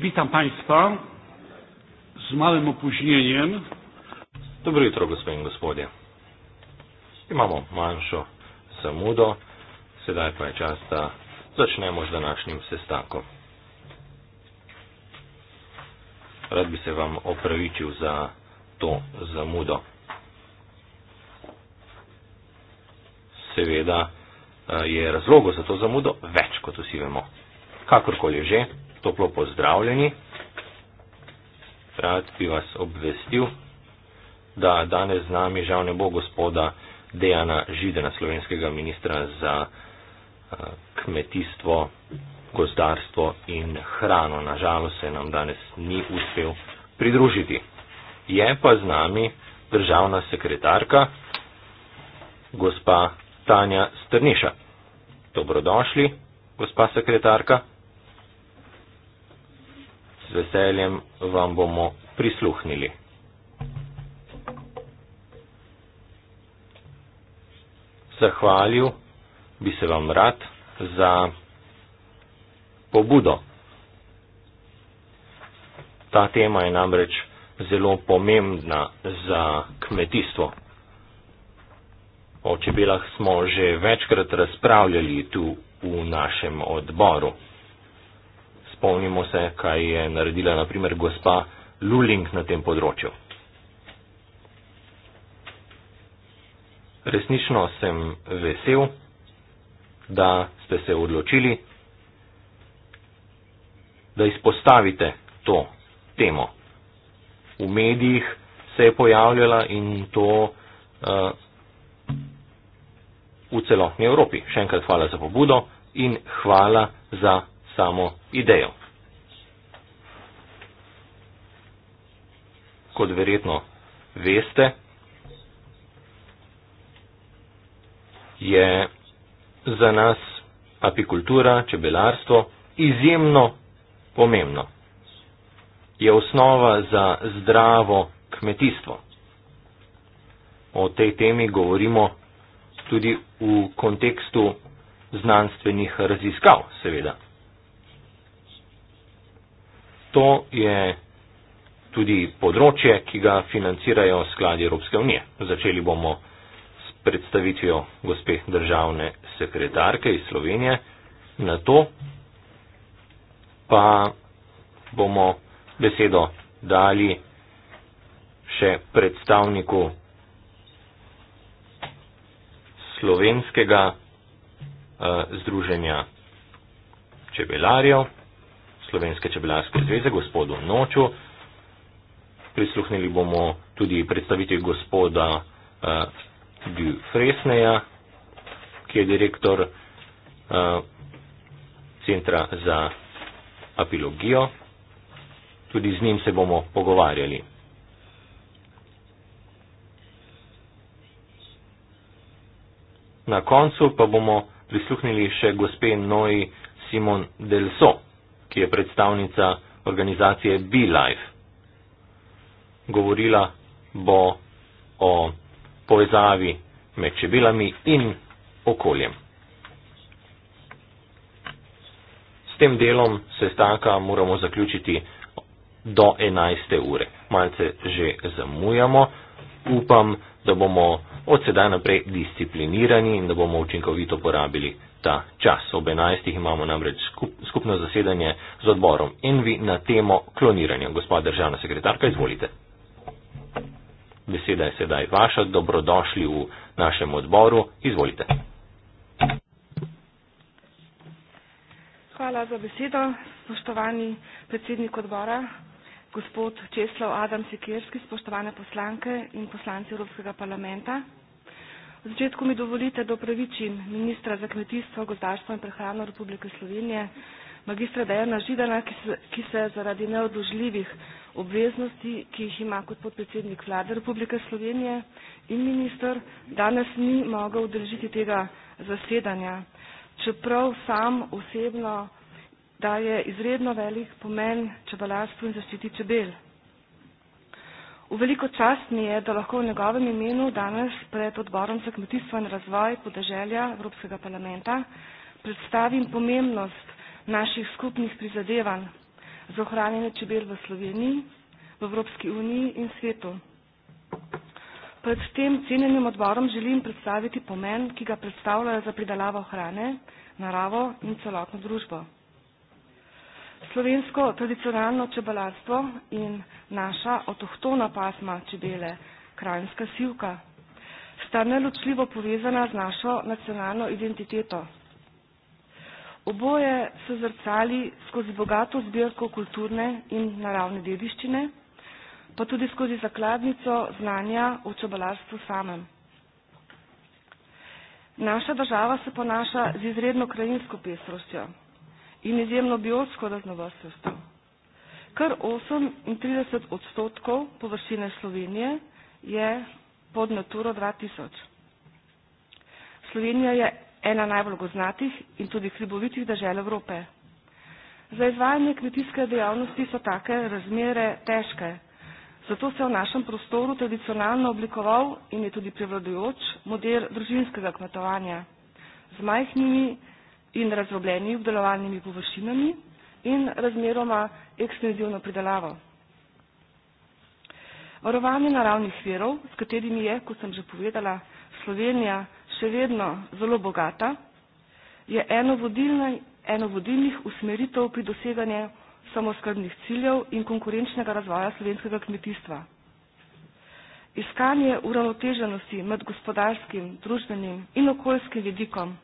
Witam Państwa z małym opóźnieniem. Dobry jutro, gospodin gospodzie. I mamo manszo samudo. Sedaj pa je čas, da začnemo z današnjim sestankom. Rad bi se vam opravičil za to zamudo. Seveda eh, je razlogo za to zamudo več, kot vsi vemo. Kakorkoli že, toplo pozdravljeni. Rad bi vas obvestil, da danes z nami žal ne bo gospoda Dejana Židena, slovenskega ministra za eh, kmetijstvo, gozdarstvo in hrano. Nažalost se nam danes ni uspel pridružiti. Je pa z nami državna sekretarka, gospa Tanja Strniša. Dobrodošli, gospa sekretarka veseljem vam bomo prisluhnili. Zahvalil bi se vam rad za pobudo. Ta tema je namreč zelo pomembna za kmetijstvo. O čebelah smo že večkrat razpravljali tu v našem odboru spomnimo se, kaj je naredila naprimer gospa Luling na tem področju. Resnično sem vesel, da ste se odločili, da izpostavite to temo. V medijih se je pojavljala in to uh, v celotni Evropi. Še enkrat hvala za pobudo in hvala za samo idejo. Kot verjetno veste, je za nas apikultura, čebelarstvo izjemno pomembno. Je osnova za zdravo kmetijstvo. O tej temi govorimo tudi v kontekstu znanstvenih raziskav, seveda. To je tudi področje, ki ga financirajo skladi Evropske unije. Začeli bomo s predstavitvijo gospe državne sekretarke iz Slovenije, na to pa bomo besedo dali še predstavniku slovenskega eh, združenja čebelarjev. Slovenske čebelarske zveze, gospodu Noču. Prisluhnili bomo tudi predstaviti gospoda uh, eh, Du Fresneja, ki je direktor uh, Centra za apilogijo. Tudi z njim se bomo pogovarjali. Na koncu pa bomo prisluhnili še gospe Noji Simon Delso ki je predstavnica organizacije BeLife. Govorila bo o povezavi med čebelami in okoljem. S tem delom sestanka moramo zaključiti do 11. ure. Malce že zamujamo. Upam, da bomo od sedaj naprej disciplinirani in da bomo učinkovito porabili ta čas. Ob 11. imamo namreč skup, skupno zasedanje z odborom Envi na temo kloniranja. Gospa državna sekretarka, izvolite. Beseda je sedaj vaša, dobrodošli v našem odboru. Izvolite. Hvala za besedo, spoštovani predsednik odbora, gospod Česlav Adam Sikerski, spoštovane poslanke in poslanci Evropskega parlamenta. V začetku mi dovolite, da upravičim ministra za kmetijstvo, gozdarstvo in prehrano Republike Slovenije, magistra Dejana Židana, ki se, ki se zaradi neodložljivih obveznosti, ki jih ima kot podpredsednik vlade Republike Slovenije in minister, danes ni mogel udeležiti tega zasedanja. Čeprav sam osebno daje izredno velik pomen čebelarstvu in zaščiti čebel. Veliko čast mi je, da lahko v njegovem imenu danes pred odborom za kmetijstvo in razvoj podeželja Evropskega parlamenta predstavim pomembnost naših skupnih prizadevanj za ohranjanje čebel v Sloveniji, v Evropski uniji in svetu. Pred tem cenjenim odborom želim predstaviti pomen, ki ga predstavljajo za pridelavo hrane, naravo in celotno družbo. Slovensko tradicionalno čebelarstvo in naša avtohtona pasma čebele, krajinska sivka, sta neločljivo povezana z našo nacionalno identiteto. Oboje so zrcali skozi bogato zbirko kulturne in naravne dediščine, pa tudi skozi zakladnico znanja o čebelarstvu samem. Naša država se ponaša z izredno krajinsko pestrostjo, in izjemno biotsko raznovrstnostjo. Kar 38 odstotkov površine Slovenije je pod Naturo 2000. Slovenija je ena najbolj goznatih in tudi hribovitih držav Evrope. Za izvajanje kmetijske dejavnosti so take razmere težke, zato se je v našem prostoru tradicionalno oblikoval in je tudi prevladujoč model družinskega kmetovanja z majhnimi in razdrobljenimi obdelovalnimi površinami in razmeroma ekstenzivno pridelavo. Varovanje naravnih verov, s katerimi je, kot sem že povedala, Slovenija še vedno zelo bogata, je eno, vodilne, eno vodilnih usmeritev pri doseganju samoskrbnih ciljev in konkurenčnega razvoja slovenskega kmetijstva. Iskanje uravnoteženosti med gospodarskim, družbenim in okoljskim vidikom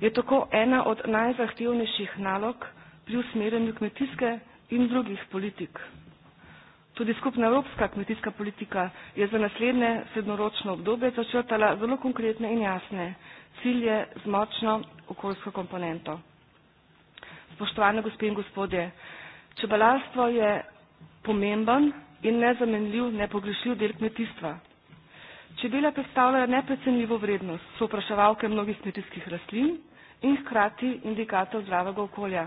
je tako ena od najzahtevnejših nalog pri usmerjanju kmetijske in drugih politik. Tudi skupna evropska kmetijska politika je za naslednje srednjeročno obdobje začrtala zelo konkretne in jasne cilje z močno okoljsko komponento. Spoštovane gospe in gospodje, čebelarstvo je pomemben in nezamenljiv, nepogrešljiv del kmetijstva. Čebele predstavljajo neprecenljivo vrednost, so vpraševalke mnogih kmetijskih rastlin in hkrati indikator zdravega okolja.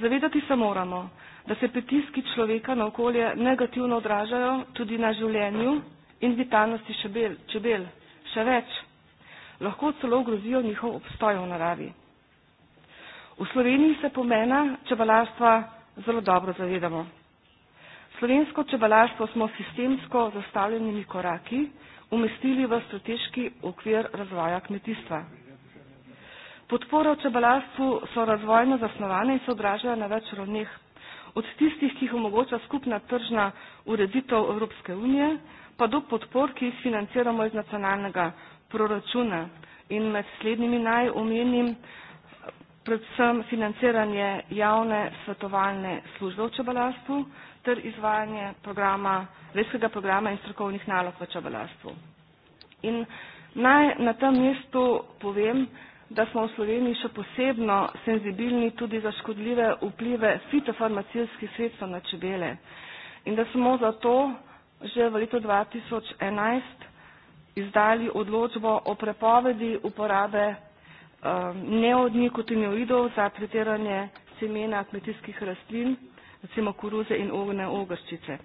Zavedati se moramo, da se pritiski človeka na okolje negativno odražajo tudi na življenju in vitalnosti šebel, čebel. Še več, lahko celo grozijo njihov obstoj v naravi. V Sloveniji se pomena čebelarstva zelo dobro zavedamo. Slovensko čebelarstvo smo sistemsko zastavljenimi koraki umestili v strateški okvir razvoja kmetijstva. Podpora čebelarstvu so razvojno zasnovane in se odražajo na več ravneh, od tistih, ki jih omogoča skupna tržna ureditev Evropske unije, pa do podpor, ki jih financiramo iz nacionalnega proračuna. In med slednjimi naj omenim predvsem financiranje javne svetovalne službe v čebelarstvu, ter izvajanje programa, verskega programa in strokovnih nalog v čebelarstvu. In naj na tem mestu povem, da smo v Sloveniji še posebno senzibilni tudi za škodljive vplive fitofarmacijskih sredstev na čebele in da smo zato že v letu 2011 izdali odločbo o prepovedi uporabe um, neodnikotinoidov za tretiranje semena kmetijskih rastlin recimo koruze in ogne ogrščice.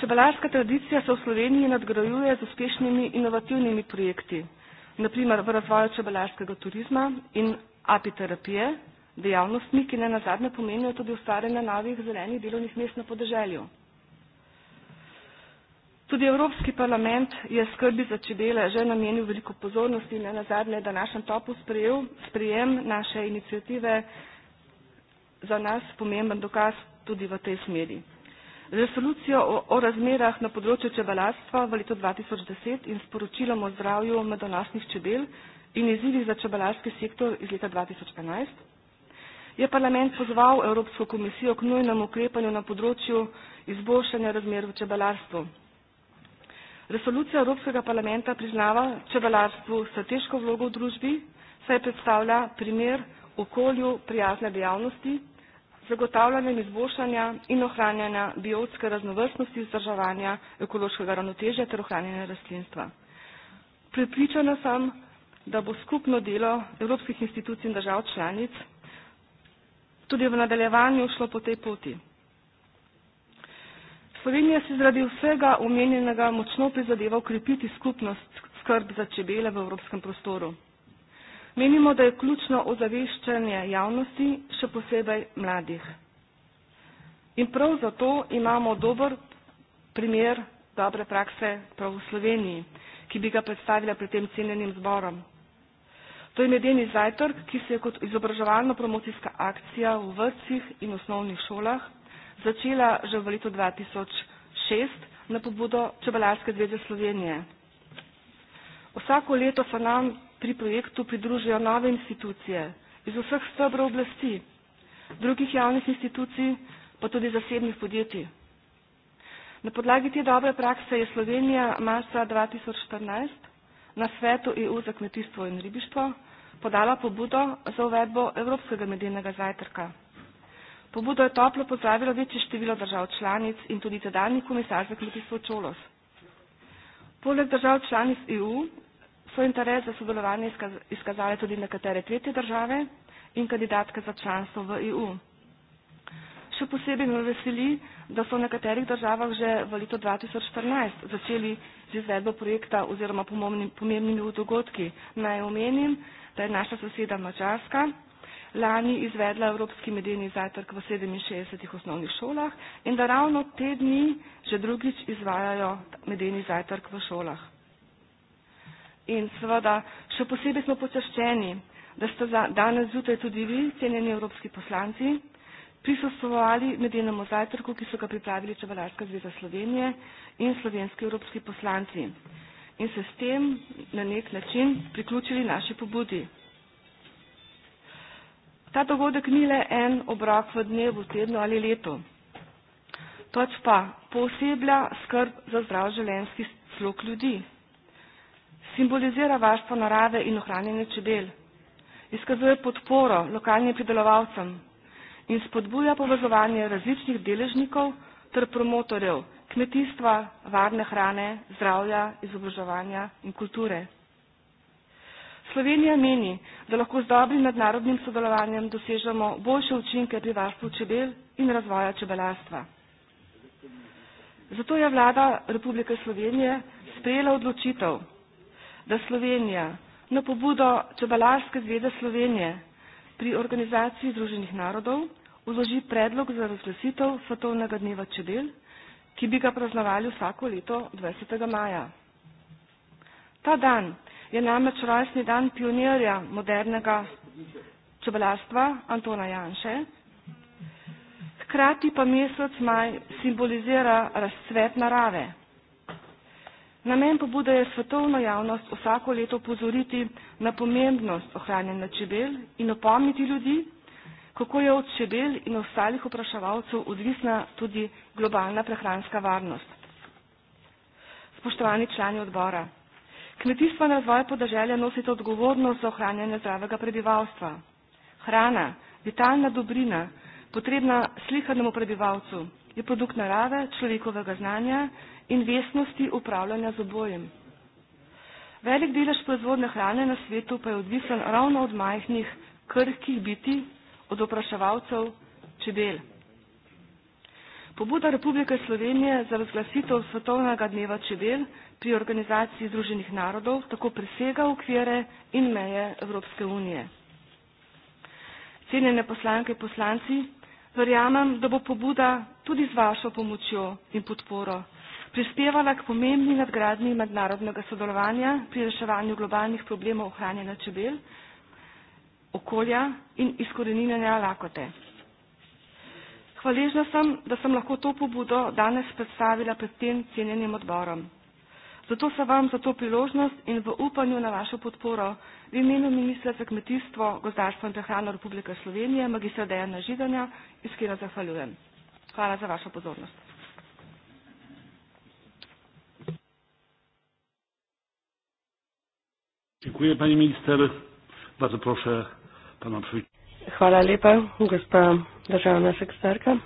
Čebelarska tradicija se v Sloveniji nadgrajuje z uspešnimi inovativnimi projekti, naprimer v razvoju čebelarskega turizma in apiterapije, dejavnostmi, ki ne nazadnje pomenijo tudi ustvarjanje novih zelenih delovnih mest na podeželju. Tudi Evropski parlament je skrbi za čebele že namenil veliko pozornosti in ne nazadnje današnjem topu sprejel sprejem naše inicijative za nas pomemben dokaz tudi v tej smeri. Resolucijo o, o razmerah na področju čebelarstva v letu 2010 in sporočilom o zdravju medonosnih čebel in izzivi za čebelarski sektor iz leta 2011 je parlament pozval Evropsko komisijo k nujnemu ukrepanju na področju izboljšanja razmer v čebelarstvu. Resolucija Evropskega parlamenta priznava čebelarstvu strateško vlogo v družbi, saj predstavlja primer okolju prijazne dejavnosti, zagotavljanjem izboljšanja in ohranjanja biotske raznovrstnosti vzdrževanja ekološkega ravnotežja ter ohranjanja rastlinstva. Pripričana sem, da bo skupno delo evropskih institucij in držav članic tudi v nadaljevanju šlo po tej poti. Slovenija si zaradi vsega omenjenega močno prizadeva ukrepiti skupnost skrb za čebele v evropskem prostoru. Menimo, da je ključno ozaveščanje javnosti, še posebej mladih. In prav zato imamo dober primer dobre prakse prav v Sloveniji, ki bi ga predstavila pred tem cenjenim zborom. To je medeni zajtrk, ki se je kot izobraževalno promocijska akcija v vrtcih in osnovnih šolah začela že v letu 2006 na pobudo Čebelarske zveze Slovenije. Vsako leto so nam pri projektu pridružijo nove institucije iz vseh stebrov oblasti, drugih javnih institucij, pa tudi zasebnih podjetij. Na podlagi te dobre prakse je Slovenija marca 2014 na svetu EU za kmetijstvo in ribištvo podala pobudo za uvedbo Evropskega medeljnega zajtrka. Pobudo je toplo pozdravilo večje število držav članic in tudi tedajni komisar za kmetijstvo Čolos. Poleg držav članic EU svoj interes za sodelovanje izkazale tudi nekatere tretje države in kandidatke za članstvo v EU. Še posebej me veseli, da so v nekaterih državah že v letu 2014 začeli z izvedbo projekta oziroma pomembnimi dogodki. Naj omenim, da je naša soseda Mačarska lani izvedla Evropski medijni zajtrk v 67 osnovnih šolah in da ravno te dni že drugič izvajajo medijni zajtrk v šolah in seveda še posebej smo počaščeni, da ste za danes zjutraj tudi vi, cenjeni evropski poslanci, prisostovali medenemu zajtrku, ki so ga pripravili Čebelarska zveza Slovenije in slovenski evropski poslanci in se s tem na nek način priključili naši pobudi. Ta dogodek ni le en obrok v dnevu, tednu ali letu. Toč pač pa pooseblja skrb za zdrav življenjski slog ljudi simbolizira varstvo narave in ohranjanje čebel, izkazuje podporo lokalnim pridelovalcem in spodbuja povezovanje različnih deležnikov ter promotorjev kmetijstva, varne hrane, zdravja, izobraževanja in kulture. Slovenija meni, da lahko z dobrim mednarodnim sodelovanjem dosežemo boljše učinke pri varstvu čebel in razvoja čebelarstva. Zato je vlada Republike Slovenije sprejela odločitev, da Slovenija na pobudo Čebelarske zveze Slovenije pri Organizaciji združenih narodov vloži predlog za razglasitev svetovnega dneva čebel, ki bi ga praznovali vsako leto 20. maja. Ta dan je namreč rojstni dan pionirja modernega čebelarstva Antona Janše, hkrati pa mesec maj simbolizira razcvet narave. Namen pobude je svetovno javnost vsako leto upozoriti na pomembnost ohranjanja čebel in opomniti ljudi, kako je od čebel in ostalih vpraševalcev odvisna tudi globalna prehranska varnost. Spoštovani člani odbora, kmetijstvo in razvoj podeželja nosite odgovornost za ohranjanje zdravega prebivalstva. Hrana, vitalna dobrina, potrebna slihanemu prebivalcu, je produkt narave, človekovega znanja in vestnosti upravljanja z obojem. Velik delež proizvodne hrane na svetu pa je odvisen ravno od majhnih, krhkih biti, od opraševalcev čebel. Pobuda Republike Slovenije za razglasitev Svetovnega dneva čebel pri organizaciji Združenih narodov tako presega okvire in meje Evropske unije. Cenjene poslanke in poslanci, verjamem, da bo pobuda tudi z vašo pomočjo in podporo prispevala k pomembni nadgradnji mednarodnega sodelovanja pri reševanju globalnih problemov ohranjanja čebel, okolja in izkoreninjanja lakote. Hvaležna sem, da sem lahko to pobudo danes predstavila pred tem cenjenim odborom. Zato se vam za to priložnost in v upanju na vašo podporo v imenu ministra za kmetijstvo, gozdarstvo in prehrano Republike Slovenije, magistra Dejana Židanja, iskreno zahvaljujem. Hvala za vašo pozornost. Dziękuję pani minister. Bardzo proszę pana przewodniczącego. Hvala lepa, gospa državna sekretarka.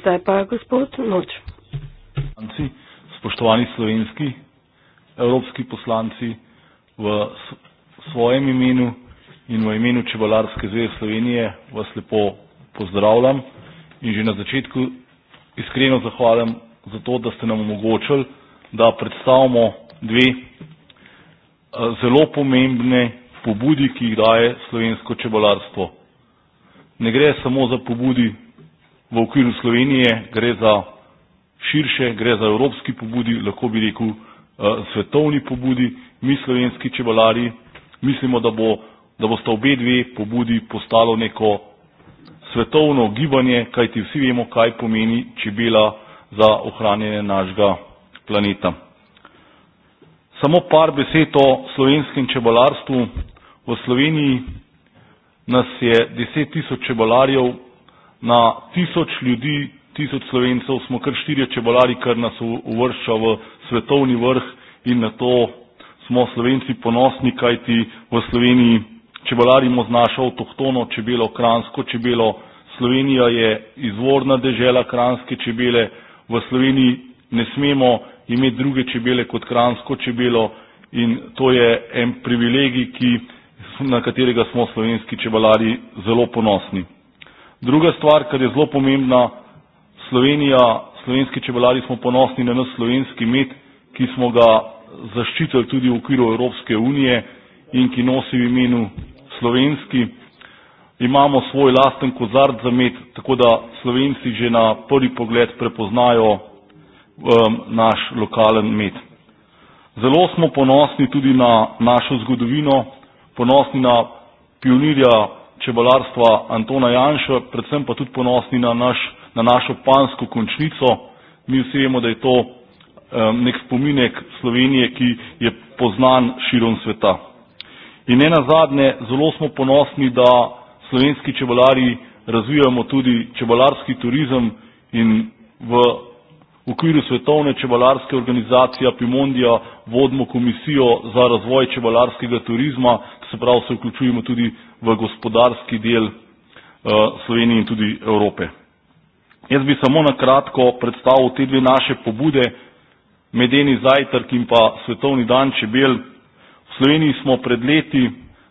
Zdaj pa gospod Noč. Spoštovani slovenski evropski poslanci, v svojem imenu in v imenu Čebelarske zveze Slovenije vas lepo pozdravljam in že na začetku iskreno zahvaljam za to, da ste nam omogočili, da predstavimo dve Eh, zelo pomembne pobudi, ki jih daje slovensko čebelarstvo. Ne gre samo za pobudi v okviru Slovenije, gre za širše, gre za evropski pobudi, lahko bi rekel eh, svetovni pobudi. Mi slovenski čebelari mislimo, da, bo, da boste obe dve pobudi postalo neko svetovno gibanje, kajti vsi vemo, kaj pomeni čebela za ohranjanje našega planeta. Samo par besed o slovenskem čebolarstvu. V Sloveniji nas je 10 tisoč čebolarjev na tisoč ljudi, tisoč slovencev, smo kar štirje čebolari, kar nas uvršča v svetovni vrh in na to smo slovenci ponosni, kajti v Sloveniji čebolarimo z našo avtohtono čebelo, kransko čebelo. Slovenija je izvorna dežela kranske čebele. V Sloveniji ne smemo imeti druge čebele kot kransko čebelo in to je en privilegij, ki, na katerega smo slovenski čebelari zelo ponosni. Druga stvar, kar je zelo pomembna, Slovenija, slovenski čebelari smo ponosni na nas slovenski med, ki smo ga zaščitili tudi v okviru Evropske unije in ki nosi v imenu slovenski. Imamo svoj lasten kozard za med, tako da slovenci že na prvi pogled prepoznajo um, naš lokalen med. Zelo smo ponosni tudi na našo zgodovino, ponosni na pionirja čebelarstva Antona Janša, predvsem pa tudi ponosni na, naš, na našo pansko končnico. Mi vsi vemo, da je to um, nek spominek Slovenije, ki je poznan širom sveta. In ne nazadnje, zelo smo ponosni, da slovenski čebelari razvijamo tudi čebelarski turizem in v V okviru svetovne čebelarske organizacije Pimondija vodimo komisijo za razvoj čebelarskega turizma, se pravi, se vključujemo tudi v gospodarski del eh, Slovenije in tudi Evrope. Jaz bi samo na kratko predstavil te dve naše pobude, medeni zajtrk in pa svetovni dan čebel. V Sloveniji smo pred leti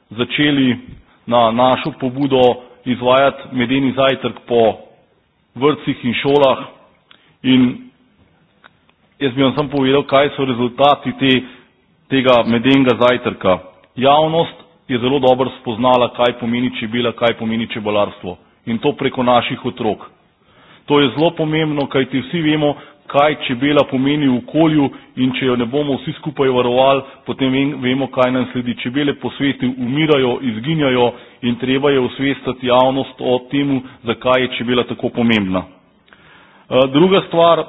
začeli na našo pobudo izvajati medeni zajtrk po vrtcih in šolah in jaz bi vam samo povedal, kaj so rezultati te, tega medenga zajtrka. Javnost je zelo dobro spoznala, kaj pomeni čebela, kaj pomeni čebelarstvo in to preko naših otrok. To je zelo pomembno, kaj ti vsi vemo, kaj čebela pomeni v okolju in če jo ne bomo vsi skupaj varovali, potem vemo, kaj nam sledi. Čebele po svetu umirajo, izginjajo in treba je osvestati javnost o tem, zakaj je čebela tako pomembna. Eh, druga stvar,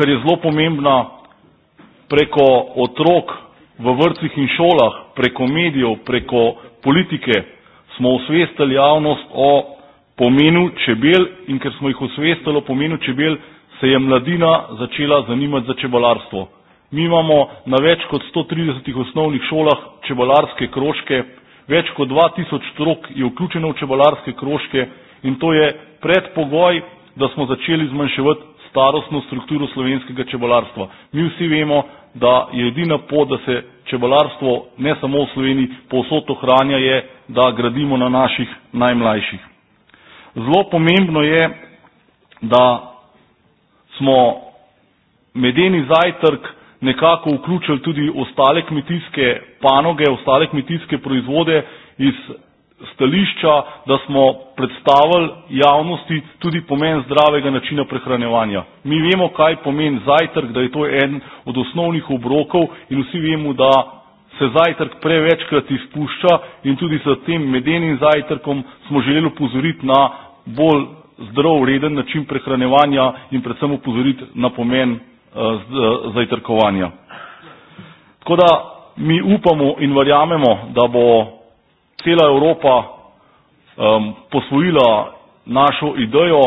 kar je zelo pomembno, preko otrok v vrtcih in šolah, preko medijev, preko politike smo osvestili javnost o pomenu čebel in ker smo jih osvestili o pomenu čebel, se je mladina začela zanimati za čebelarstvo. Mi imamo na več kot 130 osnovnih šolah čebelarske krožke, več kot 2000 otrok je vključeno v čebelarske krožke in to je predpogoj, da smo začeli zmanjševati starostno strukturo slovenskega čebelarstva. Mi vsi vemo, da je edina pot, da se čebelarstvo ne samo v Sloveniji povsod ohranja, je, da gradimo na naših najmlajših. Zelo pomembno je, da smo medeni zajtrk nekako vključili tudi ostale kmetijske panoge, ostale kmetijske proizvode iz stališča, da smo predstavili javnosti tudi pomen zdravega načina prehranevanja. Mi vemo, kaj pomeni zajtrk, da je to en od osnovnih obrokov in vsi vemo, da se zajtrk prevečkrat izpušča in tudi s tem medenim zajtrkom smo želeli upozoriti na bolj zdrav, reden način prehranevanja in predvsem upozoriti na pomen eh, eh, zajtrkovanja. Tako da mi upamo in verjamemo, da bo cela Evropa um, posvojila našo idejo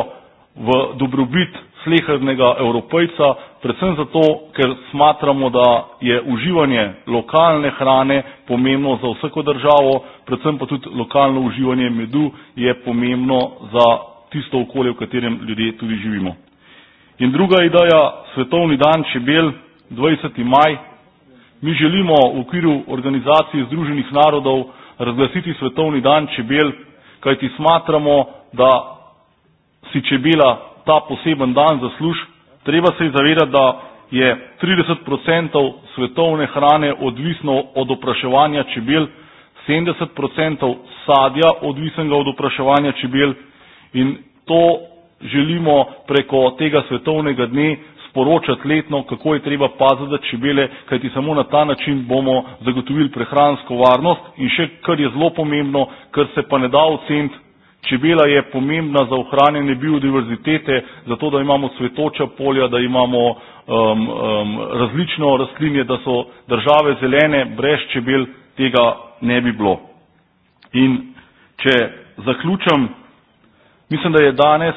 v dobrobit slehrnega evropejca, predvsem zato, ker smatramo, da je uživanje lokalne hrane pomembno za vsako državo, predvsem pa tudi lokalno uživanje medu je pomembno za tisto okolje, v katerem ljudje tudi živimo. In druga ideja, svetovni dan čebel, 20. maj, mi želimo v okviru organizacije Združenih narodov razglasiti svetovni dan čebel, kajti smatramo, da si čebela ta poseben dan zasluž. Treba se zavedati, da je 30% svetovne hrane odvisno od opraševanja čebel, 70% sadja odvisnega od opraševanja čebel in to želimo preko tega svetovnega dne sporočati letno, kako je treba paziti, da čebele, kajti samo na ta način bomo zagotovili prehransko varnost in še kar je zelo pomembno, kar se pa ne da oceniti, čebela je pomembna za ohranjanje biodiverzitete, zato da imamo svetoča polja, da imamo um, um, različno rastlinje, da so države zelene, brez čebel tega ne bi bilo. In če zaključam, mislim, da je danes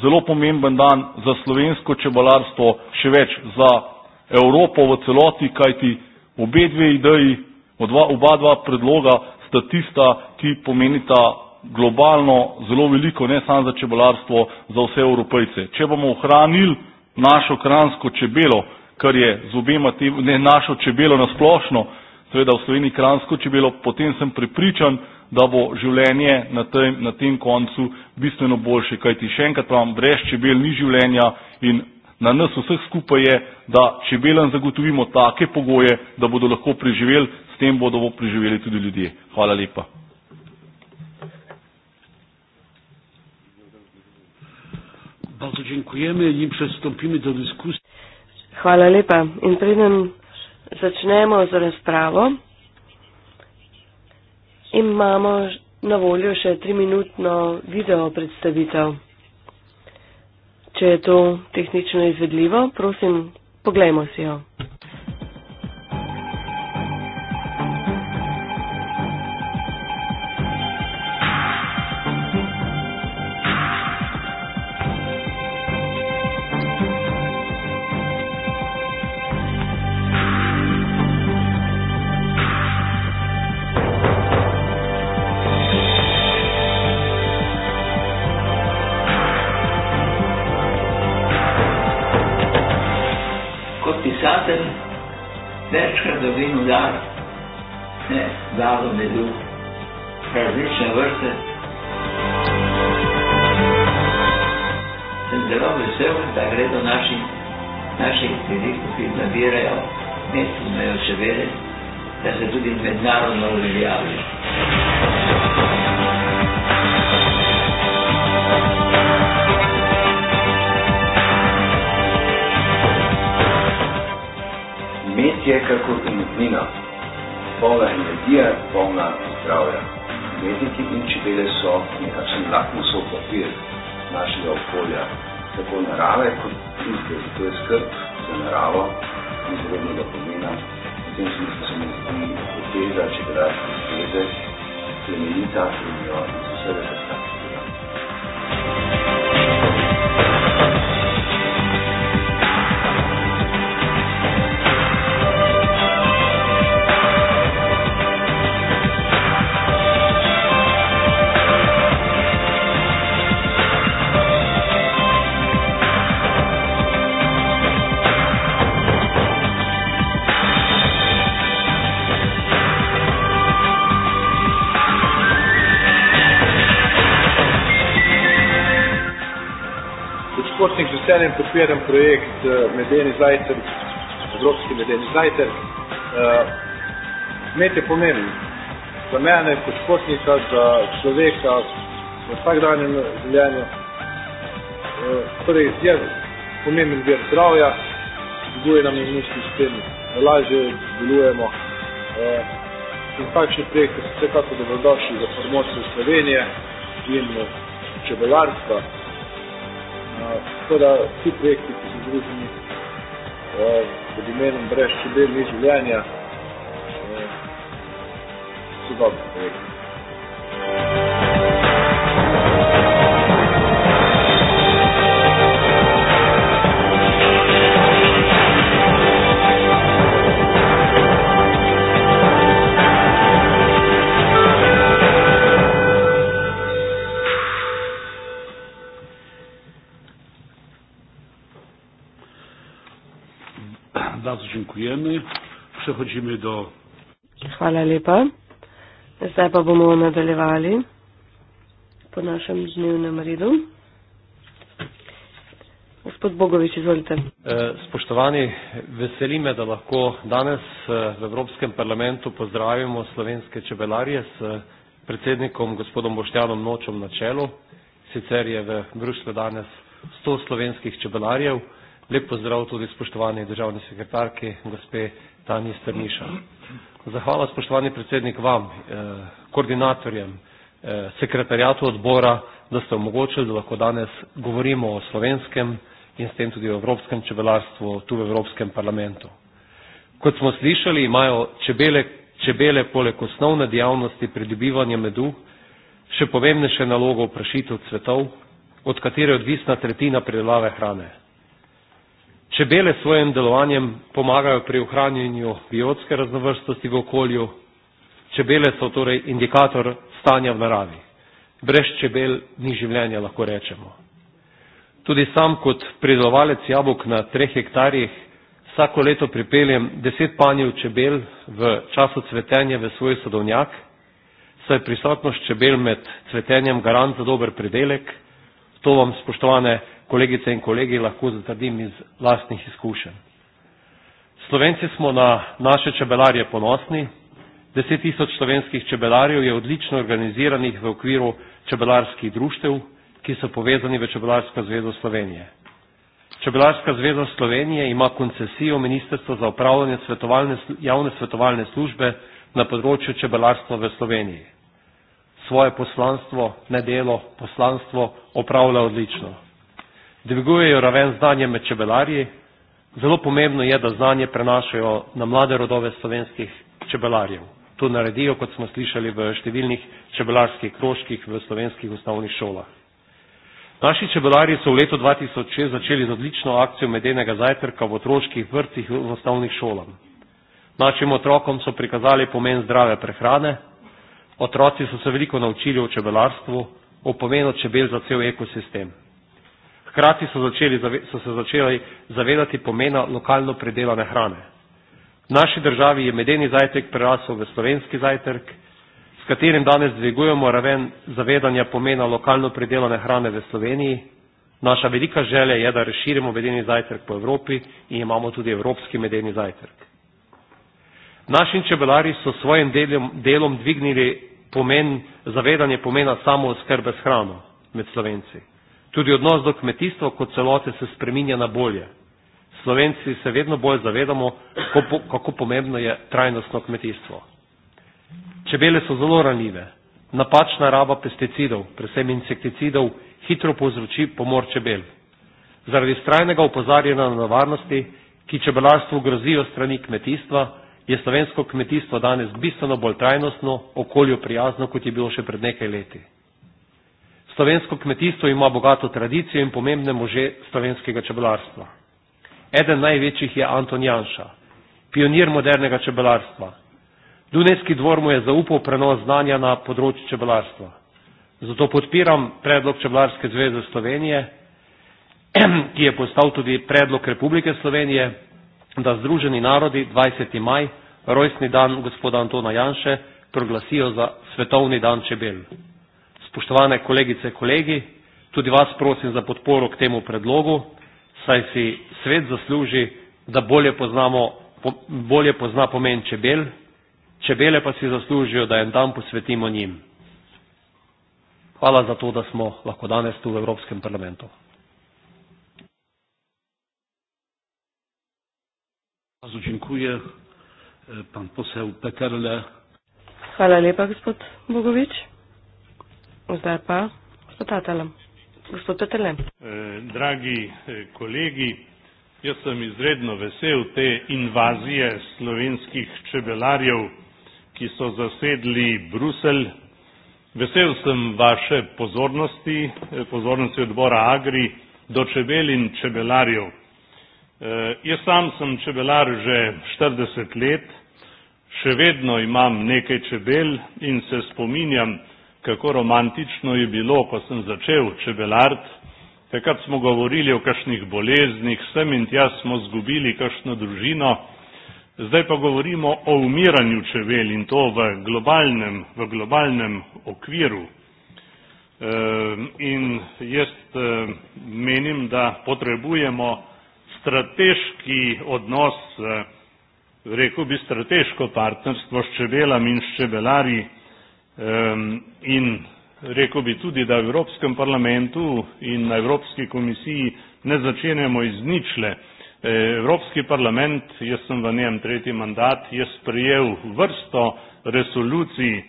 zelo pomemben dan za slovensko čebelarstvo, še več za Evropo v celoti, kajti obe dve ideji, oba dva predloga sta tista, ki pomenita globalno zelo veliko, ne samo za čebelarstvo, za vse evropejce. Če bomo ohranili našo kransko čebelo, kar je z obema temi, ne našo čebelo nasplošno, seveda v Sloveniji kransko čebelo, potem sem prepričan, da bo življenje na tem, na tem koncu bistveno boljše. Kaj ti še enkrat pravim, brez čebel ni življenja in na nas vseh skupaj je, da čebelam zagotovimo take pogoje, da bodo lahko preživeli, s tem bodo bo preživeli tudi ljudje. Hvala lepa. Bardzo dziękujemy i przystąpimy do dyskusji. Hvala lepa. In preden začnemo z razpravo, imamo na voljo še triminutno video predstavitev. Če je to tehnično izvedljivo, prosim, poglejmo si jo. ljudi mednarodno uveljavljen. Med je kakor umetnina, polna energija, polna zdravja. Mediki in čebele so nekakšen lakmusov papir našega okolja, tako narave kot tiste, zato je skrb za naravo izrednega pomena in smo se zamudili od tega, če gre za vedeti, temeljita in jo in vse resultate. športnik z veseljem podpiram projekt eh, Medeni zajcer, Evropski medeni zajcer. Eh, med je pomembno za mene, kot športnika, za človeka, v vsakdanjem življenju. Eh, torej, je pomemben vir zdravja, zguje nam in mišni sistem, da lažje delujemo. In takšni projekti so vsekako dobrodošli za promocijo Slovenije in čebelarstva. Uh, tako da vsi projekti, ki so združeni pod imenom Brez čudež in življenja, so dobri projekti. upokojene. Prehodimo do. Hvala lepa. Zdaj pa bomo nadaljevali po našem dnevnem redu. Gospod Bogovič, izvolite. Eh, spoštovani, veseli me, da lahko danes eh, v Evropskem parlamentu pozdravimo slovenske čebelarje s eh, predsednikom gospodom Boštjanom Nočom na čelu. Sicer je v Bruslju danes 100 slovenskih čebelarjev. Lep pozdrav tudi spoštovani državni sekretarki, gospe Tanji Strniša. Zahvala spoštovani predsednik vam, eh, koordinatorjem, eh, sekretarjatu odbora, da ste omogočili, da lahko danes govorimo o slovenskem in s tem tudi o evropskem čebelarstvu tu v Evropskem parlamentu. Kot smo slišali, imajo čebele, čebele poleg osnovne dejavnosti pridobivanja medu še pomembnejše naloge v prašitev cvetov, od katere je odvisna tretjina predelave hrane. Čebele svojim delovanjem pomagajo pri ohranjanju biotske raznovrstnosti v okolju. Čebele so torej indikator stanja v naravi. Brez čebel ni življenja, lahko rečemo. Tudi sam kot pridelovalec jabolk na treh hektarjih vsako leto pripeljem deset panjev čebel v času cvetenja v svoj sodovnjak, saj je prisotnost čebel med cvetenjem garant za dober pridelek. To vam, spoštovane, kolegice in kolegi, lahko zatrdim iz lastnih izkušenj. Slovenci smo na naše čebelarje ponosni. Deset tisoč slovenskih čebelarjev je odlično organiziranih v okviru čebelarskih društev, ki so povezani v Čebelarsko zvezo Slovenije. Čebelarska zveza Slovenije ima koncesijo Ministrstva za upravljanje svetovalne, javne svetovalne službe na področju čebelarstva v Sloveniji. Svoje poslanstvo, ne delo, poslanstvo opravlja odlično dvigujejo raven znanja med čebelarji. Zelo pomembno je, da znanje prenašajo na mlade rodove slovenskih čebelarjev. To naredijo, kot smo slišali, v številnih čebelarskih kroških v slovenskih osnovnih šolah. Naši čebelari so v letu 2006 začeli z odlično akcijo medenega zajtrka v otroških vrtih v osnovnih šolah. Našim otrokom so prikazali pomen zdrave prehrane, otroci so se veliko naučili o čebelarstvu, o pomenu čebel za cel ekosistem. Hkrati so, začeli, so se začeli zavedati pomena lokalno predelane hrane. V naši državi je medeni zajtrk prerasel v slovenski zajtrk, s katerim danes dvigujemo raven zavedanja pomena lokalno predelane hrane v Sloveniji. Naša velika želja je, da razširimo medeni zajtrk po Evropi in imamo tudi evropski medeni zajtrk. Naši čebelari so svojim delom, delom dvignili pomen, zavedanje pomena samo oskrbe s hrano med Slovenci. Tudi odnos do kmetijstva kot celote se spreminja na bolje. Slovenci se vedno bolj zavedamo, kako, po, kako pomembno je trajnostno kmetijstvo. Čebele so zelo ranljive. Napačna raba pesticidov, predvsem insekticidov, hitro povzroči pomor čebel. Zaradi strajnega upozarjanja na varnosti, ki čebelarstvu grozijo strani kmetijstva, je slovensko kmetijstvo danes bistveno bolj trajnostno, okolju prijazno, kot je bilo še pred nekaj leti. Slovensko kmetijstvo ima bogato tradicijo in pomembne može slovenskega čebelarstva. Eden največjih je Anton Janša, pionir modernega čebelarstva. Dunajski dvor mu je zaupal prenos znanja na področju čebelarstva. Zato podpiram predlog Čebelarske zveze Slovenije, ki je postal tudi predlog Republike Slovenije, da Združeni narodi 20. maj, rojstni dan gospoda Antona Janše, proglasijo za svetovni dan čebel. Spoštovane kolegice, kolegi, tudi vas prosim za podporo k temu predlogu, saj si svet zasluži, da bolje, poznamo, bolje pozna pomen čebel, čebele pa si zaslužijo, da en dan posvetimo njim. Hvala za to, da smo lahko danes tu v Evropskem parlamentu. Bardzo dziękuję. E, pan poseł Peterle. Hvala lepa, gospod Bogovič. Zdaj pa gospodatelem. Gospodatelem. Eh, dragi eh, kolegi, jaz sem izredno vesel te invazije slovenskih čebelarjev, ki so zasedli Bruselj. Vesel sem vaše pozornosti, eh, pozornosti odbora Agri do čebel in čebelarjev. Jaz sam sem čebelar že 40 let, še vedno imam nekaj čebel in se spominjam, kako romantično je bilo, ko sem začel čebelart, takrat smo govorili o kakšnih boleznih, sem in tja smo zgubili kakšno družino, zdaj pa govorimo o umiranju čebel in to v globalnem, v globalnem okviru. Ehm, in jaz ehm, menim, da potrebujemo strateški odnos, eh, rekel bi strateško partnerstvo s čebelami in s čebelari, Ehm, in rekel bi tudi, da v Evropskem parlamentu in na Evropski komisiji ne začenjamo iz ničle. E, Evropski parlament, jaz sem v njem tretji mandat, je sprejel vrsto resolucij,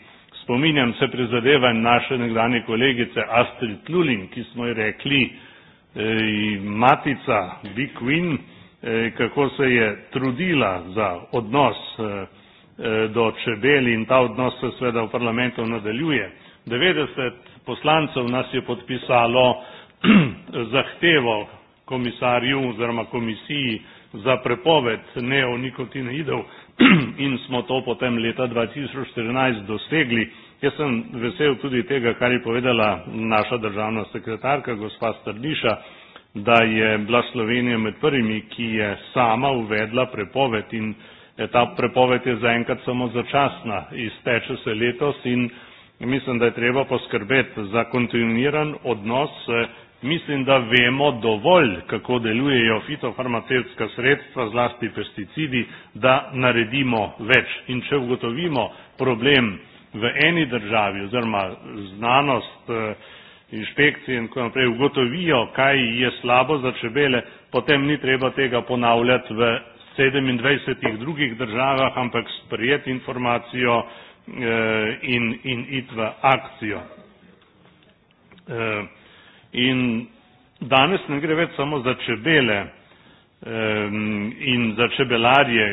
spominjam se prizadevanj naše nekdanje kolegice Astrid Lulin, ki smo ji rekli ej, matica Big Win, ej, kako se je trudila za odnos ej, Eh, do čebel in ta odnos se seveda v parlamentu nadaljuje. 90 poslancev nas je podpisalo zahtevo komisarju oziroma komisiji za prepoved neonikotinoidov in smo to potem leta 2014 dosegli. Jaz sem vesel tudi tega, kar je povedala naša državna sekretarka, gospa Strniša, da je bila Slovenija med prvimi, ki je sama uvedla prepoved in prepoved Ja, ta prepoved je zaenkrat samo začasna, izteče se letos in mislim, da je treba poskrbeti za kontinuiran odnos. Eh, mislim, da vemo dovolj, kako delujejo fitofarmacevska sredstva, zlasti pesticidi, da naredimo več. In če ugotovimo problem v eni državi oziroma znanost, eh, inšpekcije in tako naprej ugotovijo, kaj je slabo za čebele, potem ni treba tega ponavljati v 27 drugih državah, ampak sprijeti informacijo eh, in, in iti v akcijo. Eh, in danes ne gre več samo za čebele eh, in za čebelarje.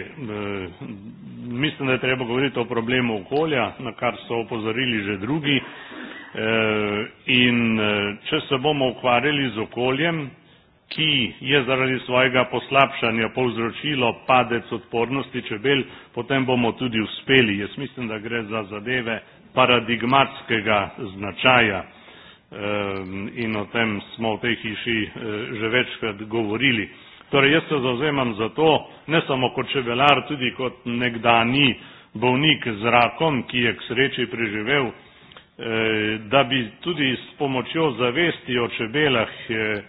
Mislim, da je treba govoriti o problemu okolja, na kar so opozorili že drugi. In če se bomo ukvarjali z okoljem, ki je zaradi svojega poslabšanja povzročilo padec odpornosti čebel, potem bomo tudi uspeli. Jaz mislim, da gre za zadeve paradigmatskega značaja ehm, in o tem smo v tej hiši eh, že večkrat govorili. Torej, jaz se zauzemam za to, ne samo kot čebelar, tudi kot nekdani bovnik z rakom, ki je k sreči preživel, eh, da bi tudi s pomočjo zavesti o čebelah eh,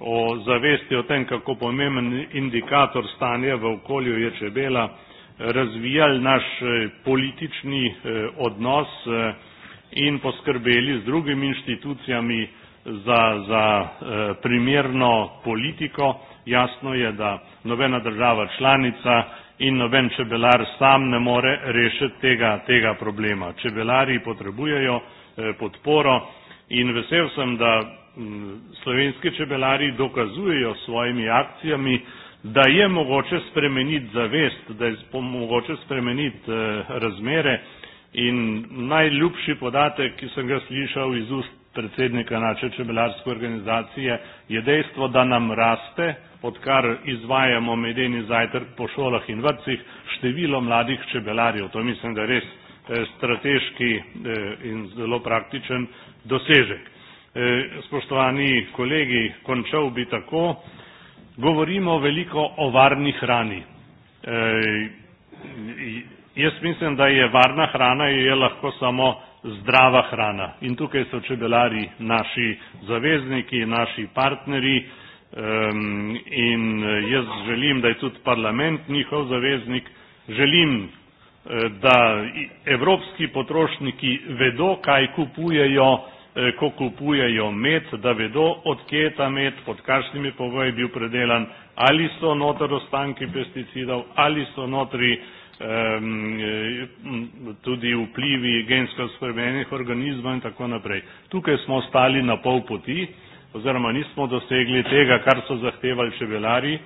o zavesti o tem, kako pomemben indikator stanja v okolju je čebela, razvijali naš e, politični e, odnos e, in poskrbeli z drugimi inštitucijami za, za primerno politiko. Jasno je, da nobena država članica in noben čebelar sam ne more rešiti tega, tega problema. Čebelari potrebujejo podporo in vesel sem, da slovenski čebelari dokazujejo s svojimi akcijami, da je mogoče spremeniti zavest, da je mogoče spremeniti eh, razmere. In najljubši podatek, ki sem ga slišal iz ust predsednika naše čebelarske organizacije, je dejstvo, da nam raste, odkar izvajamo medeni zajtrk po šolah in vrtcih, število mladih čebelarjev. To mislim, da je res eh, strateški eh, in zelo praktičen dosežek. E, spoštovani kolegi, končal bi tako. Govorimo veliko o varni hrani. E, jaz mislim, da je varna hrana in je lahko samo zdrava hrana. In tukaj so čebelari naši zavezniki, naši partnerji in e, jaz želim, da je tudi parlament njihov zaveznik. Želim, da evropski potrošniki vedo, kaj kupujejo, Eh, ko kupujejo med, da vedo, od kje je ta med, pod kakšnimi pogoji je bil predelan, ali so notri ostanki pesticidov, ali so notri um, tudi vplivi gensko spremenjenih organizmov in tako naprej. Tukaj smo stali na pol poti oziroma nismo dosegli tega, kar so zahtevali čebelari.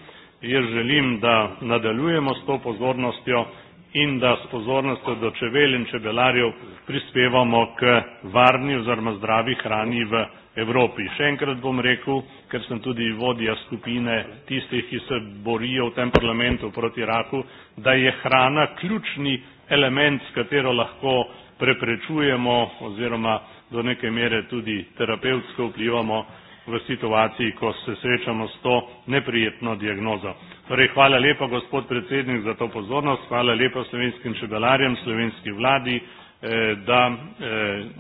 Jaz želim, da nadaljujemo s to pozornostjo in da s pozornostjo do čebel in čebelarjev prispevamo k varni oziroma zdravi hrani v Evropi. Še enkrat bom rekel, ker sem tudi vodja skupine tistih, ki se borijo v tem parlamentu proti raku, da je hrana ključni element, s katero lahko preprečujemo oziroma do neke mere tudi terapevtsko vplivamo v situaciji, ko se srečamo s to neprijetno diagnozo. Torej, hvala lepa, gospod predsednik, za to pozornost, hvala lepa slovenskim čebelarjem, slovenski vladi, eh, da eh,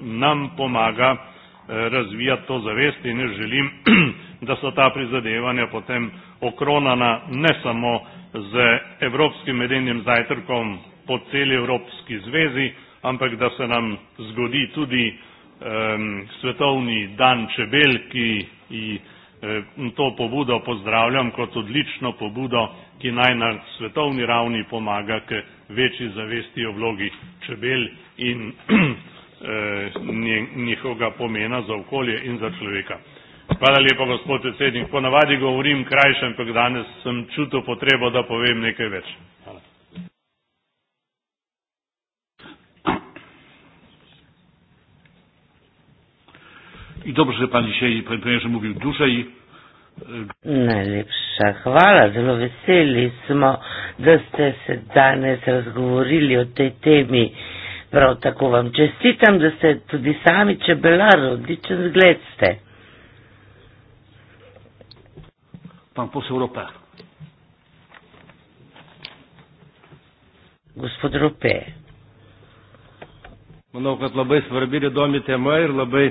nam pomaga eh, razvijati to zavest in želim, da so ta prizadevanja potem okronana ne samo z Evropskim medenjem zajtrkom po celi Evropski zvezi, ampak da se nam zgodi tudi Ehm, svetovni dan čebel, ki eh, to pobudo pozdravljam kot odlično pobudo, ki naj na svetovni ravni pomaga k večji zavesti o vlogi čebel in eh, njihovega pomena za okolje in za človeka. Hvala lepa, gospod predsednik. Ponavadi govorim krajšem, ampak danes sem čutil potrebo, da povem nekaj več. I dobrze, że Pan dzisiaj, Panie Premierze, mówił dłużej. Najlepsza chwala, bardzo weseli smo, że ste se danes rozgovorili o tej temi. Prav tako vam čestitam, da ste tudi sami čebelar, odličen zgled ste. Pan posel Rope. Gospod Rope. Mnogo krat labai svarbi ir įdomi tema ir labai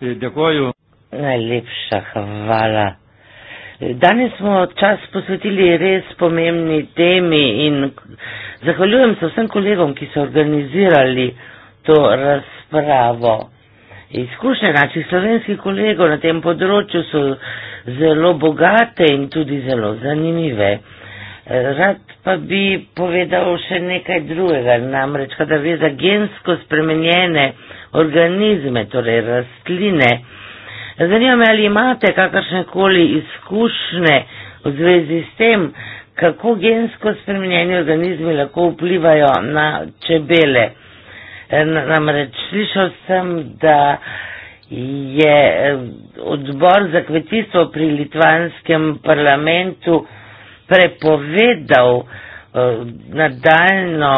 Eh, Dekoju. Najlepša hvala. Danes smo čas posvetili res pomembni temi in zahvaljujem se vsem kolegom, ki so organizirali to razpravo. Izkušnje naših slovenskih kolegov na tem področju so zelo bogate in tudi zelo zanimive. Rad pa bi povedal še nekaj drugega, namreč, kada ve za gensko spremenjene organizme, torej rastline. Zanima me, ali imate kakršne koli izkušnje v zvezi s tem, kako gensko spremenjeni organizmi lahko vplivajo na čebele. E, namreč slišal sem, da je e, odbor za kmetijstvo pri litvanskem parlamentu prepovedal e, nadaljno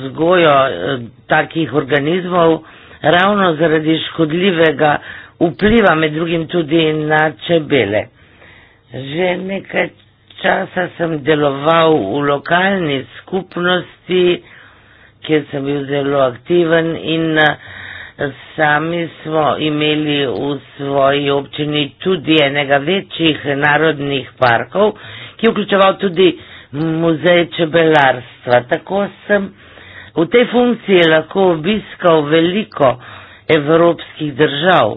vzgojo takih organizmov, ravno zaradi škodljivega vpliva med drugim tudi na čebele. Že nekaj časa sem deloval v lokalni skupnosti, kjer sem bil zelo aktiven in eh, sami smo imeli v svoji občini tudi enega večjih narodnih parkov, ki je vključeval tudi muzej čebelarstva. Tako sem V tej funkciji je lahko obiskal veliko evropskih držav,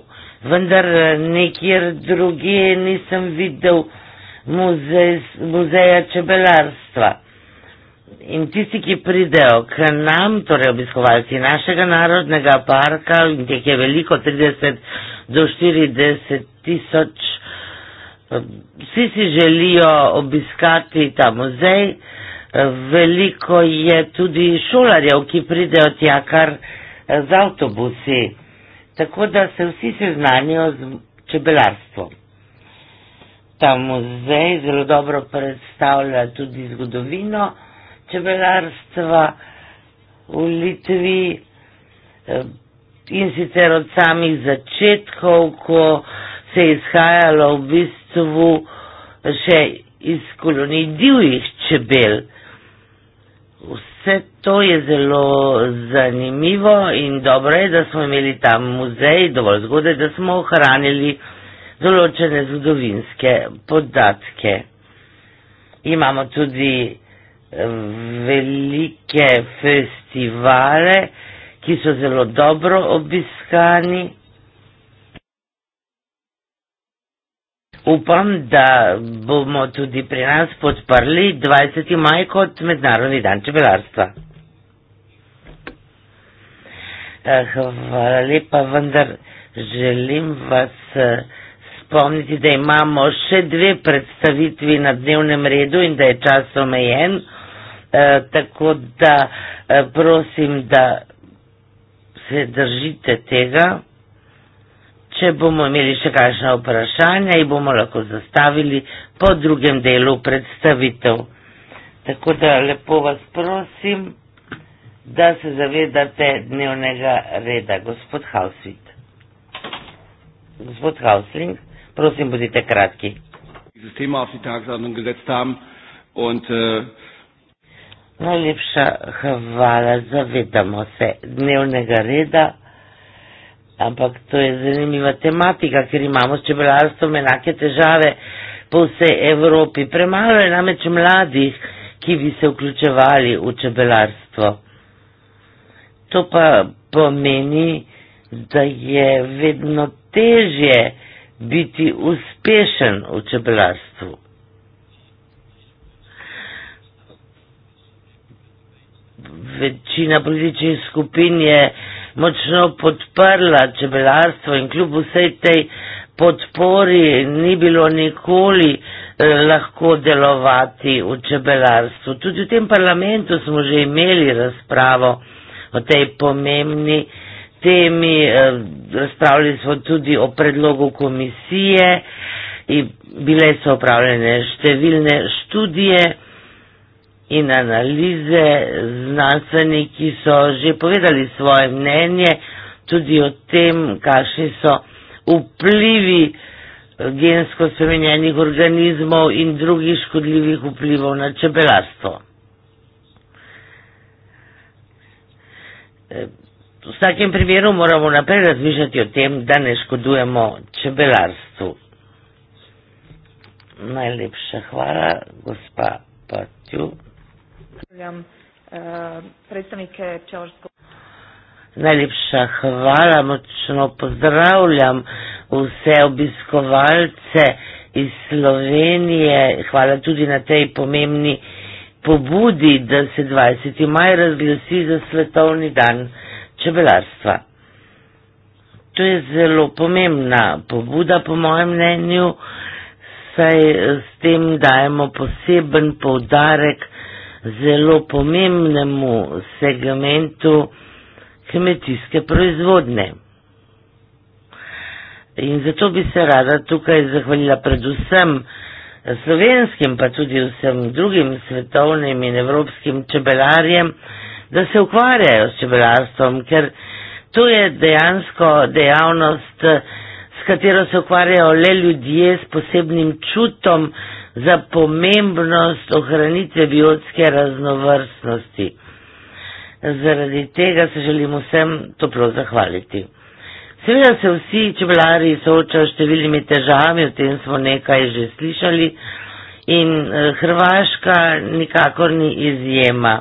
vendar eh, nekjer druge nisem videl muzej, muzeja čebelarstva. In tisti, ki pridejo k nam, torej obiskovalci našega narodnega parka, in teh je veliko 30 do 40 tisoč, eh, vsi si želijo obiskati ta muzej veliko je tudi šolarjev, ki pridejo tja kar eh, z avtobusi, tako da se vsi seznanijo z čebelarstvom. Ta muzej zelo dobro predstavlja tudi zgodovino čebelarstva v Litvi eh, in sicer od samih začetkov, ko se je izhajalo v bistvu še iz kolonij divjih čebel. Vse to je zelo zanimivo in dobro je, da smo imeli tam muzej dovolj zgodaj, da smo ohranili določene zgodovinske podatke. Imamo tudi eh, velike festivale, ki so zelo dobro obiskani. upam, da bomo tudi pri nas podprli 20. maj kot Mednarodni dan čebelarstva. Eh, hvala lepa, vendar želim vas eh, spomniti, da imamo še dve predstavitvi na dnevnem redu in da je čas omejen. Eh, tako da prosim, da se držite tega če bomo imeli še kakšna vprašanja, jih bomo lahko zastavili po drugem delu predstavitev. Tako da lepo vas prosim, da se zavedate dnevnega reda, gospod Hausvit. Gospod Hausling, prosim, bodite kratki. Äh, Najlepša hvala, zavedamo se dnevnega reda ampak to je zanimiva tematika, ker imamo s čebelarstvom enake težave po vsej Evropi. Premalo je namreč mladih, ki bi se vključevali v čebelarstvo. To pa pomeni, da je vedno težje biti uspešen v čebelarstvu. Večina političnih skupin je močno podprla čebelarstvo in kljub vsej tej podpori ni bilo nikoli eh, lahko delovati v čebelarstvu. Tudi v tem parlamentu smo že imeli razpravo o tej pomembni temi, eh, razpravljali smo tudi o predlogu komisije in bile so opravljene številne študije in analize, znanstveniki so že povedali svoje mnenje tudi o tem, kakšni so vplivi eh, gensko spremenjenih organizmov in drugih škodljivih vplivov na čebelarstvo. Eh, v vsakem primeru moramo naprej razmišljati o tem, da ne škodujemo čebelarstvu. Najlepša hvala, gospa Patju pozdravljam eh, predstavnike pčelarskog. Najljepša hvala, močno pozdravljam vse obiskovalce iz Slovenije. Hvala tudi na tej pomembni pobudi, da se 20. maj razglasi za svetovni dan čebelarstva. To je zelo pomembna pobuda, po mojem mnenju, saj s tem dajemo poseben poudarek zelo pomembnemu segmentu kmetijske proizvodne. In zato bi se rada tukaj zahvalila predvsem slovenskim, pa tudi vsem drugim svetovnim in evropskim čebelarjem, da se ukvarjajo s čebelarstvom, ker to je dejansko dejavnost, s katero se ukvarjajo le ljudje s posebnim čutom, za pomembnost ohranitve biotske raznovrstnosti. Zaradi tega se želim vsem toplo zahvaliti. Seveda se vsi čebelari soočajo številnimi težavami, o tem smo nekaj že slišali in eh, Hrvaška nikakor ni izjema.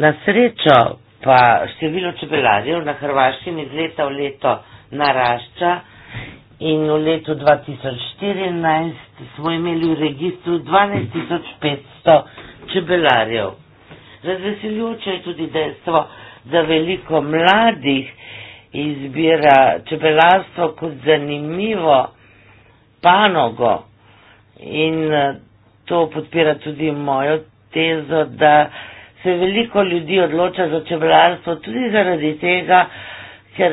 Na srečo pa število čebelarjev na Hrvaškem iz leta v leto narašča in v letu 2014 smo imeli v registru 12.500 čebelarjev. Razveseljujoče je tudi dejstvo, da veliko mladih izbira čebelarstvo kot zanimivo panogo in to podpira tudi mojo tezo, da se veliko ljudi odloča za čebelarstvo tudi zaradi tega, ker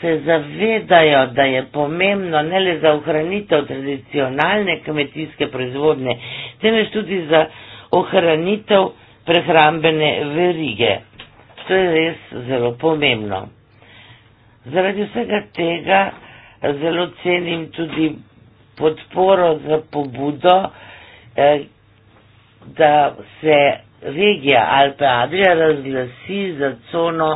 se zavedajo, da je pomembno ne le za ohranitev tradicionalne kmetijske proizvodne, temveč tudi za ohranitev prehrambene verige. To je res zelo pomembno. Zaradi vsega tega zelo cenim tudi podporo za pobudo, eh, da se regija Alpe Adria razglasi za cono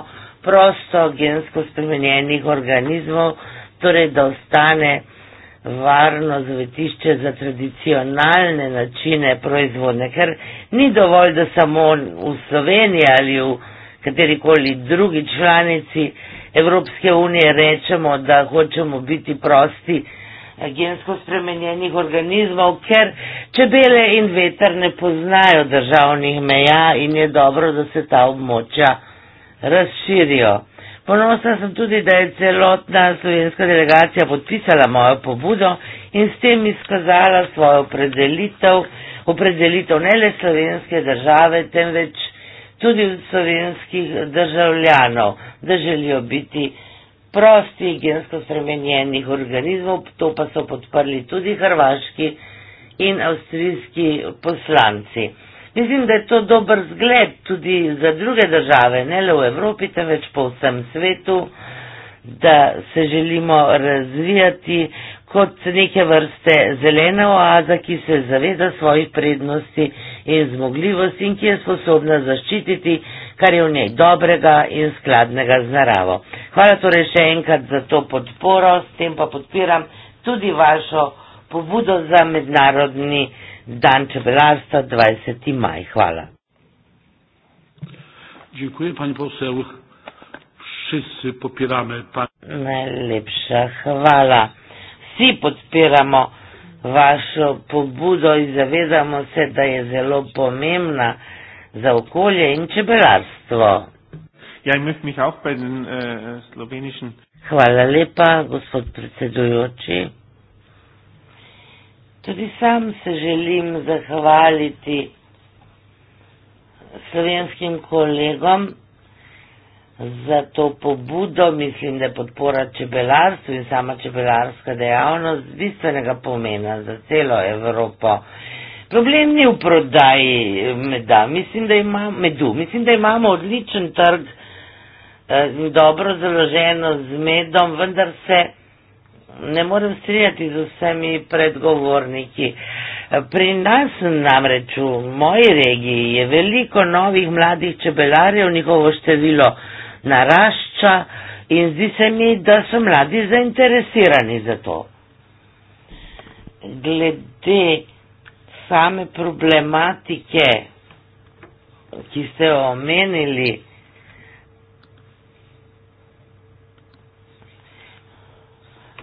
prosto gensko spremenjenih organizmov, torej da ostane varno zavetišče za tradicionalne načine proizvodnje, ker ni dovolj, da samo v Sloveniji ali v katerikoli drugi članici Evropske unije rečemo, da hočemo biti prosti eh, gensko spremenjenih organizmov, ker čebele in veter ne poznajo državnih meja in je dobro, da se ta območja razširijo. Ponosna sem tudi, da je celotna slovenska delegacija podpisala mojo pobudo in s tem izkazala svojo opredelitev, opredelitev ne le slovenske države, temveč tudi slovenskih državljanov, da želijo biti prosti gensko spremenjenih organizmov, to pa so podprli tudi hrvaški in avstrijski poslanci. Mislim, da je to dober zgled tudi za druge države, ne le v Evropi, temveč po vsem svetu, da se želimo razvijati kot neke vrste zelene oaza, ki se zaveda svojih prednosti in zmogljivosti in ki je sposobna zaščititi, kar je v njej dobrega in skladnega z naravo. Hvala torej še enkrat za to podporo, s tem pa podpiram tudi vašo pobudo za mednarodni dan čebelarstva 20. maj. Hvala. Dziękuję pani poseł. Wszyscy popieramy pan. Najlepsza chwała. Wszyscy podpieramy waszą pobudę i zawiedzamy się, że jest zelo pomemna za okolie i czebelarstwo. Ja i myśmy auch bei den äh, slowenischen. Chwała lepa, gospod przewodniczący. Tudi sam se želim zahvaliti slovenskim kolegom za to pobudo. Mislim, da je podpora čebelarstvu in sama čebelarska dejavnost bistvenega pomena za celo Evropo. Problem ni v prodaji meda. Mislim, da, ima, medu. Mislim, da imamo odličen trg in eh, dobro založeno z medom, vendar se ne morem strinjati z vsemi predgovorniki. Pri nas namreč v moji regiji je veliko novih mladih čebelarjev, njihovo število narašča in zdi se mi, da so mladi zainteresirani za to. Glede same problematike, ki ste omenili,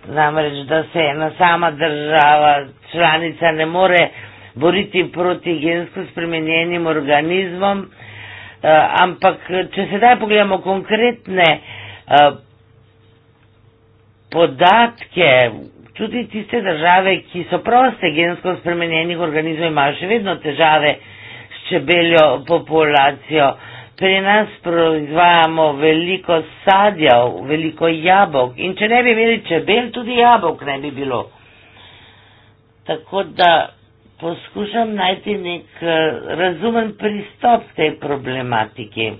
namreč da se ena sama država članica ne more boriti proti gensko spremenjenim organizmom, eh, ampak če sedaj pogledamo konkretne eh, podatke, tudi tiste države, ki so proste gensko spremenjenih organizmov, imajo še vedno težave s čebeljo populacijo pri nas proizvajamo veliko sadjev, veliko jabolk in če ne bi imeli čebel, tudi jabolk ne bi bilo. Tako da poskušam najti nek eh, razumen pristop tej problematiki.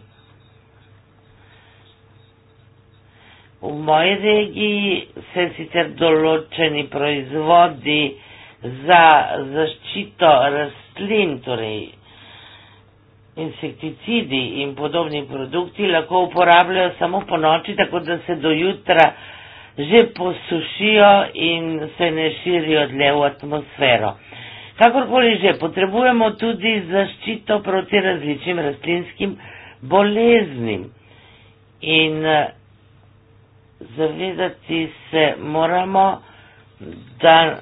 V moji regiji se sicer določeni proizvodi za zaščito rastlin, torej insekticidi in podobni produkti lahko uporabljajo samo po noči, tako da se do jutra že posušijo in se ne širijo dlje v atmosfero. Kakorkoli že, potrebujemo tudi zaščito proti različnim rastlinskim boleznim. In eh, zavedati se moramo, da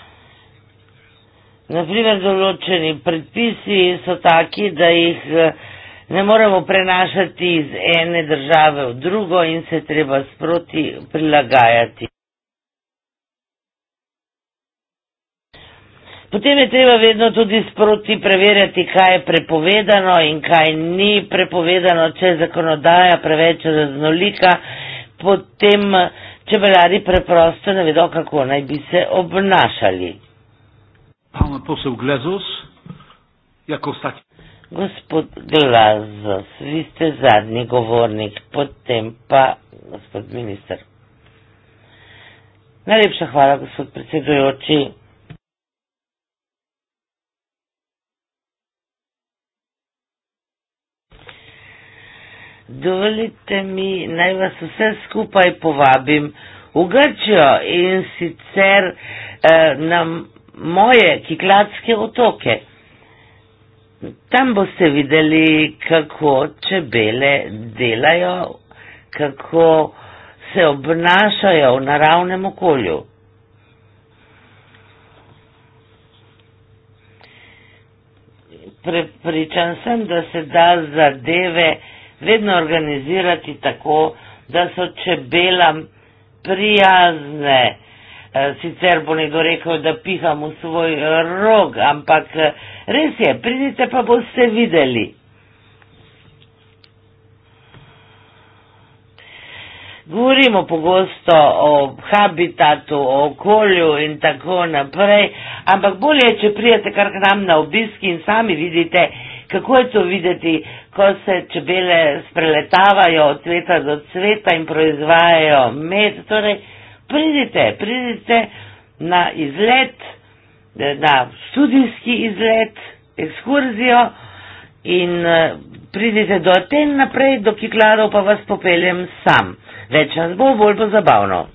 Naprimer, določeni predpisi so taki, da jih eh, ne moremo prenašati iz ene države v drugo in se treba sproti prilagajati. Potem je treba vedno tudi sproti preverjati, kaj je prepovedano in kaj ni prepovedano, če je zakonodaja preveč raznolika, potem eh, čebelari preprosto ne vedo, kako naj bi se obnašali. Pan poseł Glezos, jako ostatni. Gospod Glezos, wy jesteś zadni govornik, potem pa gospod minister. Najlepša hvala, gospod predsedujoči. Dovolite mi, naj vas vse skupaj povabim v Grčijo in sicer eh, na moje kikladske otoke. Tam boste videli, kako čebele delajo, kako se obnašajo v naravnem okolju. Prepričan sem, da se da zadeve vedno organizirati tako, da so čebelam prijazne. Eh, sicer bo nekdo rekel, da piham v svoj eh, rog, ampak eh, res je, pridite pa boste videli. Govorimo pogosto o habitatu, o okolju in tako naprej, ampak bolje je, če prijete kar k nam na obisk in sami vidite, kako je to videti, ko se čebele spreletavajo od cveta do cveta in proizvajajo med. Torej, pridite, pridite na izlet, eh, na študijski izlet, ekskurzijo in eh, pridite do Aten naprej, do Kiklarov pa vas popeljem sam. Več nas bo, bolj bo zabavno.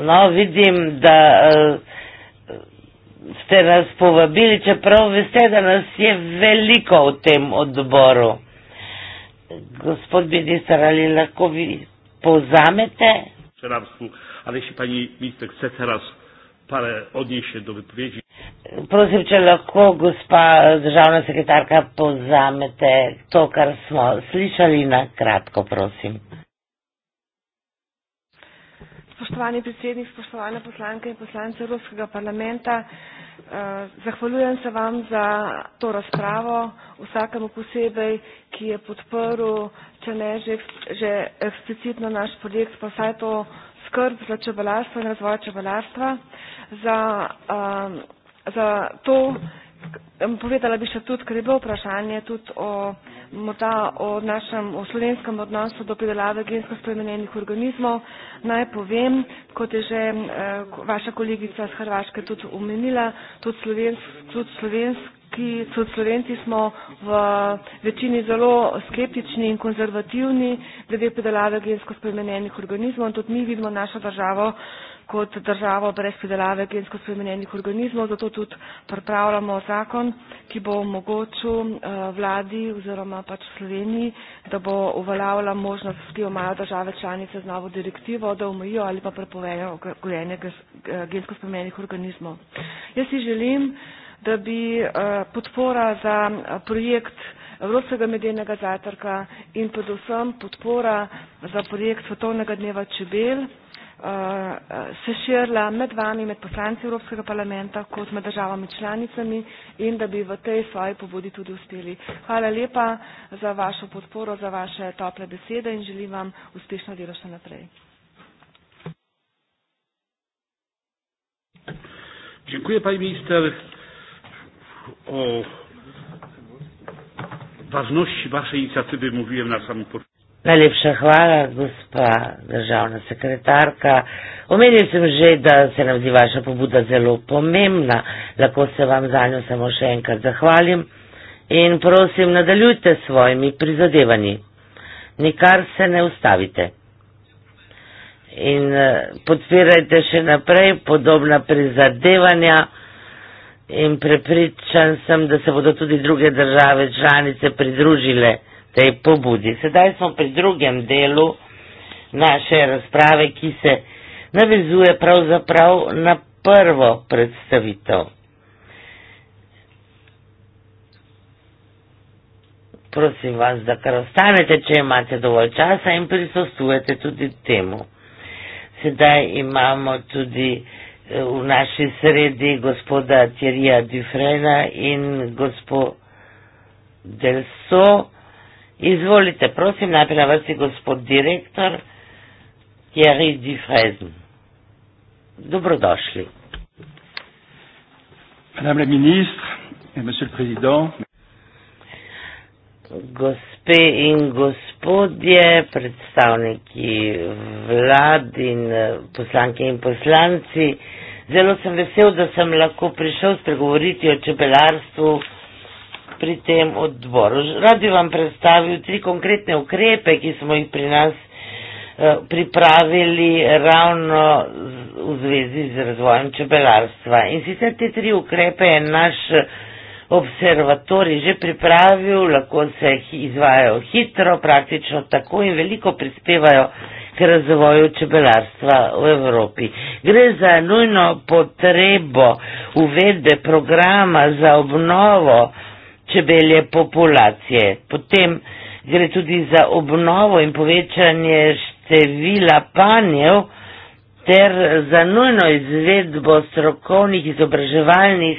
No, vidim, da uh, ste nas povabili, čeprav veste, da nas je veliko v tem odboru. Gospod minister, ali lahko vi pozamete. Ali še pani minister chce teraz parę odnieść się do wypowiedzi? Proszę, czy lahko, gospa državna sekretarka, pozamete to, kar smo slišali na kratko, prosim. Spoštovani predsednik, spoštovane poslanke in poslanci Evropskega parlamenta, eh, zahvaljujem se vam za to razpravo, vsakemu posebej, ki je podprl če ne že, že eksplicitno naš projekt, pa vsaj to skrb za čebelarstvo in razvoj čebelarstva. Za, um, za to povedala bi še tudi, ker je bilo vprašanje tudi o, morda o našem o slovenskem odnosu do pridelave gensko spremenjenih organizmov. Naj povem, kot je že eh, vaša kolegica z Hrvaške tudi omenila, tudi, slovensk, tudi slovensk, ki so slovenci, smo v večini zelo skeptični in konzervativni glede predelave gensko spremenjenih organizmov in tudi mi vidimo našo državo kot državo brez predelave gensko spremenjenih organizmov. Zato tudi pripravljamo zakon, ki bo omogočil eh, vladi oziroma pač Sloveniji, da bo uveljavila možnost, ki jo imajo države članice z novo direktivo, da omejijo ali pa prepovejo gojenje gensko spremenjenih organizmov. Jaz si želim, da bi eh, podpora za eh, projekt Evropskega medenega zatrka in predvsem podpora za projekt Svetovnega dneva čebel eh, se širila med vami, med poslanci Evropskega parlamenta, kot med državami članicami in da bi v tej svoji pobudi tudi uspeli. Hvala lepa za vašo podporo, za vaše tople besede in želim vam uspešno delo še naprej. Dziękuję, pani minister o ważności Waszej inicjatywy mówiłem na samym początku. Najlepša hvala, gospa državna sekretarka. Omenil sem že, da se nam zdi vaša pobuda zelo pomembna. Lahko se vam za njo samo še enkrat zahvalim in prosim, nadaljujte s svojimi prizadevanji. Nikar se ne ustavite. In eh, podpirajte še naprej podobna prizadevanja in prepričan sem, da se bodo tudi druge države članice pridružile tej pobudi. Sedaj smo pri drugem delu naše razprave, ki se navezuje pravzaprav na prvo predstavitev. Prosim vas, da kar ostanete, če imate dovolj časa in prisostujete tudi temu. Sedaj imamo tudi uh, v naši sredi gospoda Tirija Difrena in gospo Delso. Izvolite, prosim, najprej na vrsti gospod direktor Tiri Difren. Dobrodošli. Madame la ministre, et monsieur le président. Gospe in gospodje, predstavniki vlad in eh, poslanke in poslanci, Zelo sem vesel, da sem lahko prišel spregovoriti o čebelarstvu pri tem odboru. Rad bi vam predstavil tri konkretne ukrepe, ki smo jih pri nas eh, pripravili ravno v zvezi z razvojem čebelarstva. In sicer te tri ukrepe je naš observatorij že pripravil, lahko se izvajajo hitro, praktično tako in veliko prispevajo razvoju čebelarstva v Evropi. Gre za nujno potrebo uvedbe programa za obnovo čebelje populacije. Potem gre tudi za obnovo in povečanje števila panjev ter za nujno izvedbo strokovnih izobraževalnih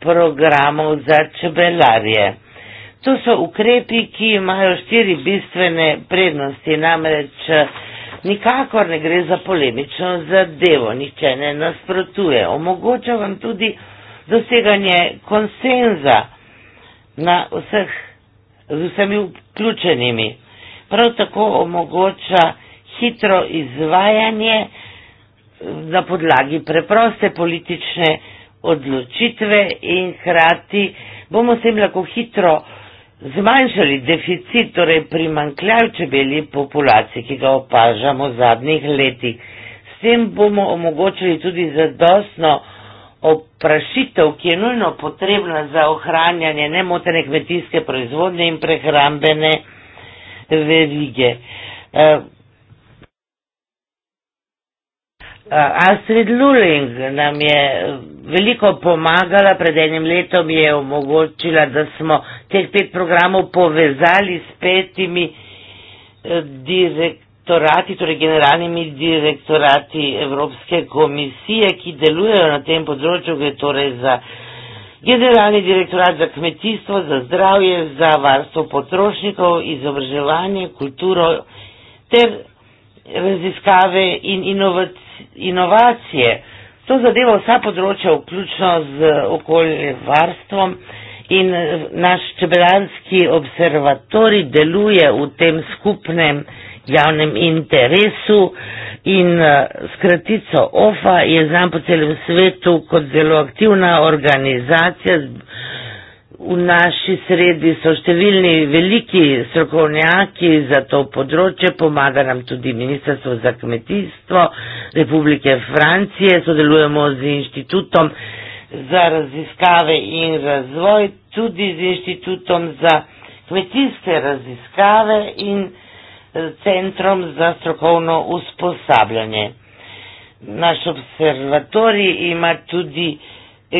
programov za čebelarje. To so ukrepi, ki imajo štiri bistvene prednosti, namreč Nikakor ne gre za polemično zadevo, nihče ne nasprotuje. Omogoča vam tudi doseganje konsenza na vseh, z vsemi vključenimi. Prav tako omogoča hitro izvajanje na podlagi preproste politične odločitve in hkrati bomo se jim lahko hitro zmanjšali deficit, torej primankljaj čebelji populacije, ki ga opažamo v zadnjih letih. S tem bomo omogočili tudi zadostno oprašitev, ki je nujno potrebna za ohranjanje nemotene kmetijske proizvodnje in prehrambene verige. Eh, Uh, Astrid Luling nam je eh, veliko pomagala, pred enim letom je omogočila, da smo teh pet programov povezali s petimi eh, direktorati, torej generalnimi direktorati Evropske komisije, ki delujejo na tem področju, gre torej za generalni direktorat za kmetijstvo, za zdravje, za varstvo potrošnikov, izobraževanje, kulturo ter raziskave in inovacije. To zadeva vsa področja, vključno z okoljevarstvom in naš čebelanski observatori deluje v tem skupnem javnem interesu in eh, skratico OFA je znam po celem svetu kot zelo aktivna organizacija V naši sredi so številni veliki strokovnjaki za to področje, pomaga nam tudi Ministrstvo za kmetijstvo Republike Francije, sodelujemo z Inštitutom za raziskave in razvoj, tudi z Inštitutom za kmetijske raziskave in eh, Centrom za strokovno usposabljanje. Naš observatorij ima tudi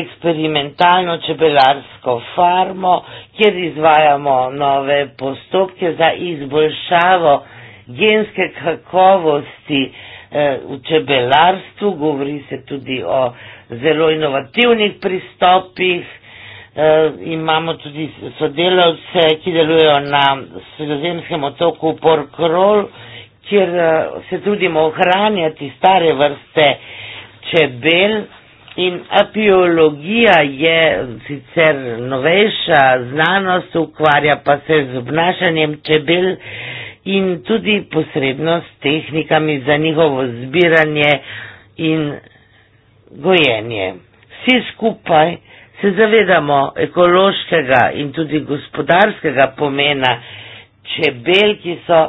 eksperimentalno čebelarsko farmo, kjer izvajamo nove postopke za izboljšavo genske kakovosti eh, v čebelarstvu, govori se tudi o zelo inovativnih pristopih, eh, imamo tudi sodelavce, ki delujejo na sredozemskem otoku Porkrol, kjer eh, se trudimo ohranjati stare vrste čebel, In apiologija je sicer novejša znanost, ukvarja pa se z obnašanjem čebel in tudi posredno s tehnikami za njihovo zbiranje in gojenje. Vsi skupaj se zavedamo ekološkega in tudi gospodarskega pomena čebel, ki so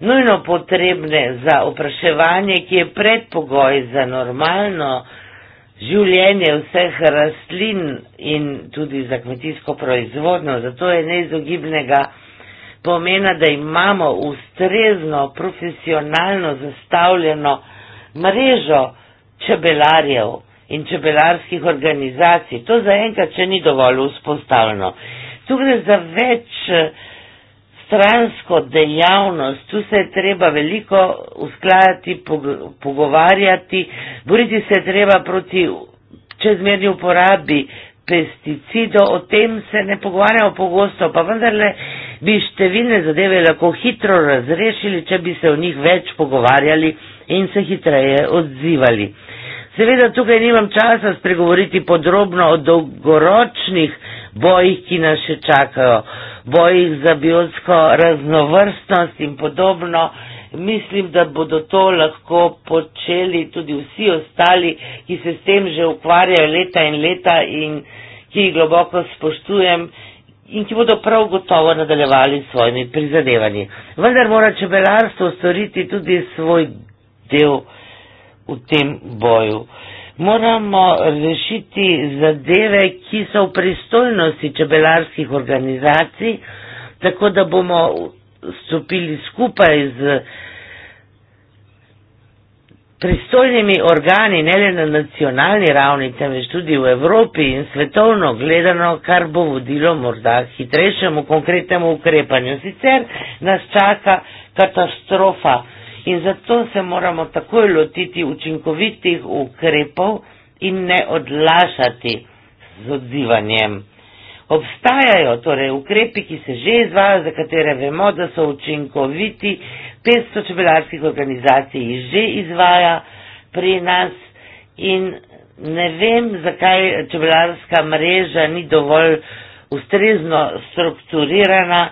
nujno potrebne za opraševanje, ki je predpogoj za normalno življenje življenje vseh rastlin in tudi za kmetijsko proizvodno. Zato je neizogibnega pomena, da imamo ustrezno, profesionalno zastavljeno mrežo čebelarjev in čebelarskih organizacij. To zaenkrat, če ni dovolj vzpostavljeno. Tu gre za več stransko dejavnost, tu se je treba veliko usklajati, pogovarjati, boriti se je treba proti čezmerni uporabi pesticidov, o tem se ne pogovarjamo pogosto, pa vendarle bi številne zadeve lahko hitro razrešili, če bi se o njih več pogovarjali in se hitreje odzivali. Seveda tukaj nimam časa spregovoriti podrobno o dolgoročnih bojih, ki nas še čakajo, bojih za biotsko raznovrstnost in podobno. Mislim, da bodo to lahko počeli tudi vsi ostali, ki se s tem že ukvarjajo leta in leta in ki jih globoko spoštujem in ki bodo prav gotovo nadaljevali s svojimi prizadevanji. Vendar mora čebelarstvo storiti tudi svoj del v tem boju moramo rešiti zadeve, ki so v pristojnosti čebelarskih organizacij, tako da bomo stopili skupaj z pristojnimi organi, ne le na nacionalni ravni, temveč tudi v Evropi in svetovno gledano, kar bo vodilo morda hitrejšemu konkretnemu ukrepanju. Sicer nas čaka katastrofa in zato se moramo takoj lotiti učinkovitih ukrepov in ne odlašati z odzivanjem. Obstajajo torej ukrepi, ki se že izvajo, za katere vemo, da so učinkoviti, 500 čebelarskih organizacij jih že izvaja pri nas in ne vem, zakaj čebelarska mreža ni dovolj ustrezno strukturirana,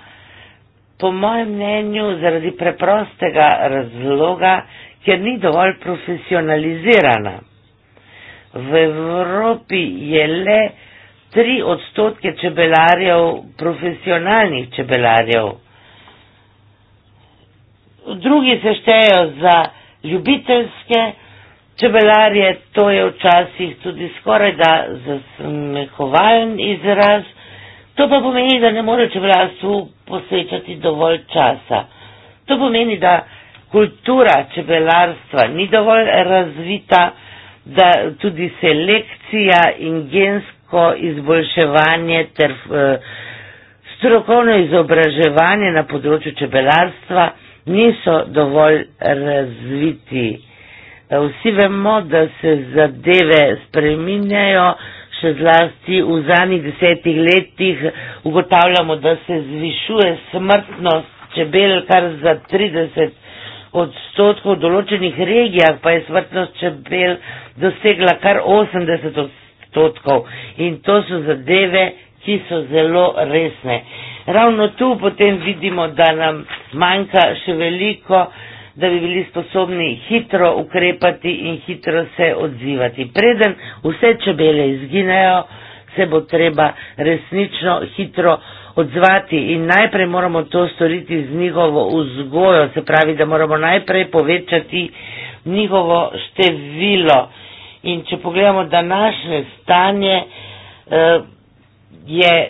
po mojem mnenju zaradi preprostega razloga, ker ni dovolj profesionalizirana. V Evropi je le tri odstotke čebelarjev profesionalnih čebelarjev. Drugi se štejejo za ljubiteljske čebelarje, to je včasih tudi skoraj da zasmehovalen izraz. To pa pomeni, da ne more čebelarstvo posvečati dovolj časa. To pomeni, da kultura čebelarstva ni dovolj razvita, da tudi selekcija in gensko izboljševanje ter eh, strokovno izobraževanje na področju čebelarstva niso dovolj razviti. Eh, vsi vemo, da se zadeve spreminjajo, še zlasti v zadnjih desetih letih ugotavljamo, da se zvišuje smrtnost čebel kar za 30 odstotkov, v določenih regijah pa je smrtnost čebel dosegla kar 80 odstotkov in to so zadeve, ki so zelo resne. Ravno tu potem vidimo, da nam manjka še veliko da bi bili sposobni hitro ukrepati in hitro se odzivati. Preden vse čebele izginejo, se bo treba resnično hitro odzvati in najprej moramo to storiti z njihovo vzgojo, se pravi, da moramo najprej povečati njihovo število. In če pogledamo današnje stanje, eh, je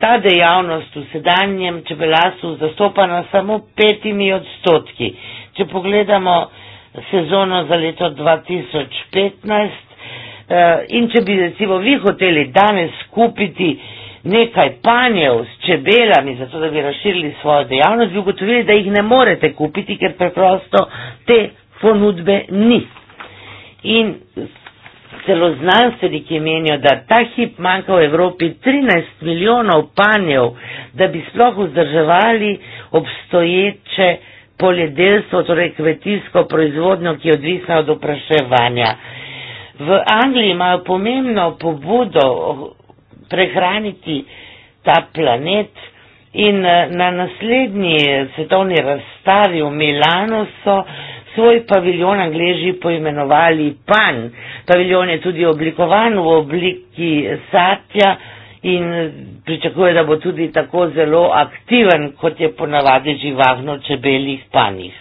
ta dejavnost v sedanjem čebelastvu zastopana samo petimi odstotki. Če pogledamo sezono za leto 2015 eh, in če bi recimo vi hoteli danes kupiti nekaj panjev s čebelami, zato da bi razširili svojo dejavnost, bi ugotovili, da jih ne morete kupiti, ker preprosto te ponudbe ni. In celo znanstveniki menijo, da ta hip manjka v Evropi 13 milijonov panjev, da bi sploh vzdrževali obstoječe poljedelstvo, torej kmetijsko proizvodnjo, ki je odvisna od opraševanja. V Angliji imajo pomembno pobudo prehraniti ta planet in eh, na naslednji eh, svetovni razstavi v Milano so svoj paviljon angleži poimenovali Pan. Paviljon je tudi oblikovan v obliki satja in pričakuje, da bo tudi tako zelo aktiven, kot je ponavadi živahno čebeljih panjih.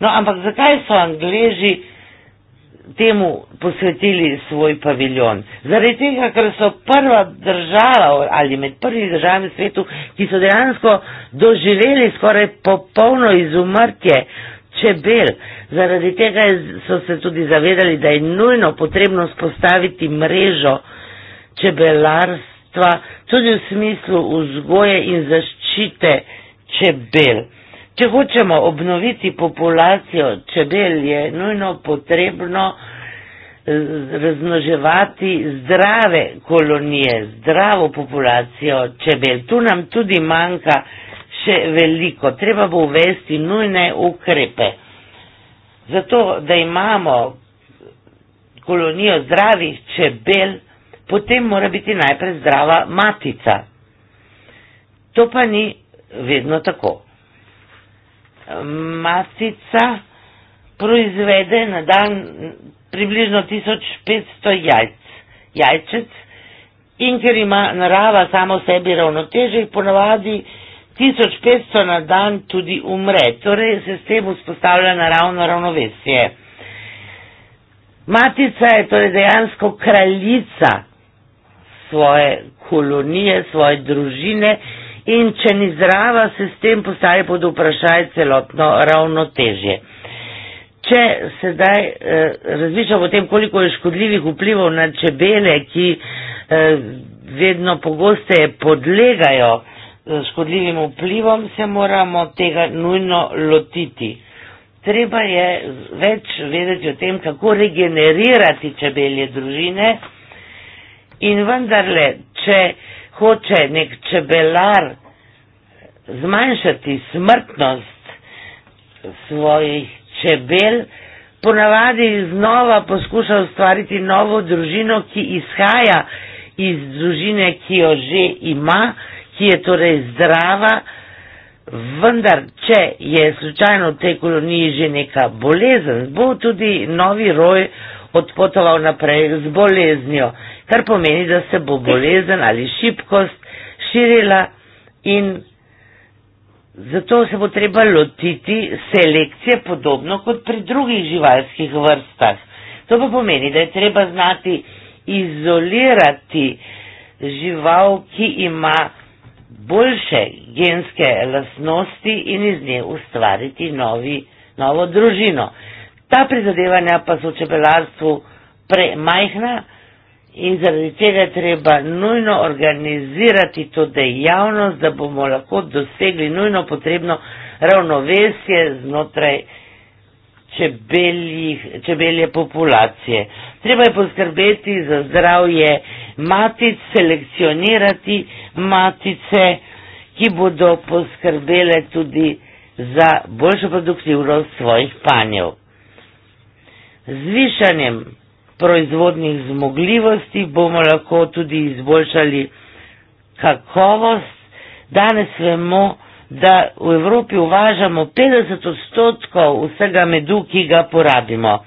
No, ampak zakaj so Angleži temu posvetili svoj paviljon? Zaradi tega, ker so prva država ali med prvimi državami na svetu, ki so dejansko doživeli skoraj popolno izumrtje čebel. Zaradi tega so se tudi zavedali, da je nujno potrebno spostaviti mrežo čebelarstva gospodarstva, tudi v smislu vzgoje in zaščite čebel. Če hočemo obnoviti populacijo čebel, je nujno potrebno eh, raznoževati zdrave kolonije, zdravo populacijo čebel. Tu nam tudi manjka še veliko. Treba bo uvesti nujne ukrepe. Zato, da imamo kolonijo zdravih čebel, potem mora biti najprej zdrava matica. To pa ni vedno tako. Matica proizvede na dan približno 1500 jajc, jajčec in ker ima narava samo sebi ravnoteže, ponavadi 1500 na dan tudi umre, torej se s tem vzpostavlja naravno ravnovesje. Matica je torej dejansko kraljica svoje kolonije, svoje družine in če ni zdrava, se s tem postavi pod vprašaj celotno ravnotežje. Če sedaj eh, razmišljamo o tem, koliko je škodljivih vplivov na čebele, ki eh, vedno pogosteje podlegajo eh, škodljivim vplivom, se moramo tega nujno lotiti. Treba je več vedeti o tem, kako regenerirati čebelje družine. In vendarle, če hoče nek čebelar zmanjšati smrtnost svojih čebel, ponavadi znova poskuša ustvariti novo družino, ki izhaja iz družine, ki jo že ima, ki je torej zdrava, vendar, če je slučajno v tej koloniji že neka bolezen, bo tudi novi roj odpotoval naprej z boleznjo kar pomeni, da se bo bolezen ali šibkost širila in zato se bo treba lotiti selekcije podobno kot pri drugih živalskih vrstah. To pa pomeni, da je treba znati izolirati žival, ki ima boljše genske lasnosti in iz nje ustvariti novi, novo družino. Ta prizadevanja pa so v čebelarstvu premajhna, in zaradi tega treba nujno organizirati to dejavnost, da bomo lahko dosegli nujno potrebno ravnovesje znotraj čebeljih, čebelje populacije. Treba je poskrbeti za zdravje matic, selekcionirati matice, ki bodo poskrbele tudi za boljšo produktivnost svojih panjev. Zvišanjem proizvodnih zmogljivosti, bomo lahko tudi izboljšali kakovost. Danes vemo, da v Evropi uvažamo 50 odstotkov vsega medu, ki ga porabimo.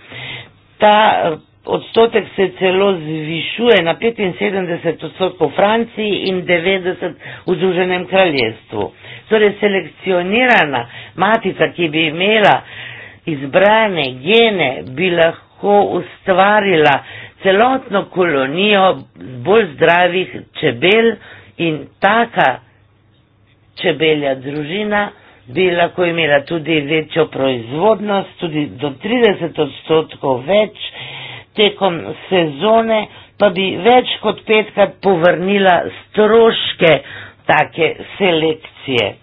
Ta odstotek se celo zvišuje na 75 odstotkov v Franciji in 90 v Združenem kraljestvu. Torej selekcionirana matica, ki bi imela izbrane gene, bi lahko lahko ustvarila celotno kolonijo bolj zdravih čebel in taka čebelja družina bi lahko imela tudi večjo proizvodnost, tudi do 30 odstotkov več tekom sezone, pa bi več kot petkrat povrnila stroške take selekcije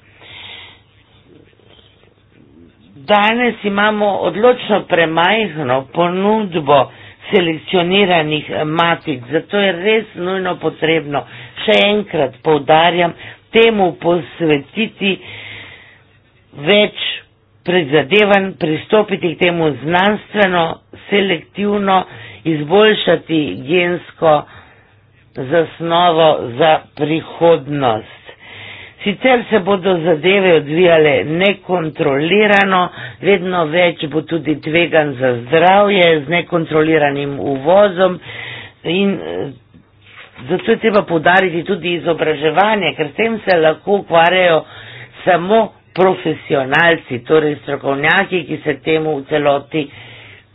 danes imamo odločno premajhno ponudbo selekcioniranih matic, zato je res nujno potrebno, še enkrat poudarjam, temu posvetiti več prizadevanj, pristopiti k temu znanstveno, selektivno, izboljšati gensko zasnovo za prihodnost. Sicer se bodo zadeve odvijale nekontrolirano, vedno več bo tudi tvegan za zdravje z nekontroliranim uvozom in eh, zato je treba podariti tudi izobraževanje, ker s tem se lahko ukvarjajo samo profesionalci, torej strokovnjaki, ki se temu v celoti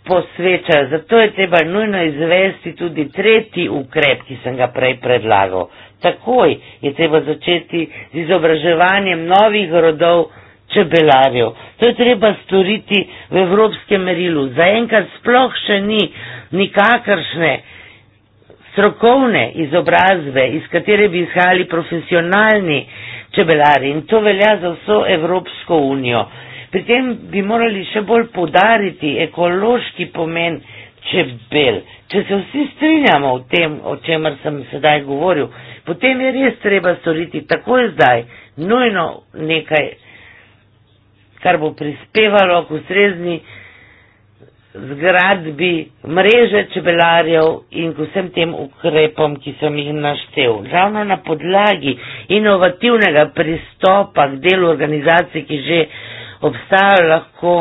posvečajo. Zato je treba nujno izvesti tudi tretji ukrep, ki sem ga prej predlagal. Takoj je treba začeti z izobraževanjem novih rodov čebelarjev. To je treba storiti v evropskem merilu. Zaenkrat sploh še ni nikakršne strokovne izobrazbe, iz katere bi izhajali profesionalni čebelari in to velja za vso Evropsko unijo. Pri tem bi morali še bolj podariti ekološki pomen čebel. Če se vsi strinjamo o tem, o čemer sem sedaj govoril, potem je res treba storiti takoj zdaj nujno nekaj, kar bo prispevalo k ustrezni zgradbi mreže čebelarjev in k vsem tem ukrepom, ki sem jih naštel. Ravno na podlagi inovativnega pristopa k delu organizacij, ki že obstajajo, lahko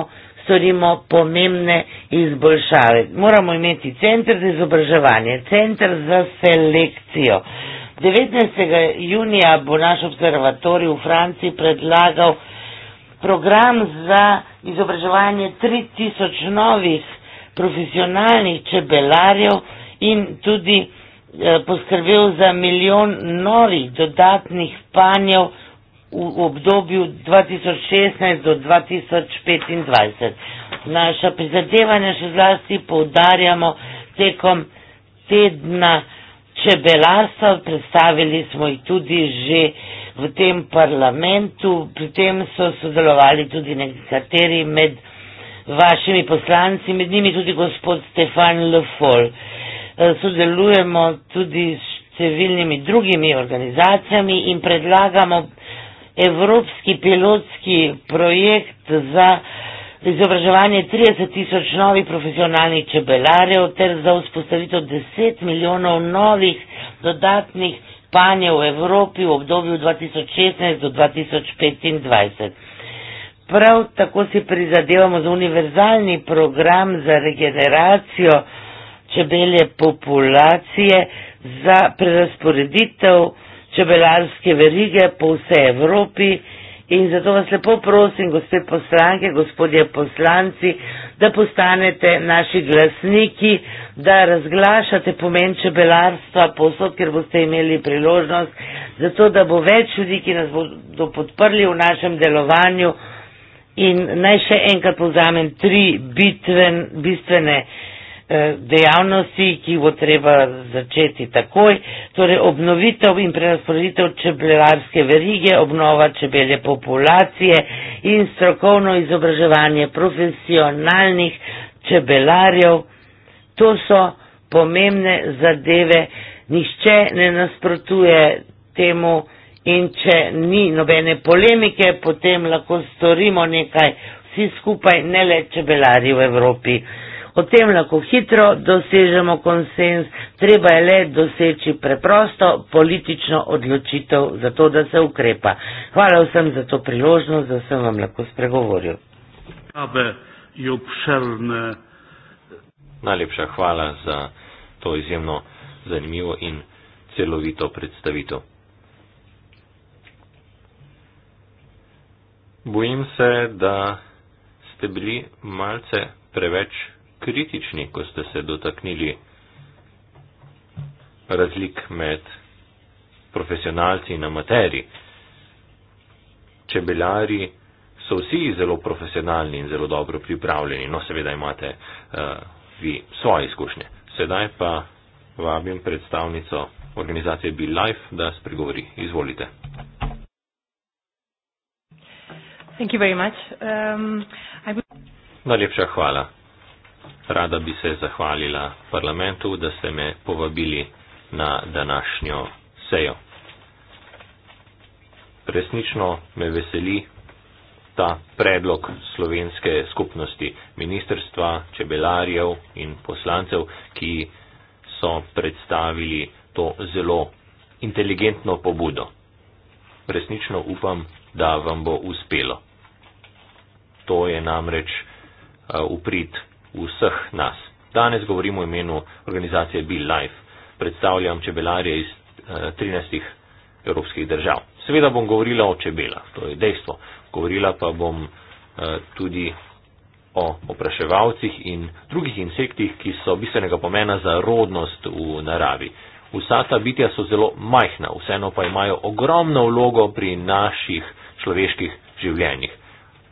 storimo pomembne izboljšave. Moramo imeti center za izobraževanje, center za selekcijo. 19. junija bo naš observatorij v Franciji predlagal program za izobraževanje 3000 novih profesionalnih čebelarjev in tudi eh, poskrbel za milijon novih dodatnih panjev v obdobju 2016 do 2025. Naša prizadevanja še zlasti poudarjamo tekom tedna čebelarstva, predstavili smo jih tudi že v tem parlamentu, pri tem so sodelovali tudi nekateri med vašimi poslanci, med njimi tudi gospod Stefan Lefol. E, sodelujemo tudi s številnimi drugimi organizacijami in predlagamo evropski pilotski projekt za za izobraževanje 30 tisoč novih profesionalnih čebelarjev ter za vzpostavitev 10 milijonov novih dodatnih panjev v Evropi v obdobju 2016 do 2025. Prav tako si prizadevamo za univerzalni program za regeneracijo čebelje populacije za prerasporeditev čebelarske verige po vsej Evropi. In zato vas lepo prosim, gospe poslanke, gospodje poslanci, da postanete naši glasniki, da razglašate pomen čebelarstva posod, ker boste imeli priložnost, zato da bo več ljudi, ki nas bodo podprli v našem delovanju. In naj še enkrat povzamem tri bitven, bistvene. Eh, dejavnosti, ki bo treba začeti takoj, torej obnovitev in prerasporeditev čebelarske verige, obnova čebele populacije in strokovno izobraževanje profesionalnih čebelarjev. To so pomembne zadeve, nišče ne nasprotuje temu in če ni nobene polemike, potem lahko storimo nekaj vsi skupaj, ne le čebelari v Evropi potem lahko hitro dosežemo konsens, treba je le doseči preprosto politično odločitev za to, da se ukrepa. Hvala vsem za to priložnost, da sem vam lahko spregovoril. Najlepša hvala za to izjemno zanimivo in celovito predstavitev. Bojim se, da ste bili malce preveč kritični, ko ste se dotaknili razlik med profesionalci in amateri. Čebelari so vsi zelo profesionalni in zelo dobro pripravljeni, no seveda imate uh, vi svoje izkušnje. Sedaj pa vabim predstavnico organizacije Be Life, da spregovori. Izvolite. Um, Najlepša hvala. Rada bi se zahvalila parlamentu, da ste me povabili na današnjo sejo. Resnično me veseli ta predlog slovenske skupnosti ministrstva, čebelarjev in poslancev, ki so predstavili to zelo inteligentno pobudo. Resnično upam, da vam bo uspelo. To je namreč uh, uprit vseh nas. Danes govorimo o imenu organizacije Be Life. Predstavljam čebelarje iz 13 eh, evropskih držav. Seveda bom govorila o čebelah, to je dejstvo. Govorila pa bom eh, tudi o opraševalcih in drugih insektih, ki so bistvenega pomena za rodnost v naravi. Vsa ta bitja so zelo majhna, vseeno pa imajo ogromno vlogo pri naših človeških življenjih.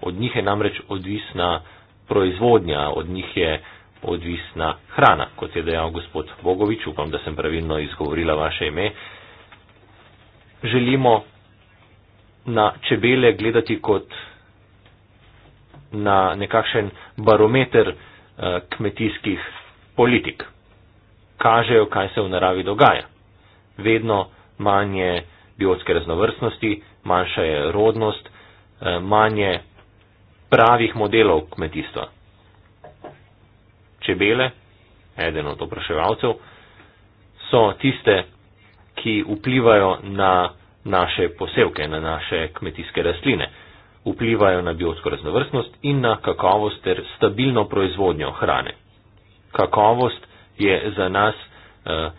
Od njih je namreč odvisna proizvodnja, od njih je odvisna hrana, kot je dejal gospod Bogovič, upam, da sem pravilno izgovorila vaše ime. Želimo na čebele gledati kot na nekakšen barometer eh, kmetijskih politik. Kažejo, kaj se v naravi dogaja. Vedno manje biotske raznovrstnosti, manjša je rodnost, eh, manje pravih modelov kmetijstva. Čebele, eden od opraševalcev, so tiste, ki vplivajo na naše posevke, na naše kmetijske rastline, vplivajo na biotsko raznovrstnost in na kakovost ter stabilno proizvodnjo hrane. Kakovost je za nas uh,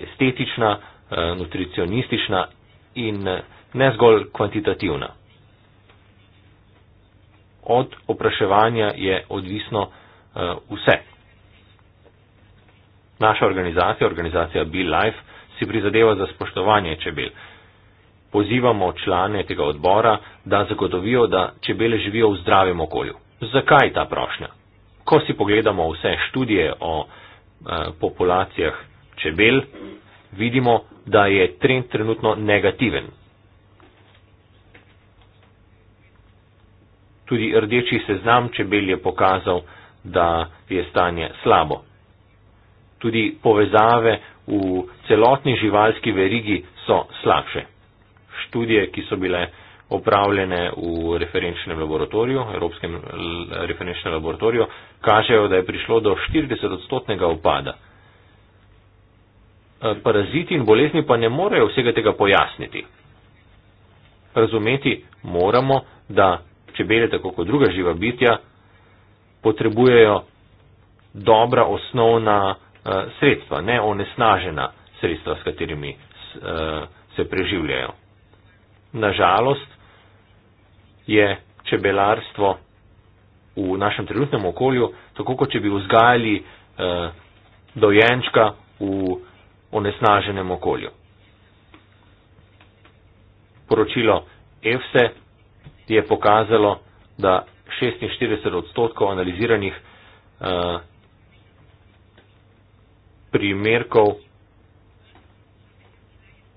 estetična, uh, nutricionistična in uh, ne zgolj kvantitativna od opraševanja je odvisno eh, vse. Naša organizacija, organizacija Be Life, si prizadeva za spoštovanje čebel. Pozivamo člane tega odbora, da zagotovijo, da čebele živijo v zdravem okolju. Zakaj ta prošnja? Ko si pogledamo vse študije o eh, populacijah čebel, vidimo, da je trend trenutno negativen. Tudi rdeči seznam čebel je pokazal, da je stanje slabo. Tudi povezave v celotni živalski verigi so slabše. Študije, ki so bile opravljene v referenčnem laboratoriju, Evropskem referenčnem laboratoriju, kažejo, da je prišlo do 40-odstotnega upada. E, paraziti in bolezni pa ne morejo vsega tega pojasniti. Razumeti moramo, da čebele, tako kot druga živa bitja, potrebujejo dobra osnovna uh, sredstva, ne onesnažena sredstva, s katerimi uh, se preživljajo. Nažalost je čebelarstvo v našem trenutnem okolju, tako kot če bi vzgajali uh, dojenčka v onesnaženem okolju. Poročilo EFSE je pokazalo, da 46 odstotkov analiziranih eh, primerkov,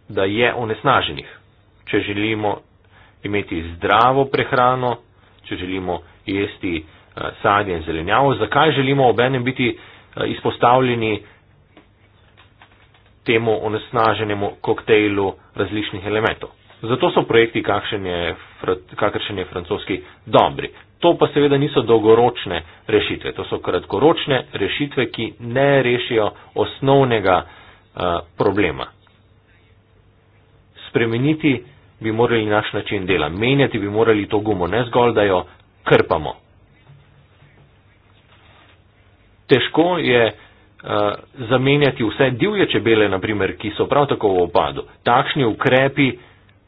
da je onesnaženih. Če želimo imeti zdravo prehrano, če želimo jesti eh, sadje in zelenjavo, zakaj želimo obenem biti eh, izpostavljeni temu onesnaženemu koktejlu različnih elementov. Zato so projekti, kakršen je francoski, dobri. To pa seveda niso dolgoročne rešitve, to so kratkoročne rešitve, ki ne rešijo osnovnega uh, problema. Spremeniti bi morali naš način dela, menjati bi morali to gumo, ne zgolj, da jo krpamo. Težko je uh, zamenjati vse divje čebele, naprimer, ki so prav tako v opadu. Takšni ukrepi, uh,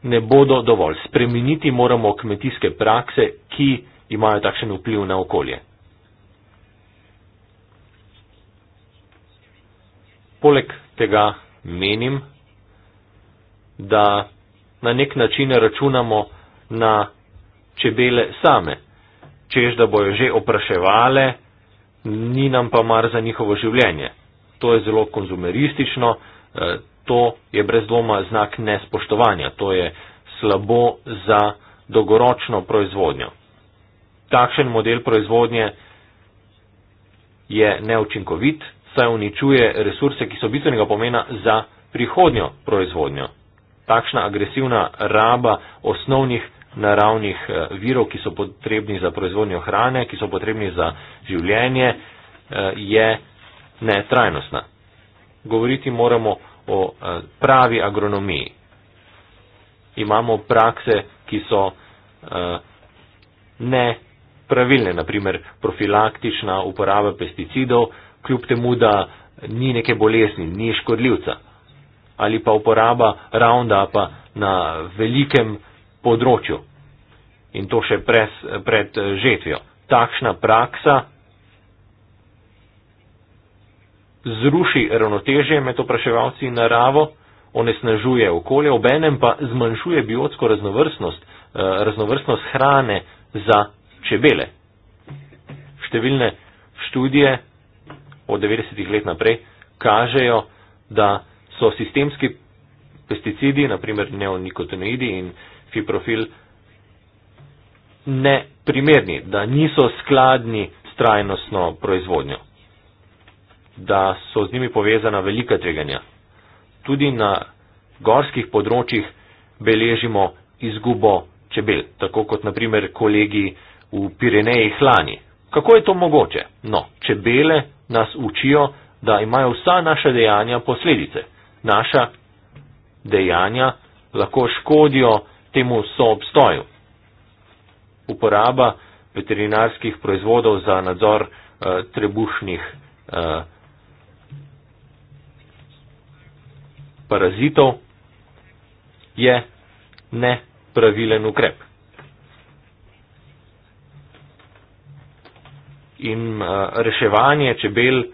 ne bodo dovolj. Spremeniti moramo kmetijske prakse, ki imajo takšen vpliv na okolje. Poleg tega menim, da na nek način računamo na čebele same, čež da bojo že opraševale, ni nam pa mar za njihovo življenje. To je zelo konzumeristično, eh, to je brez dvoma znak nespoštovanja, to je slabo za dolgoročno proizvodnjo. Takšen model proizvodnje je neučinkovit, saj uničuje resurse, ki so bistvenega pomena za prihodnjo proizvodnjo. Takšna agresivna raba osnovnih naravnih eh, virov, ki so potrebni za proizvodnjo hrane, ki so potrebni za življenje, eh, je netrajnostna. Govoriti moramo o eh, pravi agronomiji. Imamo prakse, ki so eh, ne pravilne, naprimer profilaktična uporaba pesticidov, kljub temu, da ni neke bolezni, ni škodljivca. Ali pa uporaba roundupa na velikem področju in to še pred, pred eh, žetvijo. Takšna praksa zruši ravnotežje med opraševalci in naravo, onesnažuje okolje, obenem pa zmanjšuje biotsko raznovrstnost, eh, raznovrstnost hrane za čebele. Številne študije od 90-ih let naprej kažejo, da so sistemski pesticidi, naprimer neonikotinoidi in fiprofil, neprimerni, da niso skladni s trajnostno proizvodnjo da so z njimi povezana velika tveganja. Tudi na gorskih področjih beležimo izgubo čebel, tako kot naprimer kolegi v Pireneji hlani. Kako je to mogoče? No, čebele nas učijo, da imajo vsa naša dejanja posledice. Naša dejanja lahko škodijo temu soobstoju. Uporaba veterinarskih proizvodov za nadzor eh, trebušnih eh, parazitov je nepravilen ukrep. In uh, reševanje čebel uh,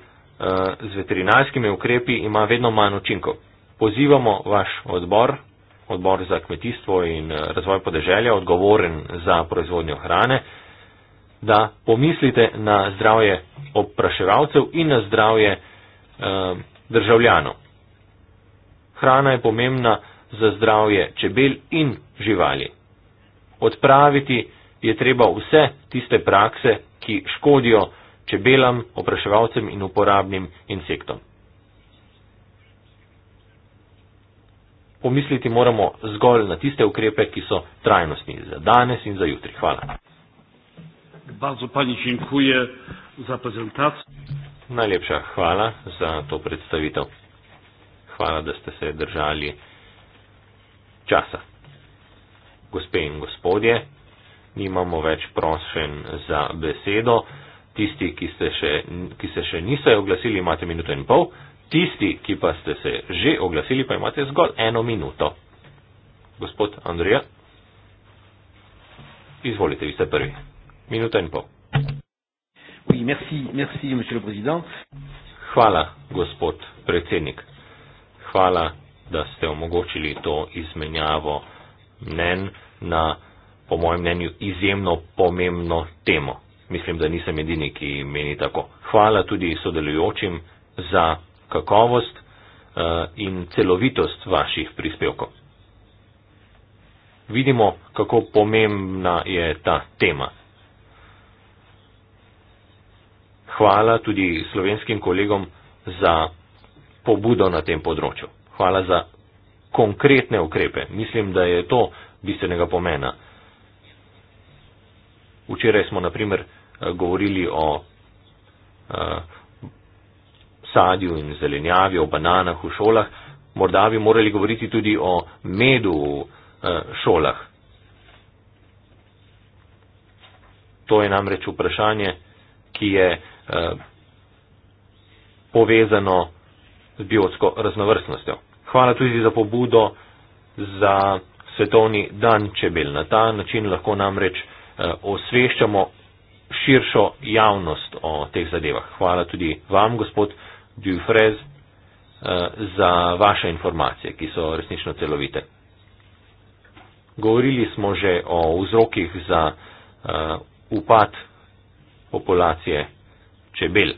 z veterinarskimi ukrepi ima vedno manj učinkov. Pozivamo vaš odbor, odbor za kmetijstvo in eh, razvoj podeželja, odgovoren za proizvodnjo hrane, da pomislite na zdravje opraševalcev in na zdravje uh, državljanov hrana je pomembna za zdravje čebel in živali. Odpraviti je treba vse tiste prakse, ki škodijo čebelam, opraševalcem in uporabnim insektom. Pomisliti moramo zgolj na tiste ukrepe, ki so trajnostni za danes in za jutri. Hvala. Najlepša hvala za to predstavitev hvala, da ste se držali časa. Gospe in gospodje, nimamo več prošen za besedo. Tisti, ki, še, ki se še niso oglasili, imate minuto in pol. Tisti, ki pa ste se že oglasili, pa imate zgolj eno minuto. Gospod Andrija, izvolite, vi ste prvi. Minuta in pol. Hvala, gospod predsednik hvala, da ste omogočili to izmenjavo mnen na, po mojem mnenju, izjemno pomembno temo. Mislim, da nisem edini, ki meni tako. Hvala tudi sodelujočim za kakovost uh, in celovitost vaših prispevkov. Vidimo, kako pomembna je ta tema. Hvala tudi slovenskim kolegom za pobudo na tem področju. Hvala za konkretne ukrepe. Mislim, da je to bistvenega pomena. Včeraj smo, naprimer, eh, govorili o a, eh, sadju in zelenjavi, o bananah v šolah. Morda bi morali govoriti tudi o medu v a, eh, šolah. To je namreč vprašanje, ki je a, povezano z biotsko raznovrstnostjo. Hvala tudi za pobudo za svetovni dan čebel. Na ta način lahko namreč eh, osveščamo širšo javnost o teh zadevah. Hvala tudi vam, gospod Dufrez, eh, za vaše informacije, ki so resnično celovite. Govorili smo že o vzrokih za eh, upad populacije čebel.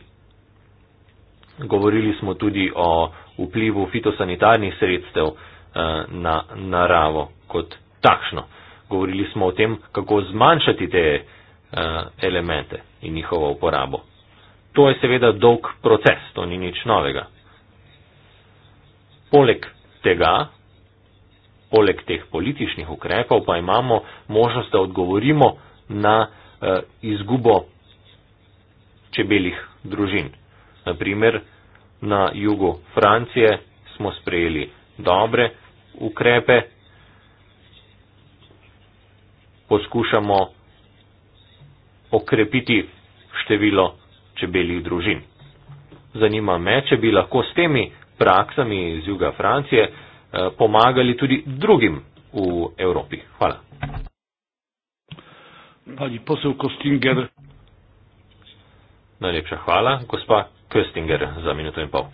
Govorili smo tudi o vplivu fitosanitarnih sredstev eh, na naravo kot takšno. Govorili smo o tem, kako zmanjšati te eh, elemente in njihovo uporabo. To je seveda dolg proces, to ni nič novega. Poleg tega, poleg teh političnih ukrepov, pa imamo možnost, da odgovorimo na eh, izgubo čebelih družin. Naprimer, na jugu Francije smo sprejeli dobre ukrepe, poskušamo okrepiti število čebeljih družin. Zanima me, če bi lahko s temi praksami iz juga Francije eh, pomagali tudi drugim v Evropi. Hvala. Pani posel Kostinger. Najlepša hvala, gospa Köstinger za minuto in pol.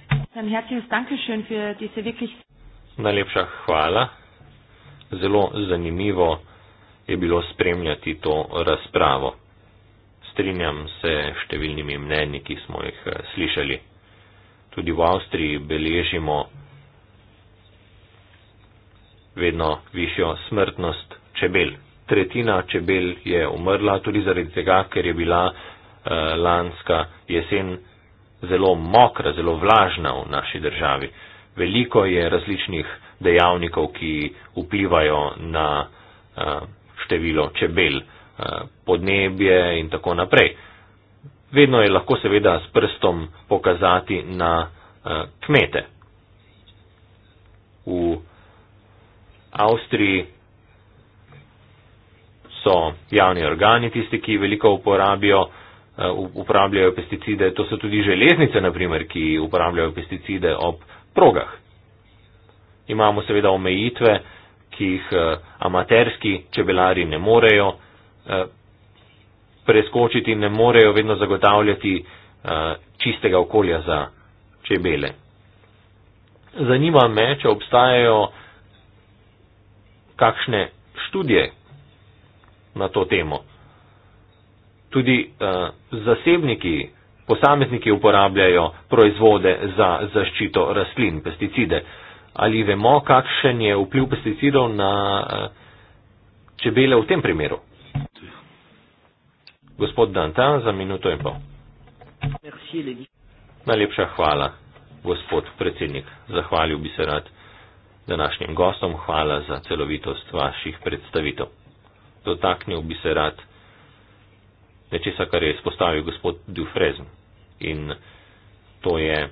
Najlepša hvala. Zelo zanimivo je bilo spremljati to razpravo. Strinjam se številnimi mnenji, ki smo jih eh, slišali. Tudi v Avstriji beležimo vedno višjo smrtnost čebel. Tretjina čebel je umrla tudi zaradi tega, ker je bila uh, lanska jesen zelo mokra, zelo vlažna v naši državi. Veliko je različnih dejavnikov, ki vplivajo na eh, število čebel, eh, podnebje in tako naprej. Vedno je lahko seveda s prstom pokazati na eh, kmete. V Avstriji so javni organi tisti, ki veliko uporabijo Eh, uporabljajo pesticide, to so tudi železnice, naprimer, ki uporabljajo pesticide ob progah. Imamo seveda omejitve, ki jih eh, amaterski čebelari ne morejo eh, preskočiti, ne morejo vedno zagotavljati čistega okolja za čebele. Zanima me, če obstajajo kakšne študije na to temo tudi uh, zasebniki, posamezniki uporabljajo proizvode za zaščito rastlin, pesticide. Ali vemo, kakšen je vpliv pesticidov na uh, čebele v tem primeru? Gospod Danta, za minuto in pol. Najlepša hvala, gospod predsednik. Zahvalil bi se rad današnjim gostom. Hvala za celovitost vaših predstavitev. Dotaknil bi se rad nečesa, kar je izpostavil gospod Dufresne. In to je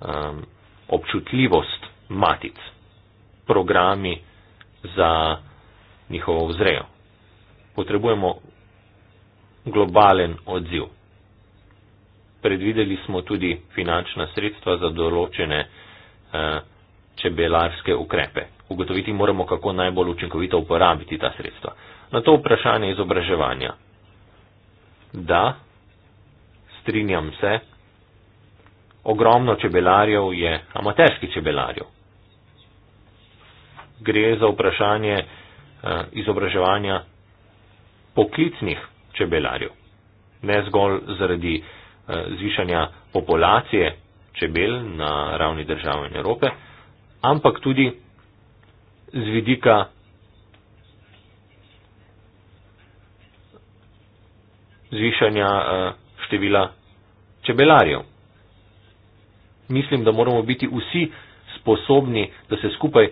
um, občutljivost matic, programi za njihovo vzrejo. Potrebujemo globalen odziv. Predvideli smo tudi finančna sredstva za določene uh, čebelarske ukrepe. Ugotoviti moramo, kako najbolj učinkovito uporabiti ta sredstva. Na to vprašanje izobraževanja Da, strinjam se, ogromno čebelarjev je amaterskih čebelarjev. Gre za vprašanje eh, izobraževanja poklicnih čebelarjev, ne zgolj zaradi eh, zvišanja populacije čebel na ravni države in Evrope, ampak tudi z vidika zvišanja eh, števila čebelarjev. Mislim, da moramo biti vsi sposobni, da se skupaj eh,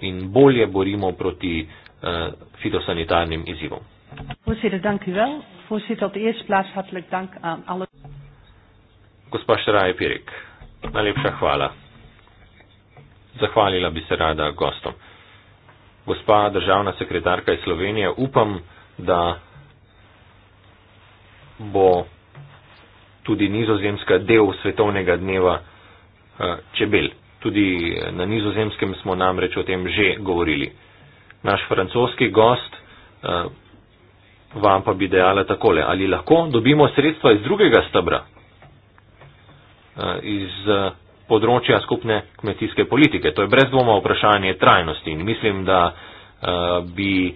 in bolje borimo proti eh, fitosanitarnim izzivom. Gospa Šraje Pirik, najlepša hvala. Zahvalila bi se rada gostom. Gospa državna sekretarka iz Slovenije, upam, da bo tudi nizozemska del svetovnega dneva eh, čebel. Tudi eh, na nizozemskem smo namreč o tem že govorili. Naš francoski gost eh, vam pa bi dejala takole, ali lahko dobimo sredstva iz drugega stebra, iz področja skupne kmetijske politike. To je brez dvoma vprašanje trajnosti in mislim, da bi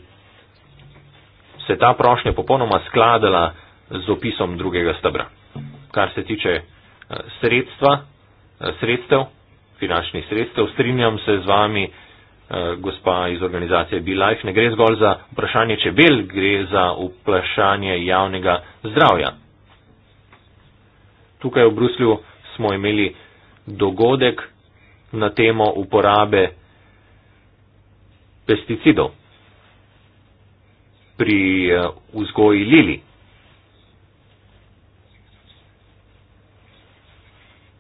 se ta prošnja popolnoma skladala z opisom drugega stebra. Kar se tiče eh, sredstva, eh, sredstev, finančnih sredstev, strinjam se z vami, eh, gospa iz organizacije BeLife, ne gre zgolj za vprašanje čebel, gre za vprašanje javnega zdravja. Tukaj v Bruslju smo imeli dogodek na temo uporabe pesticidov pri vzgoji lili.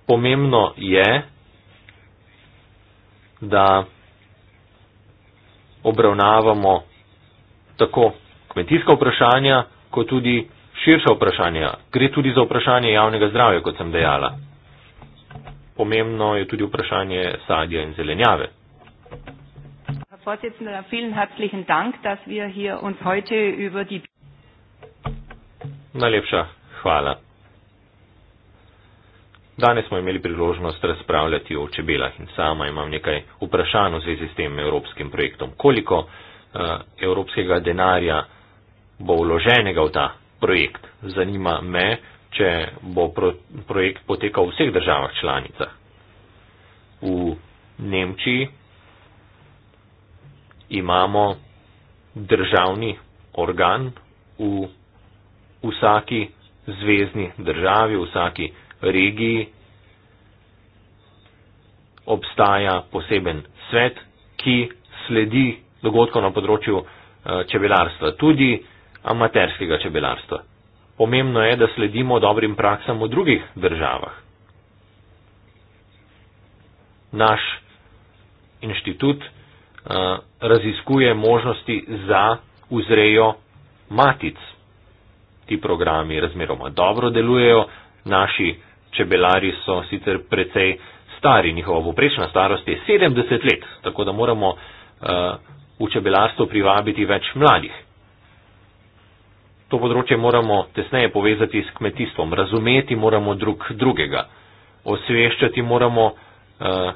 pomembno je, da obravnavamo tako kmetijska vprašanja, kot tudi širša vprašanja. Gre tudi za vprašanje javnega zdravja, kot sem dejala. Pomembno je tudi vprašanje sadja in zelenjave. Najlepša hvala. Danes smo imeli priložnost razpravljati o čebelah in sama imam nekaj vprašanj v zvezi s tem evropskim projektom. Koliko uh, evropskega denarja bo vloženega v ta projekt? Zanima me, če bo pro, projekt potekal v vseh državah članicah. V Nemčiji imamo državni organ v vsaki zvezdni državi, v vsaki državi regiji obstaja poseben svet, ki sledi dogodkov na področju eh, čebelarstva, tudi amaterskega čebelarstva. Pomembno je, da sledimo dobrim praksam v drugih državah. Naš inštitut eh, raziskuje možnosti za vzrejo matic. Ti programi razmeroma dobro delujejo, Naši čebelari so sicer precej stari, njihova poprečna starost je 70 let, tako da moramo uh, v čebelarstvo privabiti več mladih. To področje moramo tesneje povezati s kmetijstvom, razumeti moramo drug drugega, osveščati moramo uh,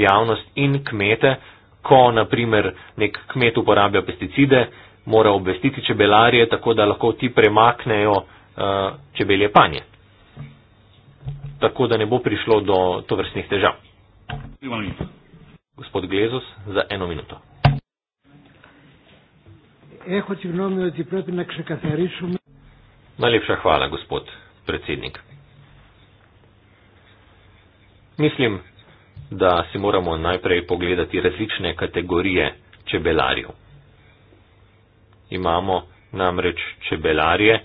javnost in kmete, ko naprimer nek kmet uporablja pesticide, mora obvestiti čebelarje, tako da lahko ti premaknejo uh, čebelje panje tako da ne bo prišlo do tovrstnih težav. Gospod Glezos, za eno minuto. Ja, Najlepša hvala, gospod predsednik. Mislim, da si moramo najprej pogledati različne kategorije čebelarjev. Imamo namreč čebelarje,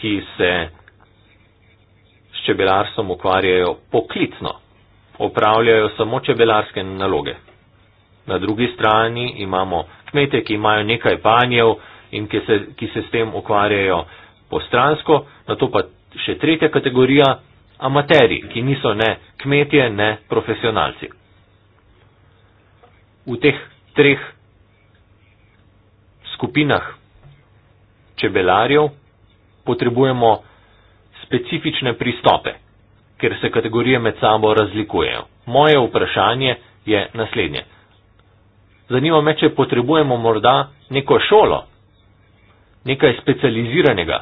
ki se čebelarstvom ukvarjajo poklicno, opravljajo samo čebelarske naloge. Na drugi strani imamo kmete, ki imajo nekaj panjev in ki se, ki se s tem ukvarjajo postransko, na to pa še tretja kategorija, amateri, ki niso ne kmetje, ne profesionalci. V teh treh skupinah čebelarjev potrebujemo specifične pristope, ker se kategorije med sabo razlikujejo. Moje vprašanje je naslednje. Zanima me, če potrebujemo morda neko šolo, nekaj specializiranega,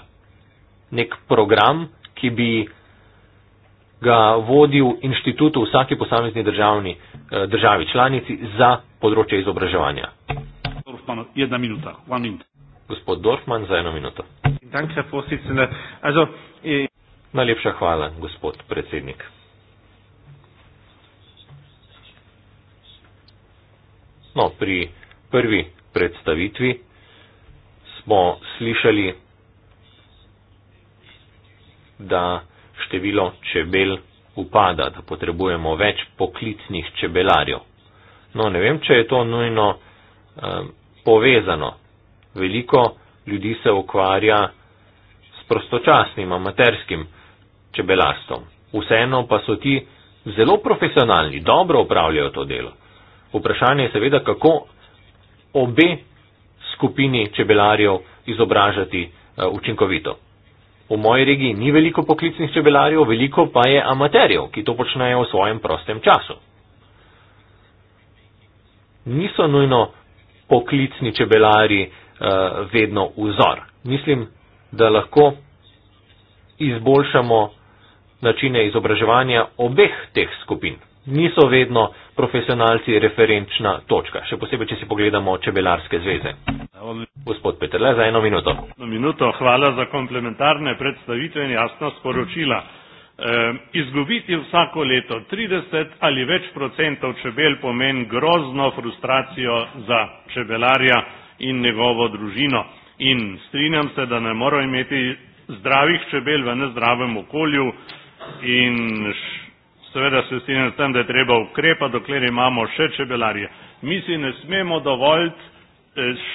nek program, ki bi ga vodil inštitut v vsaki posamezni državni, eh, državi članici za področje izobraževanja. Gospod Dorfman, za eno minuto. Danke, Herr Vorsitzender. Also, eh, Najlepša hvala, gospod predsednik. No, pri prvi predstavitvi smo slišali, da število čebel upada, da potrebujemo več poklicnih čebelarjev. No, ne vem, če je to nujno eh, povezano. Veliko ljudi se ukvarja s prostočasnim, amaterskim, čebelastom. Vseeno pa so ti zelo profesionalni, dobro upravljajo to delo. Vprašanje je seveda, kako obe skupini čebelarjev izobražati eh, učinkovito. V moji regiji ni veliko poklicnih čebelarjev, veliko pa je amaterjev, ki to počnejo v svojem prostem času. Niso nujno poklicni čebelari eh, vedno vzor. Mislim, da lahko izboljšamo načine izobraževanja obeh teh skupin. Niso vedno profesionalci referenčna točka, še posebej, če si pogledamo čebelarske zveze. Gospod Petrle, za eno minuto. Eno minuto, hvala za komplementarne predstavitve in jasno sporočila. E, izgubiti vsako leto 30 ali več procentov čebel pomeni grozno frustracijo za čebelarja in njegovo družino. In strinjam se, da ne morajo imeti zdravih čebel v nezdravem okolju, in seveda se strinjam s tem, da je treba ukrepati, dokler imamo še čebelarje. Mi si ne smemo dovoljiti eh,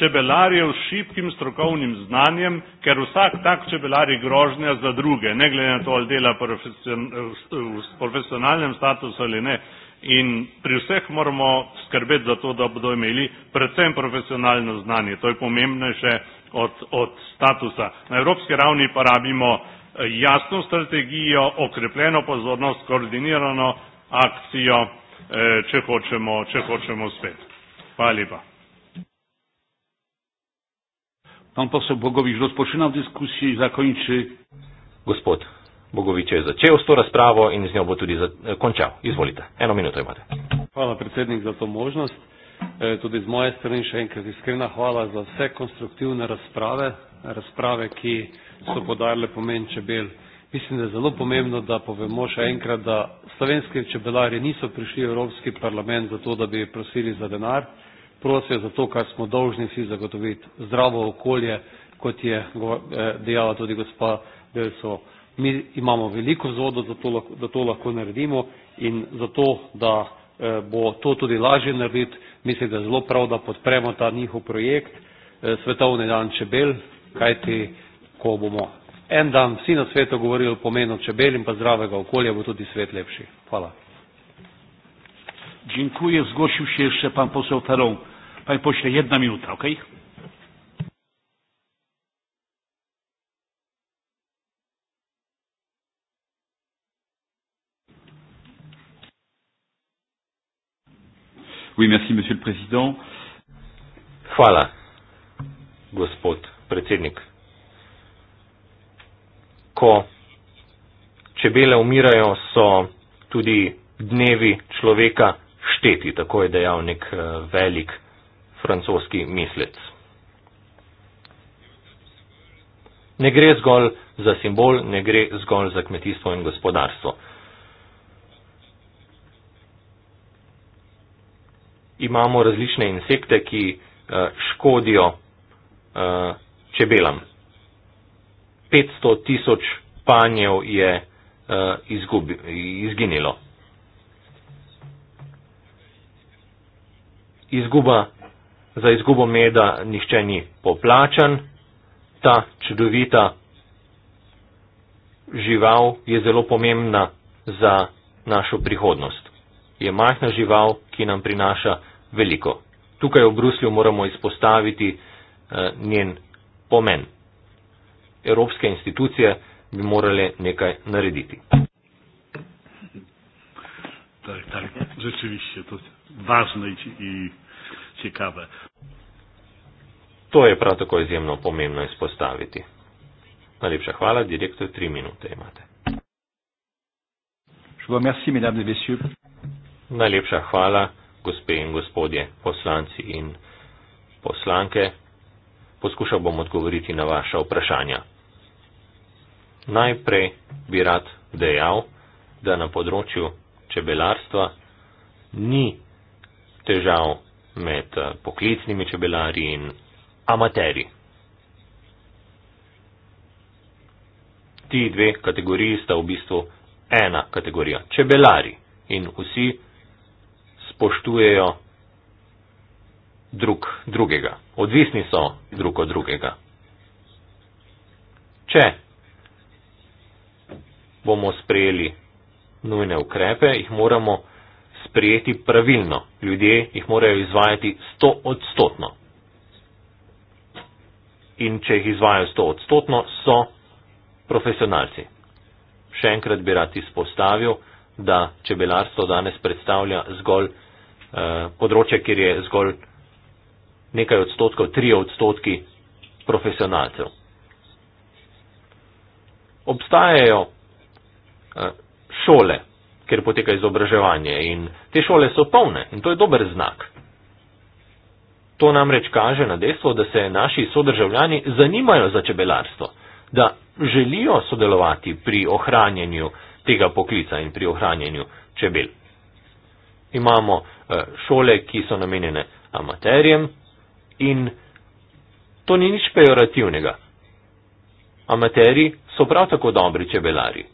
čebelarjev s šibkim strokovnim znanjem, ker vsak tak čebelar je grožnja za druge, ne glede na to, ali dela v profesionalnem statusu ali ne. In pri vseh moramo skrbeti za to, da bodo imeli predvsem profesionalno znanje. To je pomembnejše od, od statusa. Na evropski ravni pa rabimo jasno strategijo, okrepljeno pozornost, koordinirano akcijo, eh, če hočemo, če hočemo svet. Hvala lepa. Pan poseb Bogovič rozpočinal diskusijo in zakonči. Gospod Bogovič je začel s to razpravo in z njo bo tudi e, končal. Izvolite, eno minuto imate. Hvala predsednik za to možnost. Eh, tudi z moje strani še enkrat iskrena hvala za vse konstruktivne razprave, razprave, ki so podarile pomen čebel. Mislim, da je zelo pomembno, da povemo še enkrat, da slovenski čebelari niso prišli v Evropski parlament zato, da bi prosili za denar, prosijo za to, kar smo dolžni vsi zagotoviti, zdravo okolje, kot je eh, dejala tudi gospa Delso. Mi imamo veliko vzvodo, da to lahko naredimo in zato, da eh, bo to tudi lažje narediti, mislim, da je zelo prav, da podpremo ta njihov projekt eh, Svetovni dan čebel, kajti ko bomo en dan vsi na svetu govorili o pomenu čebel in pa zdravega okolja, bo tudi svet lepši. Hvala. Dziękuję, zgłosił się jeszcze pan poseł Taron. Panie pośle, jedna minuta, okej? Okay? Oui, merci, monsieur le président. Voilà, gospod predsednik. Ko čebele umirajo, so tudi dnevi človeka šteti, tako je dejal nek eh, velik francoski mislec. Ne gre zgolj za simbol, ne gre zgolj za kmetijstvo in gospodarstvo. imamo različne insekte, ki eh, škodijo eh, čebelam. 500 tisoč panjev je eh, izginilo. Izguba, za izgubo meda nišče ni poplačan. Ta čudovita žival je zelo pomembna za našo prihodnost je majhna žival, ki nam prinaša veliko. Tukaj v Bruslju moramo izpostaviti eh, njen pomen. Evropske institucije bi morale nekaj narediti. Tak, tak, rečevišče, to je važno in čekave. To je prav tako izjemno pomembno izpostaviti. Najlepša hvala, direktor, tri minute imate. Je vam jasno, mesdames in gospodje. Najlepša hvala, gospe in gospodje, poslanci in poslanke. Poskušal bom odgovoriti na vaše vprašanja. Najprej bi rad dejal, da na področju čebelarstva ni težav med eh, poklicnimi čebelari in amateri. Ti dve kategoriji sta v bistvu ena kategorija. Čebelari in vsi spoštujejo drug drugega. Odvisni so drug od drugega. Če bomo sprejeli nujne ukrepe, jih moramo sprejeti pravilno. Ljudje jih morajo izvajati sto odstotno. In če jih izvajajo sto odstotno, so profesionalci. Še enkrat bi rad izpostavil, da čebelarstvo danes predstavlja zgolj Eh, področje, kjer je zgolj nekaj odstotkov, tri odstotki profesionalcev. Obstajajo eh, šole, kjer poteka izobraževanje in te šole so polne in to je dober znak. To namreč kaže na dejstvo, da se naši sodržavljani zanimajo za čebelarstvo, da želijo sodelovati pri ohranjenju tega poklica in pri ohranjenju čebel imamo eh, šole, ki so namenjene amaterjem in to ni nič pejorativnega. Amaterji so prav tako dobri čebelari.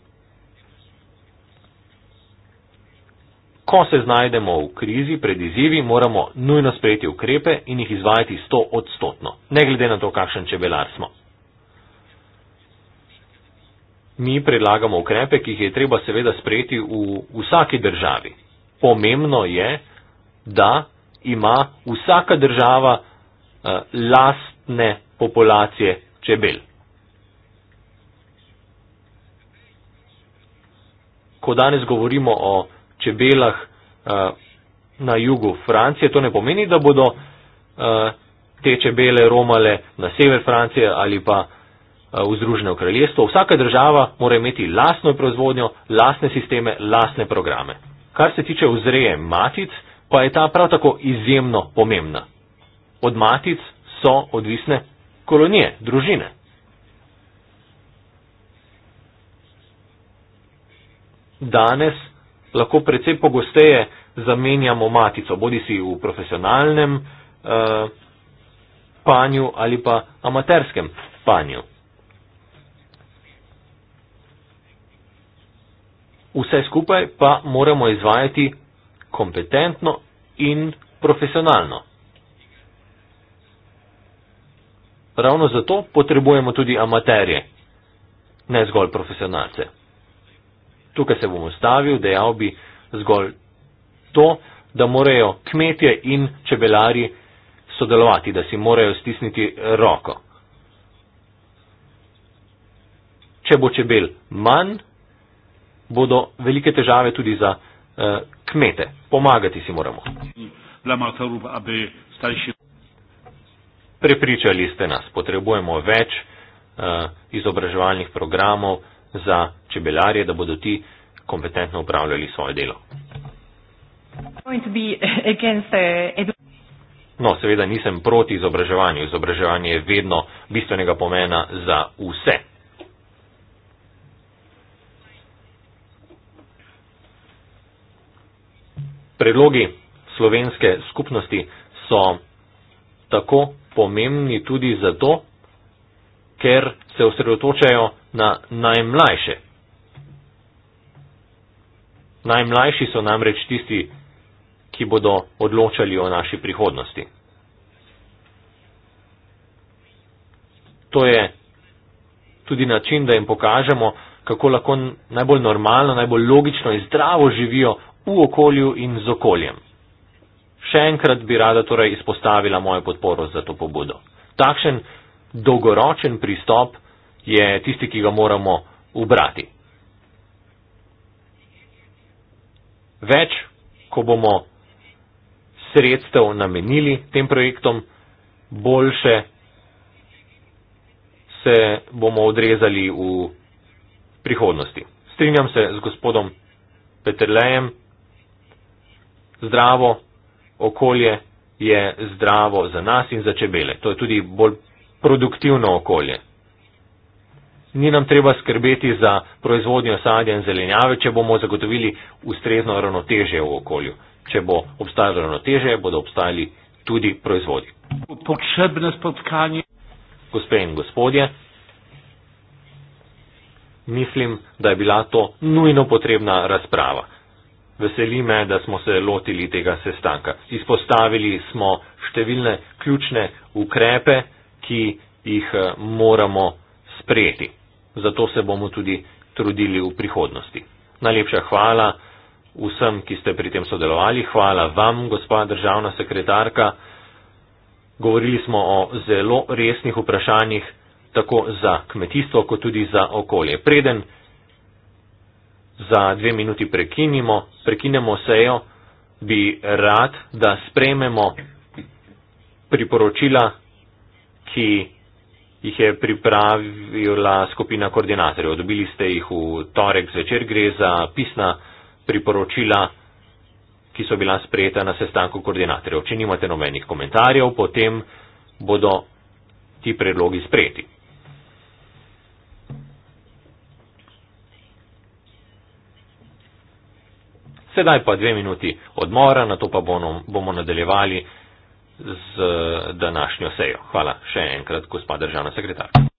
Ko se znajdemo v krizi, pred izzivi, moramo nujno sprejeti ukrepe in jih izvajati sto odstotno, ne glede na to, kakšen čebelar smo. Mi predlagamo ukrepe, ki jih je treba seveda sprejeti v vsaki državi pomembno je, da ima vsaka država eh, lastne populacije čebel. Ko danes govorimo o čebelah eh, na jugu Francije, to ne pomeni, da bodo eh, te čebele romale na sever Francije ali pa v Združeno kraljestvo. Vsaka država mora imeti lastno proizvodnjo, lastne sisteme, lastne programe. Kar se tiče vzreje matic, pa je ta prav tako izjemno pomembna. Od matic so odvisne kolonije, družine. Danes lahko precej pogosteje zamenjamo matico, bodi si v profesionalnem eh, panju ali pa amaterskem panju. Vse skupaj pa moramo izvajati kompetentno in profesionalno. Ravno zato potrebujemo tudi amaterje, ne zgolj profesionalce. Tukaj se bom ustavil, dejal bi zgolj to, da morajo kmetje in čebelari sodelovati, da si morajo stisniti roko. Če bo čebel manj, bodo velike težave tudi za eh, kmete. Pomagati si moramo. Prepričali ste nas, potrebujemo več eh, izobraževalnih programov za čebelarje, da bodo ti kompetentno upravljali svoje delo. Eh, no, seveda nisem proti izobraževanju. Izobraževanje je vedno bistvenega pomena za vse. Predlogi slovenske skupnosti so tako pomembni tudi zato, ker se osredotočajo na najmlajše. Najmlajši so namreč tisti, ki bodo odločali o naši prihodnosti. To je tudi način, da jim pokažemo, kako lahko najbolj normalno, najbolj logično in zdravo živijo v okolju in z okoljem. Še enkrat bi rada torej izpostavila mojo podporo za to pobudo. Takšen dolgoročen pristop je tisti, ki ga moramo ubrati. Več, ko bomo sredstev namenili tem projektom, boljše se bomo odrezali v prihodnosti. Strinjam se z gospodom Petrlejem zdravo okolje je zdravo za nas in za čebele. To je tudi bolj produktivno okolje. Ni nam treba skrbeti za proizvodnjo sadja in zelenjave, če bomo zagotovili ustrezno ravnoteže v okolju. Če bo obstajalo ravnoteže, bodo obstajali tudi proizvodi. Potrebne spotkanje. Gospe in gospodje, mislim, da je bila to nujno potrebna razprava. Veseli me, da smo se lotili tega sestanka. Izpostavili smo številne ključne ukrepe, ki jih eh, moramo sprejeti. Zato se bomo tudi trudili v prihodnosti. Najlepša hvala vsem, ki ste pri tem sodelovali. Hvala vam, gospa državna sekretarka. Govorili smo o zelo resnih vprašanjih, tako za kmetijstvo, kot tudi za okolje. Preden za dve minuti prekinimo, prekinemo sejo, bi rad, da sprememo priporočila, ki jih je pripravila skupina koordinatorjev. Dobili ste jih v torek zvečer, gre za pisna priporočila, ki so bila sprejeta na sestanku koordinatorjev. Če nimate nobenih komentarjev, potem bodo ti predlogi sprejeti. Sedaj pa dve minuti odmora, na to pa bomo nadaljevali z eh, današnjo sejo. Hvala še enkrat, gospod državna sekretarka.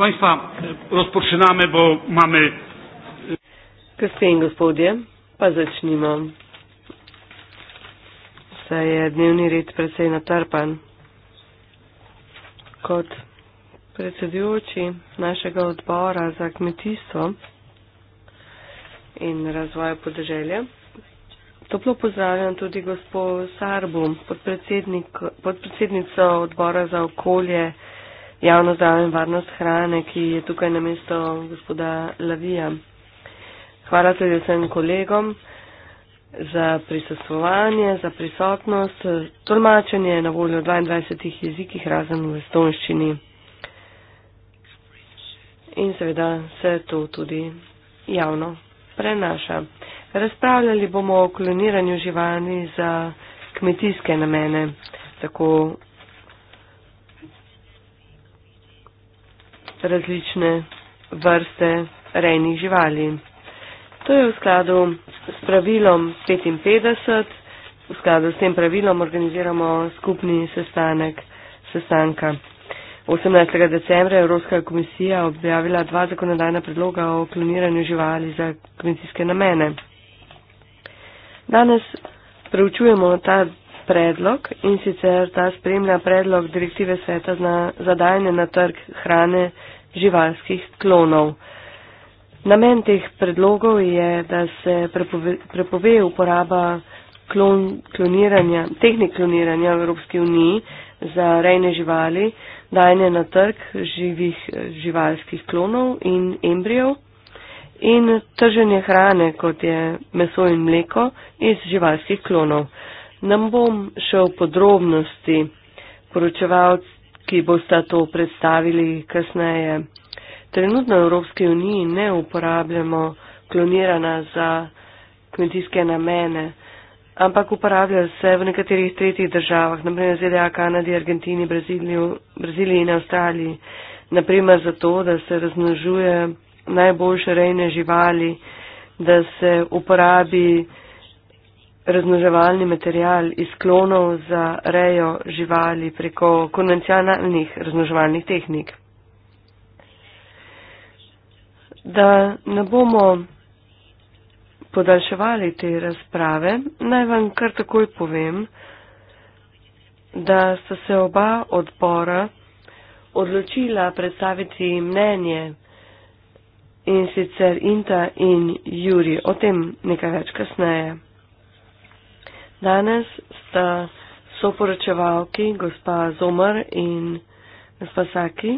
Państwa, rozpoczynamy, bo mamy. Gospodzie i gospodzie, pa zacznijmy. Saj jest dniewny ryt precej natarpan. Kod predsedujoči našega odbora za kmetijstvo in razvoj podeželja. Toplo pozdravljam tudi gospod Sarbu, podpredsednico odbora za okolje, javno zdravje in varnost hrane, ki je tukaj na mesto gospoda Lavija. Hvala tudi vsem kolegom za prisostvovanje, za prisotnost. Tolmačenje je na voljo v 22 jezikih, razen v estonščini. In seveda se to tudi javno prenaša. Razpravljali bomo o kloniranju živali za kmetijske namene, tako različne vrste rejnih živali. To je v skladu s pravilom 55. V skladu s tem pravilom organiziramo skupni sestanek sestanka. 18. decembra je Evropska komisija objavila dva zakonodajna predloga o kloniranju živali za kmetijske namene. Danes preučujemo ta predlog in sicer ta spremlja predlog direktive sveta za zadajanje na trg hrane živalskih klonov. Namen teh predlogov je, da se prepove, prepove uporaba klon, kloniranja, tehnik kloniranja v Evropski uniji za rejne živali, dajanje na trg živih živalskih klonov in embrijev in trženje hrane, kot je meso in mleko, iz živalskih klonov. Nam bom šel podrobnosti, poročevalci, ki boste to predstavili kasneje. Trenutno v Evropski uniji ne uporabljamo klonirana za kmetijske namene, ampak uporabljajo se v nekaterih tretjih državah, naprimer ZDA, Kanadi, Argentini, Braziliji in Avstraliji, naprimer zato, da se raznožuje najboljše rejne živali, da se uporabi raznoževalni material iz klonov za rejo živali preko konvencionalnih raznoževalnih tehnik. Da ne bomo podaljševali te razprave, naj vam kar takoj povem, da sta se oba odbora odločila predstaviti mnenje in sicer Inta in Juri, o tem nekaj več kasneje. Danes sta soporočevalki gospa Zomar in gospa Saki.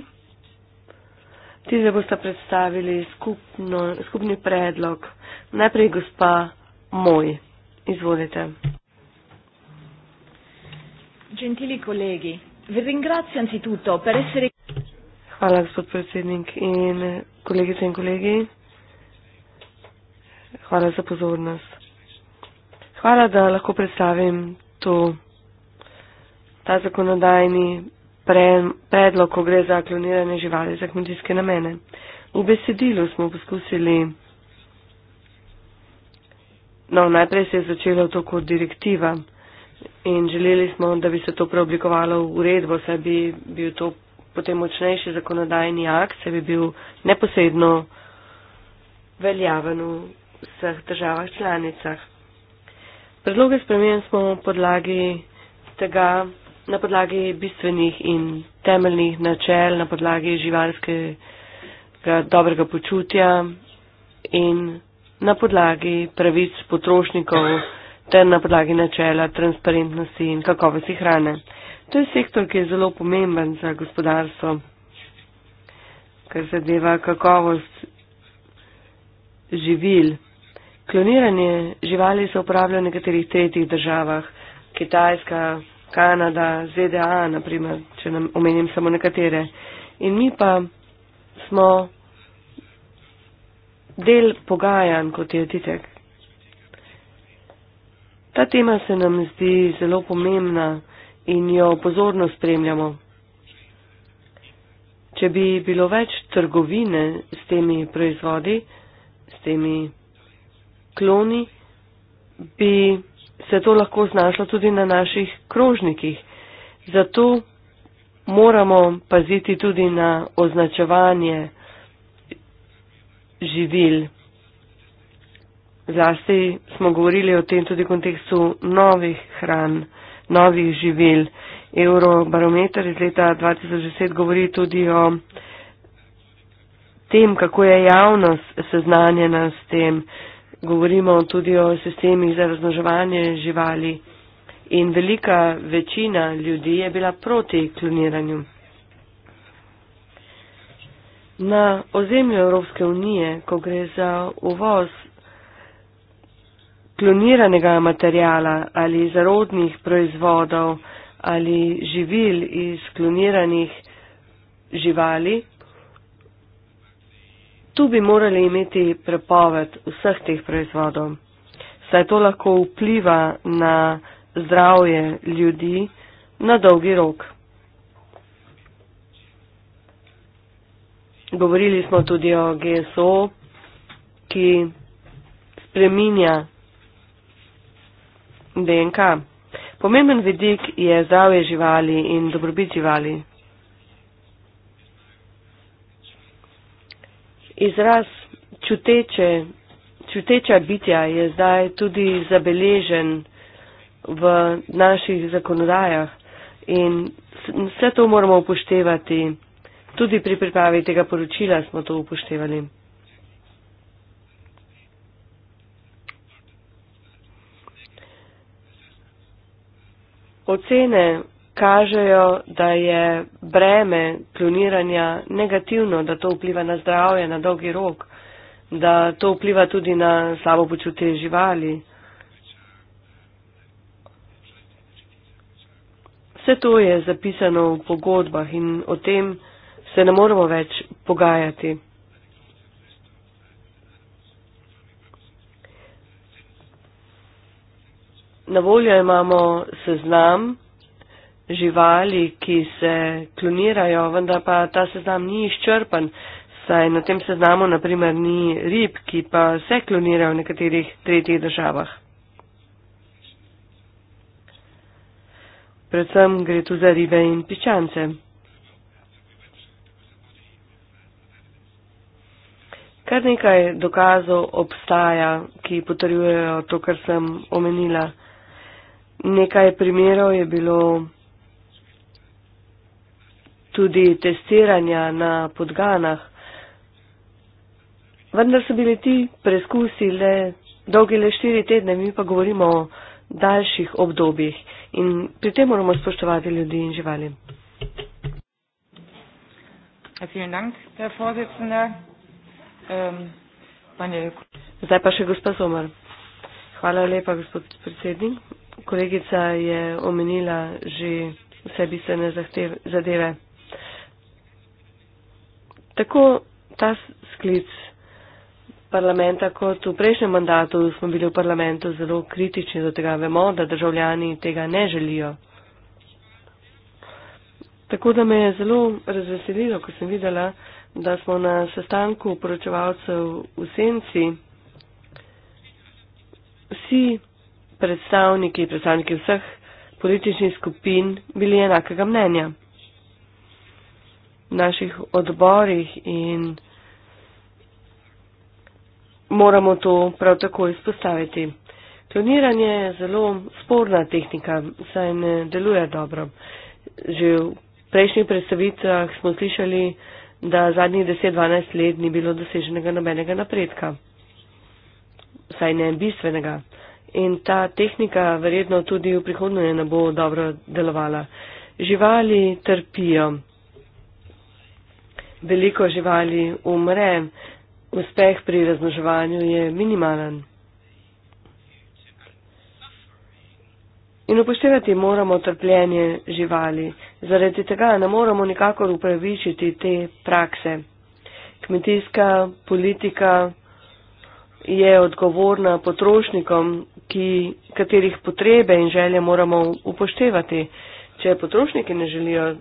Ti zdaj boste predstavili skupno, skupni predlog. Najprej gospa Moj. Izvolite. Gentili kolegi, vi ringrazio anzitutto per essere. Hvala, gospod predsednik in kolegice in kolegi. Hvala za pozornost. Hvala, da lahko predstavim to, ta zakonodajni pre, predlog, ko gre za kloniranje živali za kmetijske namene. V besedilu smo poskusili, no najprej se je začelo to kot direktiva in želeli smo, da bi se to preoblikovalo v uredbo, saj bi bil to potem močnejši zakonodajni akt, saj bi bil neposredno veljaven v vseh državah članicah. Predloge spremen smo podlagi tega, na podlagi bistvenih in temeljnih načel, na podlagi živalskega dobrega počutja in na podlagi pravic potrošnikov ter na podlagi načela transparentnosti in kakovosti hrane. To je sektor, ki je zelo pomemben za gospodarstvo, kar zadeva kakovost živil. Kloniranje živali se uporablja v nekaterih tretjih državah, Kitajska, Kanada, ZDA, naprimer, če nam omenim samo nekatere. In mi pa smo del pogajanj, kot je Titek. Ta tema se nam zdi zelo pomembna in jo pozorno spremljamo. Če bi bilo več trgovine s temi proizvodi, s temi proizvodi, kloni, bi se to lahko znašlo tudi na naših krožnikih. Zato moramo paziti tudi na označevanje živil. Zlasti smo govorili o tem tudi v kontekstu novih hran, novih živil. Eurobarometer iz leta 2010 govori tudi o tem, kako je javnost seznanjena s tem, govorimo tudi o sistemih za raznoževanje živali in velika večina ljudi je bila proti kloniranju. Na ozemlju Evropske unije, ko gre za uvoz kloniranega materijala ali zarodnih proizvodov ali živil iz kloniranih živali, Tu bi morali imeti prepoved vseh teh proizvodov, saj to lahko vpliva na zdravje ljudi na dolgi rok. Govorili smo tudi o GSO, ki spreminja DNK. Pomemben vidik je zdravje živali in dobrobit živali. izraz čuteče, čuteča bitja je zdaj tudi zabeležen v naših zakonodajah in vse to moramo upoštevati. Tudi pri pripravi tega poročila smo to upoštevali. Ocene kažejo, da je breme kloniranja negativno, da to vpliva na zdravje na dolgi rok, da to vpliva tudi na slabo počutje živali. Vse to je zapisano v pogodbah in o tem se ne moramo več pogajati. Na voljo imamo seznam, živali, ki se klonirajo, vendar pa ta seznam ni izčrpan, saj na tem seznamu naprimer ni rib, ki pa se klonirajo v nekaterih tretjih državah. Predvsem gre tu za ribe in pičance. Kar nekaj dokazov obstaja, ki potrjujejo to, kar sem omenila. Nekaj primerov je bilo tudi testiranja na podganah. Vendar so bili ti preskusi le dolgi le štiri tedne, mi pa govorimo o daljših obdobjih in pri tem moramo spoštovati ljudi in živali. Ja, ähm, Zdaj pa še gospod Somar. Hvala lepa, gospod predsednik. Kolegica je omenila že vse bistvene zadeve tako ta sklic parlamenta kot v prejšnjem mandatu smo bili v parlamentu zelo kritični do tega. Vemo, da državljani tega ne želijo. Tako da me je zelo razveselilo, ko sem videla, da smo na sestanku poročevalcev v Senci vsi predstavniki, predstavniki vseh političnih skupin bili enakega mnenja naših odborih in moramo to prav tako izpostaviti. Kloniranje je zelo sporna tehnika, saj ne deluje dobro. Že v prejšnjih predstavitvah smo slišali, da zadnjih 10-12 let ni bilo doseženega nobenega napredka, saj ne bistvenega. In ta tehnika verjetno tudi v prihodnje ne bo dobro delovala. Živali trpijo veliko živali umre, uspeh pri raznoževanju je minimalen. In upoštevati moramo trpljenje živali. Zaradi tega ne moramo nikakor upravičiti te prakse. Kmetijska politika je odgovorna potrošnikom, ki, katerih potrebe in želje moramo upoštevati. Če potrošniki ne želijo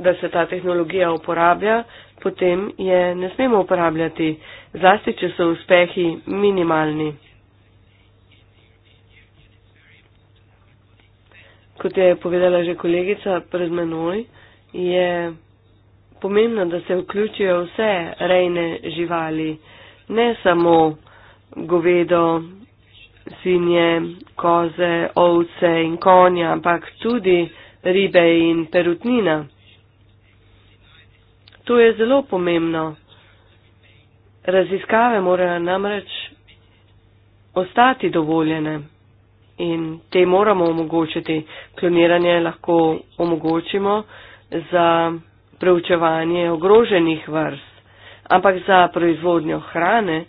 da se ta tehnologija uporablja, potem je ne smemo uporabljati, zlasti če so uspehi minimalni. Kot je povedala že kolegica pred menoj, je pomembno, da se vključijo vse rejne živali, ne samo govedo, sinje, koze, ovce in konja, ampak tudi ribe in perutnina. To je zelo pomembno. Raziskave morajo namreč ostati dovoljene in te moramo omogočiti. Kloniranje lahko omogočimo za preučevanje ogroženih vrst, ampak za proizvodnjo hrane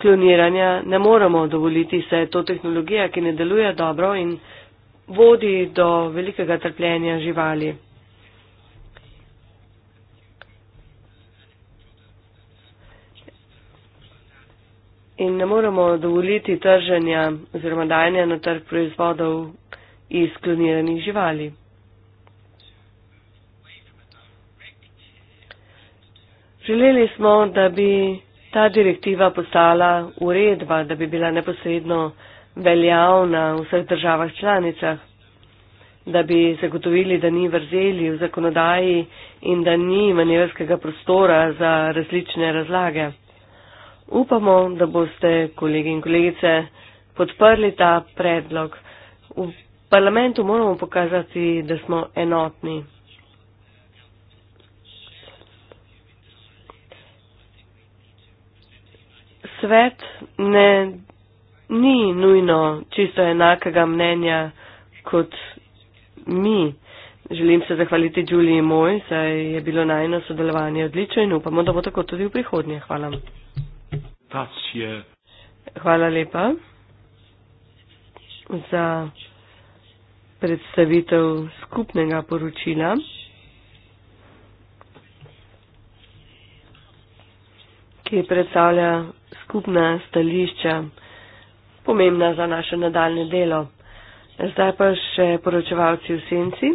kloniranja ne moremo dovoliti, saj je to tehnologija, ki ne deluje dobro in vodi do velikega trpljenja živali. in ne moremo dovoliti trženja oziroma dajanja na trg proizvodov iz kloniranih živali. Želeli smo, da bi ta direktiva postala uredba, da bi bila neposredno veljavna v vseh državah članicah, da bi zagotovili, da ni vrzeli v zakonodaji in da ni manevrskega prostora za različne razlage. Upamo, da boste, kolegi in kolegice, podprli ta predlog. V parlamentu moramo pokazati, da smo enotni. Svet ne, ni nujno čisto enakega mnenja kot mi. Želim se zahvaliti Juliji Moj, saj je bilo najno sodelovanje odlično in upamo, da bo tako tudi v prihodnje. Hvala meditacije. Hvala lepa za predstavitev skupnega poročila. ki predstavlja skupna stališča, pomembna za naše nadaljne delo. Zdaj pa še poročevalci v senci.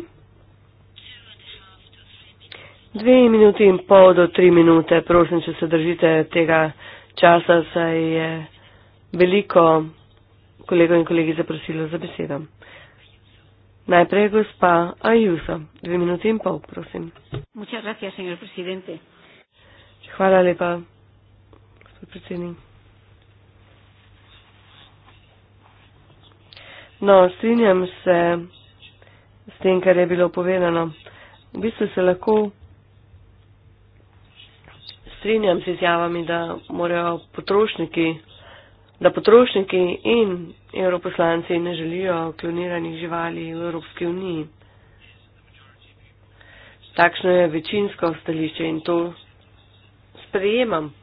Dve minuti in pol do tri minute, prosim, če se držite tega časa, saj je veliko kolego in kolegi zaprosilo za besedo. Najprej gospa Ajusa, dve minuti in pol, prosim. Hvala lepa, gospod predsednik. No, strinjam se s tem, kar je bilo povedano. V bistvu se lahko strinjam se izjavami, da morajo potrošniki, da potrošniki in europoslanci ne želijo kloniranih živali v Evropski uniji. Takšno je večinsko stališče in to sprejemam.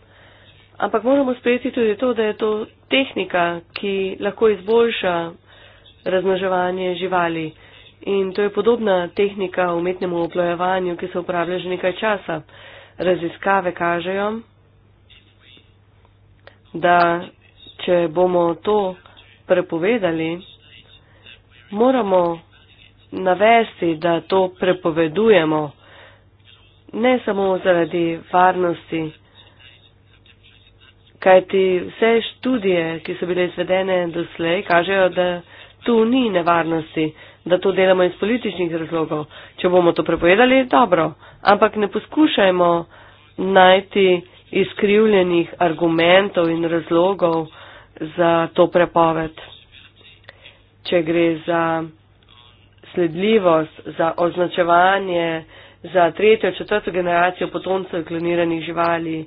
Ampak moramo sprejeti tudi to, da je to tehnika, ki lahko izboljša raznoževanje živali. In to je podobna tehnika umetnemu oplojevanju, ki se uporablja že nekaj časa raziskave kažejo, da če bomo to prepovedali, moramo navesti, da to prepovedujemo, ne samo zaradi varnosti, kajti vse študije, ki so bile izvedene doslej, kažejo, da tu ni nevarnosti, da to delamo iz političnih razlogov. Če bomo to prepovedali, je dobro. Ampak ne poskušajmo najti izkrivljenih argumentov in razlogov za to prepoved. Če gre za sledljivost, za označevanje, za tretjo, četrto generacijo potomcev kloniranih živali,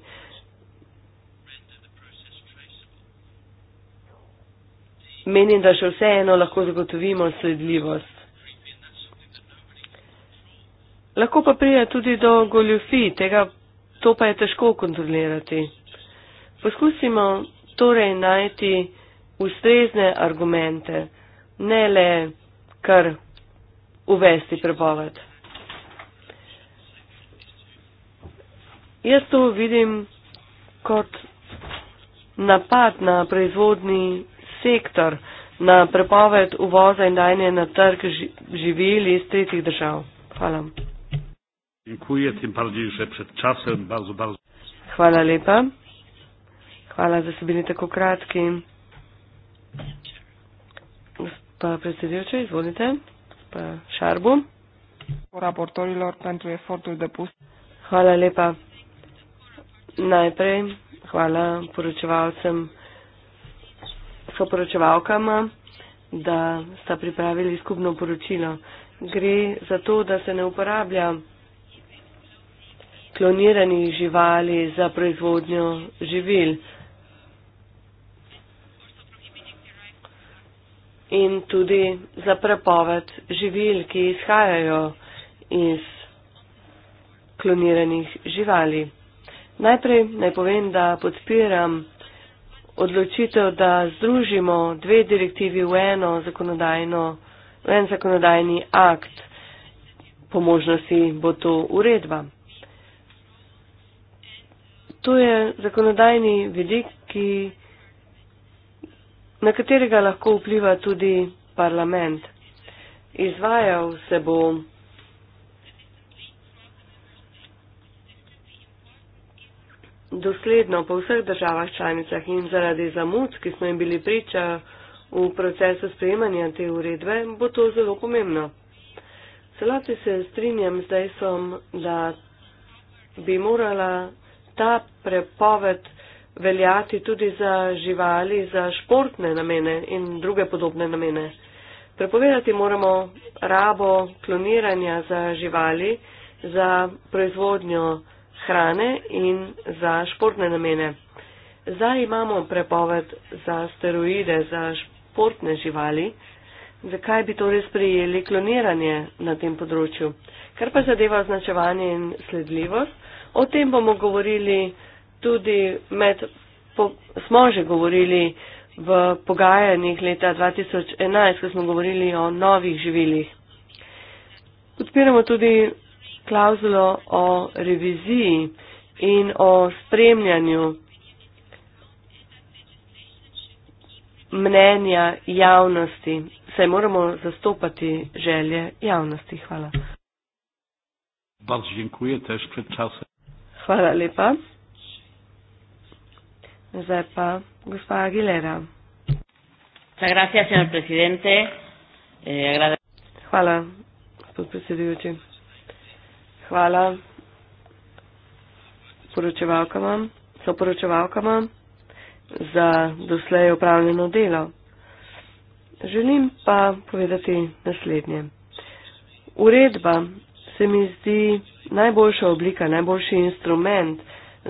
menim, da še vseeno lahko zagotovimo sledljivost. Lahko pa pride tudi do goljufi, tega, to pa je težko kontrolirati. Poskusimo torej najti ustrezne argumente, ne le kar uvesti prepoved. Jaz to vidim kot napad na proizvodni sektor na prepoved uvoza in dajanje na trg živili iz tretjih držav. Hvala. Dziękuję, tym bardziej, że przed czasem bardzo, bardzo. Hvala lepa. Hvala, da ste bili tako kratki. Gospa predsedujoča, izvolite. Gospa Šarbu. Hvala lepa. Najprej hvala poročevalcem soporočevalkama, da sta pripravili skupno poročilo. Gre za to, da se ne uporablja klonirani živali za proizvodnjo živil. In tudi za prepoved živil, ki izhajajo iz kloniranih živali. Najprej naj povem, da podpiram odločitev, da združimo dve direktivi v, eno v en zakonodajni akt, po možnosti bo to uredba. To je zakonodajni vidik, ki, na katerega lahko vpliva tudi parlament. Izvajal se bo dosledno po vseh državah članicah in zaradi zamud, ki smo jim bili priča v procesu sprejemanja te uredbe, bo to zelo pomembno. Celoti se strinjam z dejstvom, da bi morala ta prepoved veljati tudi za živali, za športne namene in druge podobne namene. Prepovedati moramo rabo kloniranja za živali, za proizvodnjo hrane in za športne namene. Zdaj imamo prepoved za steroide, za športne živali. Zakaj bi torej sprijeli kloniranje na tem področju? Kar pa zadeva označevanje in sledljivost, o tem bomo govorili tudi med, po, smo že govorili v pogajanjih leta 2011, ko smo govorili o novih živilih. Podpiramo tudi klauzulo o reviziji in o spremljanju mnenja javnosti. Se moramo zastopati želje javnosti. Hvala. Hvala lepa. Zdaj pa gospa Aguilera. Eh, Hvala, gospod predsedujoči. Hvala. Poročevalkama, soporočevalkama za doslej upravljeno delo. Želim pa povedati naslednje. Uredba se mi zdi najboljša oblika, najboljši instrument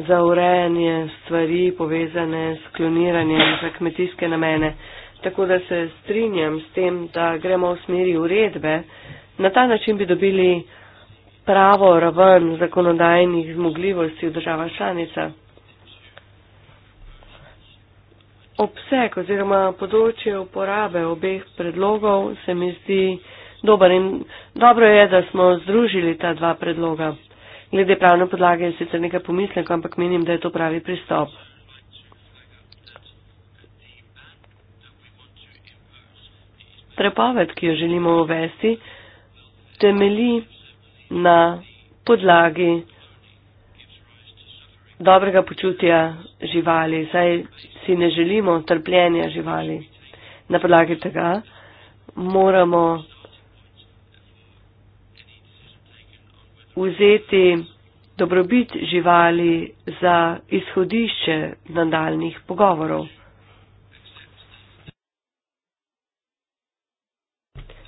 za urejanje stvari povezane s kloniranjem za kmetijske namene. Tako da se strinjam s tem, da gremo v smeri uredbe. Na ta način bi dobili pravo raven zakonodajnih zmogljivosti v država članica. Obseg oziroma področje uporabe obeh predlogov se mi zdi dober in dobro je, da smo združili ta dva predloga. Glede pravne podlage je sicer nekaj pomislek, ampak menim, da je to pravi pristop. Prepoved, ki jo želimo uvesti, temelji na podlagi dobrega počutja živali. Zdaj si ne želimo trpljenja živali. Na podlagi tega moramo vzeti dobrobit živali za izhodišče nadaljnih pogovorov.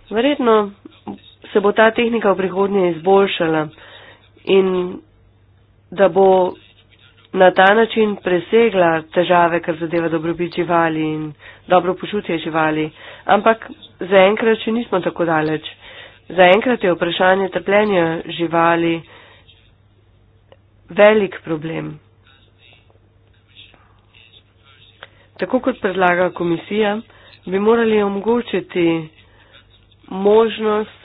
Verjetno se bo ta tehnika v prihodnje izboljšala in da bo na ta način presegla težave, kar zadeva dobrobit živali in dobro počutje živali. Ampak zaenkrat še nismo tako daleč. Zaenkrat je vprašanje trpljenja živali velik problem. Tako kot predlaga komisija, bi morali omogočiti možnost,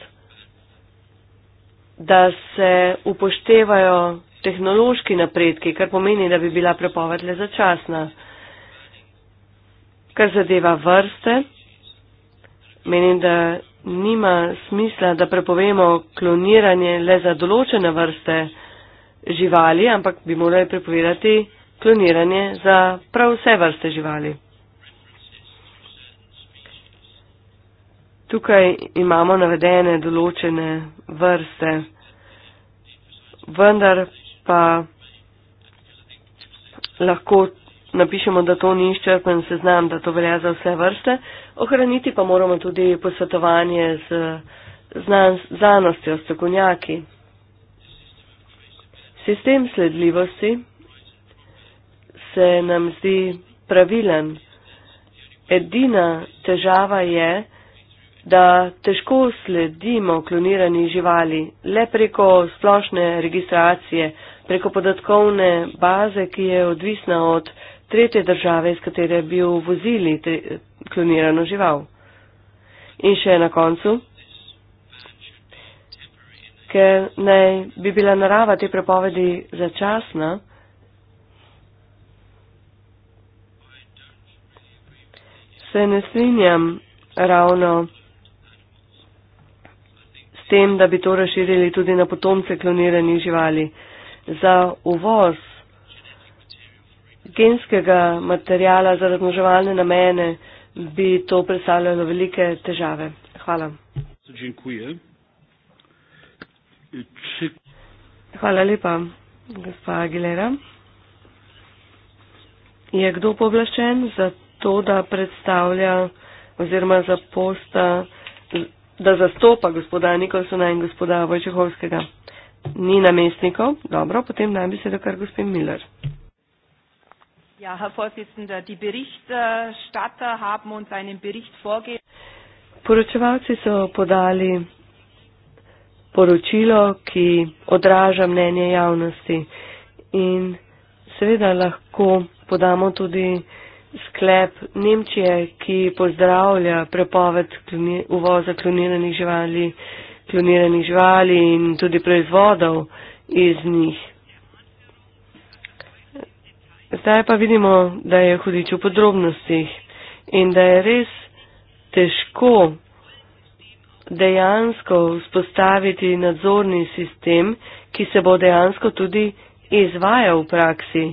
da se upoštevajo tehnološki napredki, kar pomeni, da bi bila prepoved le začasna. Kar zadeva vrste, menim, da nima smisla, da prepovemo kloniranje le za določene vrste živali, ampak bi morali prepovedati kloniranje za prav vse vrste živali. tukaj imamo navedene določene vrste, vendar pa lahko napišemo, da to ni izčrpen seznam, da to velja za vse vrste. Ohraniti pa moramo tudi posvetovanje z znanostjo, strokovnjaki. Sistem sledljivosti se nam zdi pravilen. Edina težava je, da težko sledimo klonirani živali le preko splošne registracije, preko podatkovne baze, ki je odvisna od tretje države, iz katere bi uvozili klonirano žival. In še na koncu, ker naj bi bila narava te prepovedi začasna, se ne strinjam ravno tem, da bi to razširili tudi na potomce kloniranih živali. Za uvoz genskega materijala za razmnoževalne namene bi to predstavljalo velike težave. Hvala. Hvala lepa, gospa Aguilera. Je kdo povlaščen za to, da predstavlja oziroma za posta? da zastopa gospoda Nikolsona in gospoda Vojčehovskega. Ni namestnikov, dobro, potem naj bi se dokar gospod Miller. Ja, Poročevalci so podali poročilo, ki odraža mnenje javnosti in seveda lahko podamo tudi uh, sklep Nemčije, ki pozdravlja prepoved uvoza kloniranih živali, kloniranih živali in tudi proizvodov iz njih. Zdaj pa vidimo, da je hudič v podrobnostih in da je res težko dejansko vzpostaviti nadzorni sistem, ki se bo dejansko tudi izvajal v praksi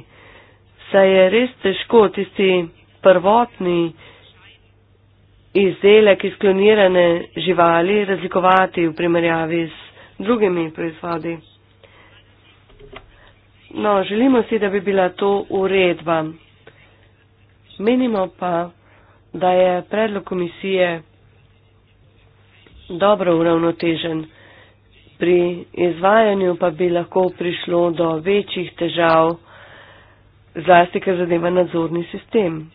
saj je res težko tisti prvotni izdelek iz klonirane živali razlikovati v primerjavi z drugimi proizvodi. No, želimo si, da bi bila to uredba. Menimo pa, da je predlog komisije dobro uravnotežen. Pri izvajanju pa bi lahko prišlo do večjih težav zlasti, ker zadeva nadzorni sistem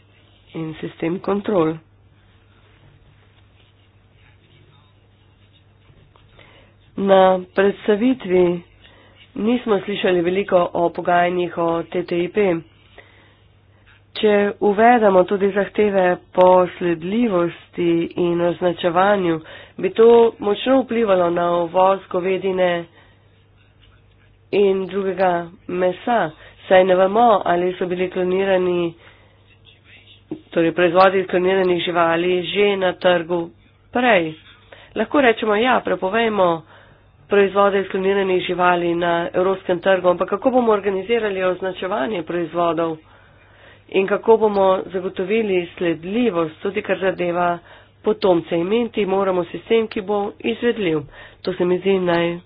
in sistem kontrol. Na predstavitvi nismo slišali veliko o pogajanjih o TTIP. Če uvedemo tudi zahteve po sledljivosti in označevanju, bi to močno vplivalo na uvoz govedine in drugega mesa saj ne vemo, ali so bili klonirani, torej proizvodi iz kloniranih živali že na trgu prej. Lahko rečemo, ja, prepovejmo proizvode iz kloniranih živali na evropskem trgu, ampak kako bomo organizirali označevanje proizvodov in kako bomo zagotovili sledljivost, tudi kar zadeva potomce in menti, moramo sistem, ki bo izvedljiv. To se mi zdi naj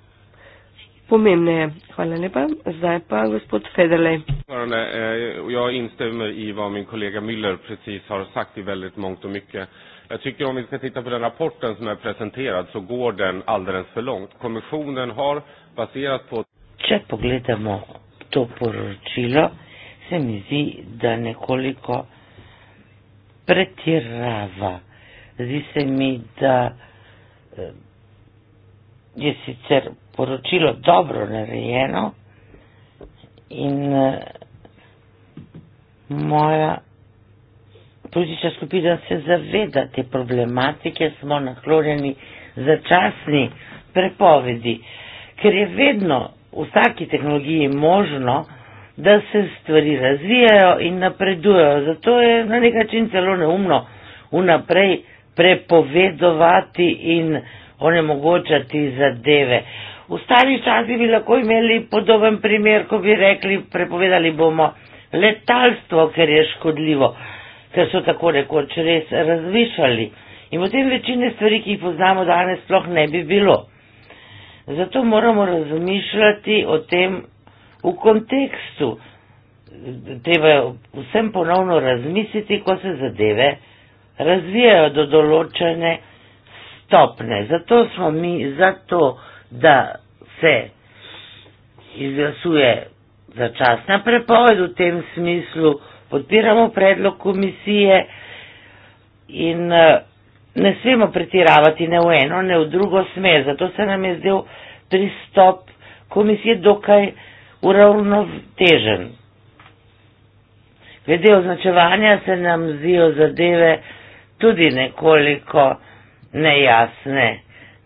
pomembneje. Hvala lepa. Zdaj pa gospod Federlej. Eh, ja, instemer i vam in kolega Müller precis har sagt i veldig mångt og mykje. Jag tycker om vi ska titta på den rapporten som är presenterad så går den alldeles för långt. Kommissionen har baserat på... Če pogledamo to poročilo, se mi zdi, da nekoliko pretirava. Zdi se mi, da eh, je sicer poročilo dobro narejeno in eh, moja politična skupina se zaveda te problematike, smo naklonjeni začasni prepovedi, ker je vedno v vsaki tehnologiji možno, da se stvari razvijajo in napredujejo. Zato je na nek način celo neumno vnaprej prepovedovati in onemogočati zadeve. V starih časih bi lahko imeli podoben primer, ko bi rekli, prepovedali bomo letalstvo, ker je škodljivo, ker so tako rekoč res razvišali. In potem večine stvari, ki jih poznamo danes, sploh ne bi bilo. Zato moramo razmišljati o tem v kontekstu. Treba je vsem ponovno razmisliti, ko se zadeve razvijajo do določene topne. Zato smo mi za to, da se izglasuje začasna prepoved v tem smislu, podpiramo predlog komisije in eh, ne smemo pretiravati ne v eno, ne v drugo smer. Zato se nam je zdel pristop komisije dokaj uravnotežen. Glede označevanja se nam zdijo zadeve tudi nekoliko nejasne.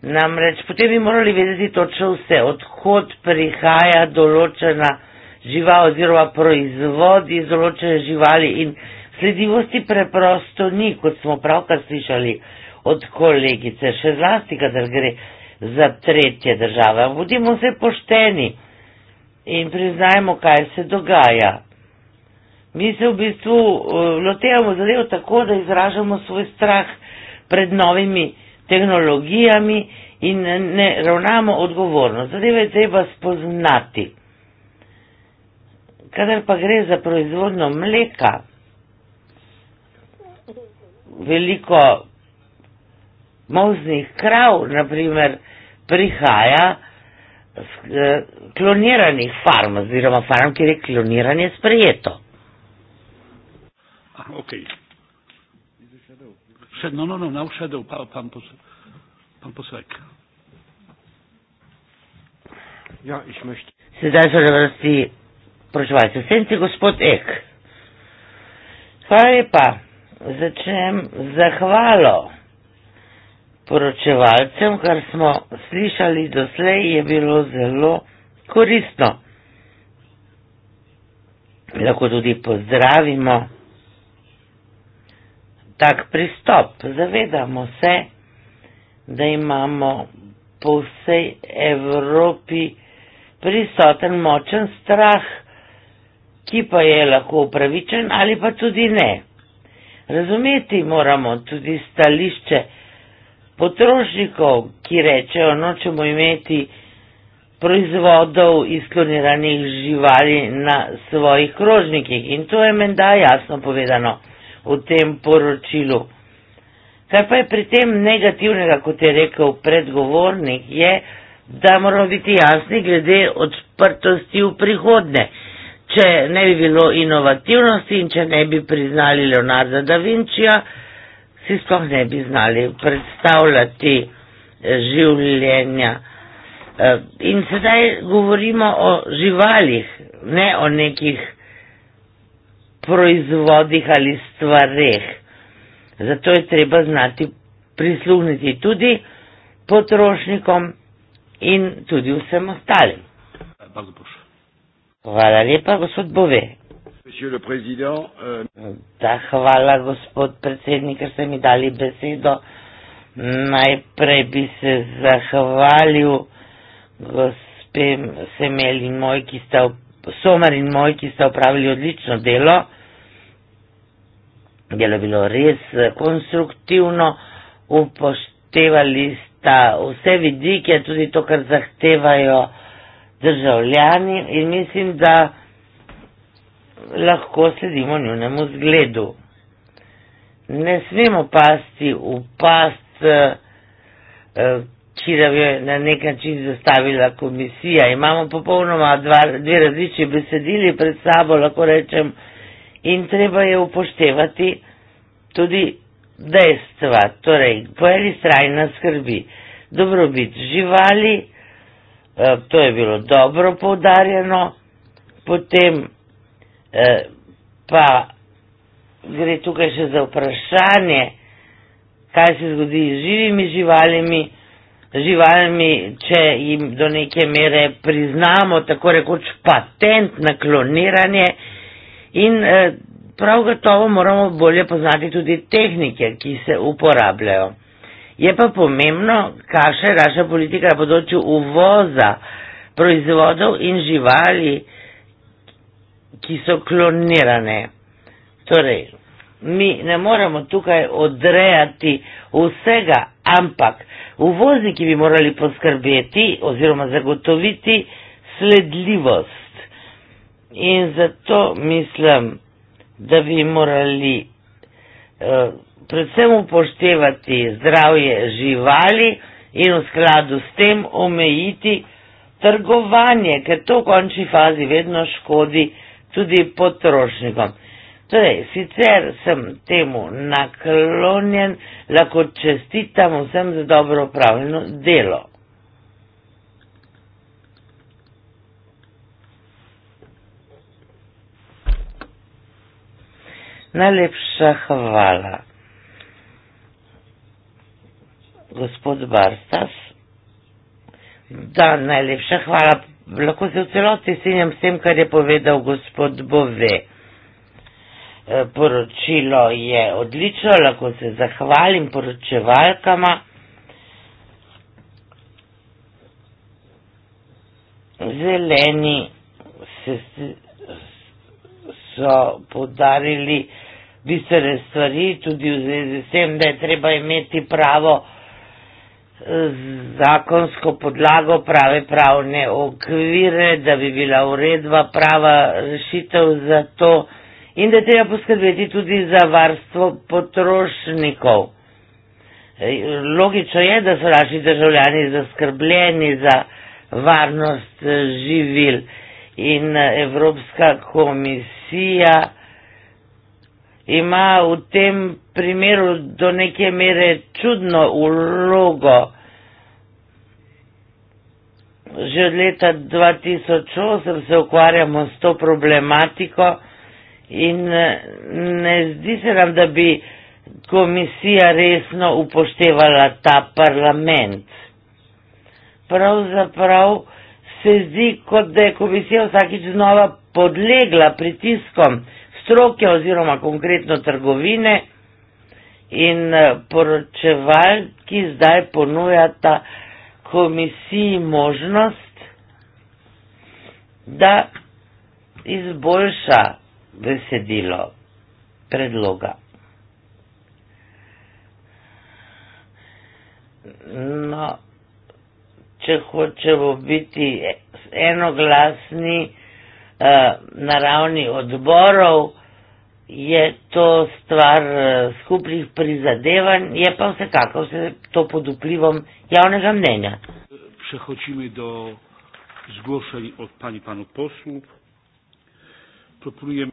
Namreč potem bi morali vedeti točno vse, odhod prihaja določena živa oziroma proizvod iz določene živali in sledivosti preprosto ni, kot smo pravkar slišali od kolegice, še zlasti, kadar gre za tretje države. Budimo se pošteni in priznajmo, kaj se dogaja. Mi se v bistvu eh, lotevamo zadevo tako, da izražamo svoj strah – pred novimi tehnologijami in ne ravnamo odgovorno. Zadeve je treba spoznati. Kadar pa gre za proizvodno mleka, veliko moznih krav, naprimer, prihaja z eh, kloniranih farm, oziroma farm, kjer je kloniranje sprejeto. Ah, okay. Jeszcze, no, no, no, na uszedł pan, pan, pan posłek. Ja, iśmy. Sedaj so dobrosti proživalce. Senci gospod Ek. Hvala lepa. Začnem zahvalo poročevalcem, kar smo slišali doslej, je bilo zelo koristno. Lahko tudi pozdravimo tak pristop. Zavedamo se, da imamo po vsej Evropi prisoten močen strah, ki pa je lahko upravičen ali pa tudi ne. Razumeti moramo tudi stališče potrošnikov, ki rečejo, nočemo imeti proizvodov iz kloniranih živali na svojih krožnikih. In to je menda jasno povedano v tem poročilu. Kar pa je pri tem negativnega, kot je rekel predgovornik, je, da moramo biti jasni glede odprtosti v prihodne. Če ne bi bilo inovativnosti in če ne bi priznali Leonarda da Vinčija, si sploh ne bi znali predstavljati eh, življenja. Eh, in sedaj govorimo o živalih, ne o nekih proizvodih ali stvareh. Zato je treba znati prisluhniti tudi potrošnikom in tudi vsem ostalim. Hvala lepa, gospod Bove. Euh, da, hvala, gospod predsednik, ker ste mi dali besedo. Najprej bi se zahvalil gospem Semel in moj, ki sta v Somar in moj, ki sta upravili odlično delo, delo je bilo res eh, konstruktivno, upoštevali sta vse vidike, tudi to, kar zahtevajo državljani in mislim, da lahko sledimo njunemu zgledu. Ne smemo pasti v past, eh, eh ki da bi jo na nek način zastavila komisija. Imamo popolnoma dva, dve različni besedili pred sabo, lahko rečem, in treba je upoštevati tudi dejstva. Torej, po eni strani nas skrbi dobrobit živali, eh, to je bilo dobro poudarjeno, potem eh, pa gre tukaj še za vprašanje, kaj se zgodi z živimi živalimi, živalmi, če jim do neke mere priznamo tako rekoč patent na kloniranje in eh, prav gotovo moramo bolje poznati tudi tehnike, ki se uporabljajo. Je pa pomembno, kakšna je naša politika na področju uvoza proizvodov in živali, ki so klonirane. Torej, mi ne moremo tukaj odrejati vsega, ampak uvozniki bi morali poskrbeti oziroma zagotoviti sledljivost. In zato mislim, da bi morali eh, predvsem upoštevati zdravje živali in v skladu s tem omejiti trgovanje, ker to v končni fazi vedno škodi tudi potrošnikom. Torej, sicer sem temu naklonjen, lahko čestitam vsem za dobro upravljeno delo. Najlepša hvala, gospod Barstas. Da, najlepša hvala. Lahko se v celoti strinjam s tem, kar je povedal gospod Bove. Eh, poročilo je odlično, lahko se zahvalim poročevalkama. Zeleni se, so podarili bistvene stvari tudi v zvezi s tem, da je treba imeti pravo eh, zakonsko podlago, prave pravne okvire, da bi bila uredba prava rešitev za to in da treba poskrbeti tudi za varstvo potrošnikov. Logično je, da so naši državljani zaskrbljeni za varnost eh, živil in eh, Evropska komisija ima v tem primeru do neke mere čudno ulogo. Že od leta 2008 se ukvarjamo s to problematiko in eh, ne zdi se nam, da bi komisija resno upoštevala ta parlament. Pravzaprav se zdi, kot da je komisija vsakič znova podlegla pritiskom stroke oziroma konkretno trgovine in eh, poročevalki zdaj ponujata komisiji možnost, da izboljša besedilo predloga. No, če hočemo biti enoglasni eh, na ravni odborov, je to stvar eh, skupnih prizadevanj, je pa vsekakor vse to pod vplivom javnega mnenja. Prehočimo do zgošali od pani panu poslu. Proponujem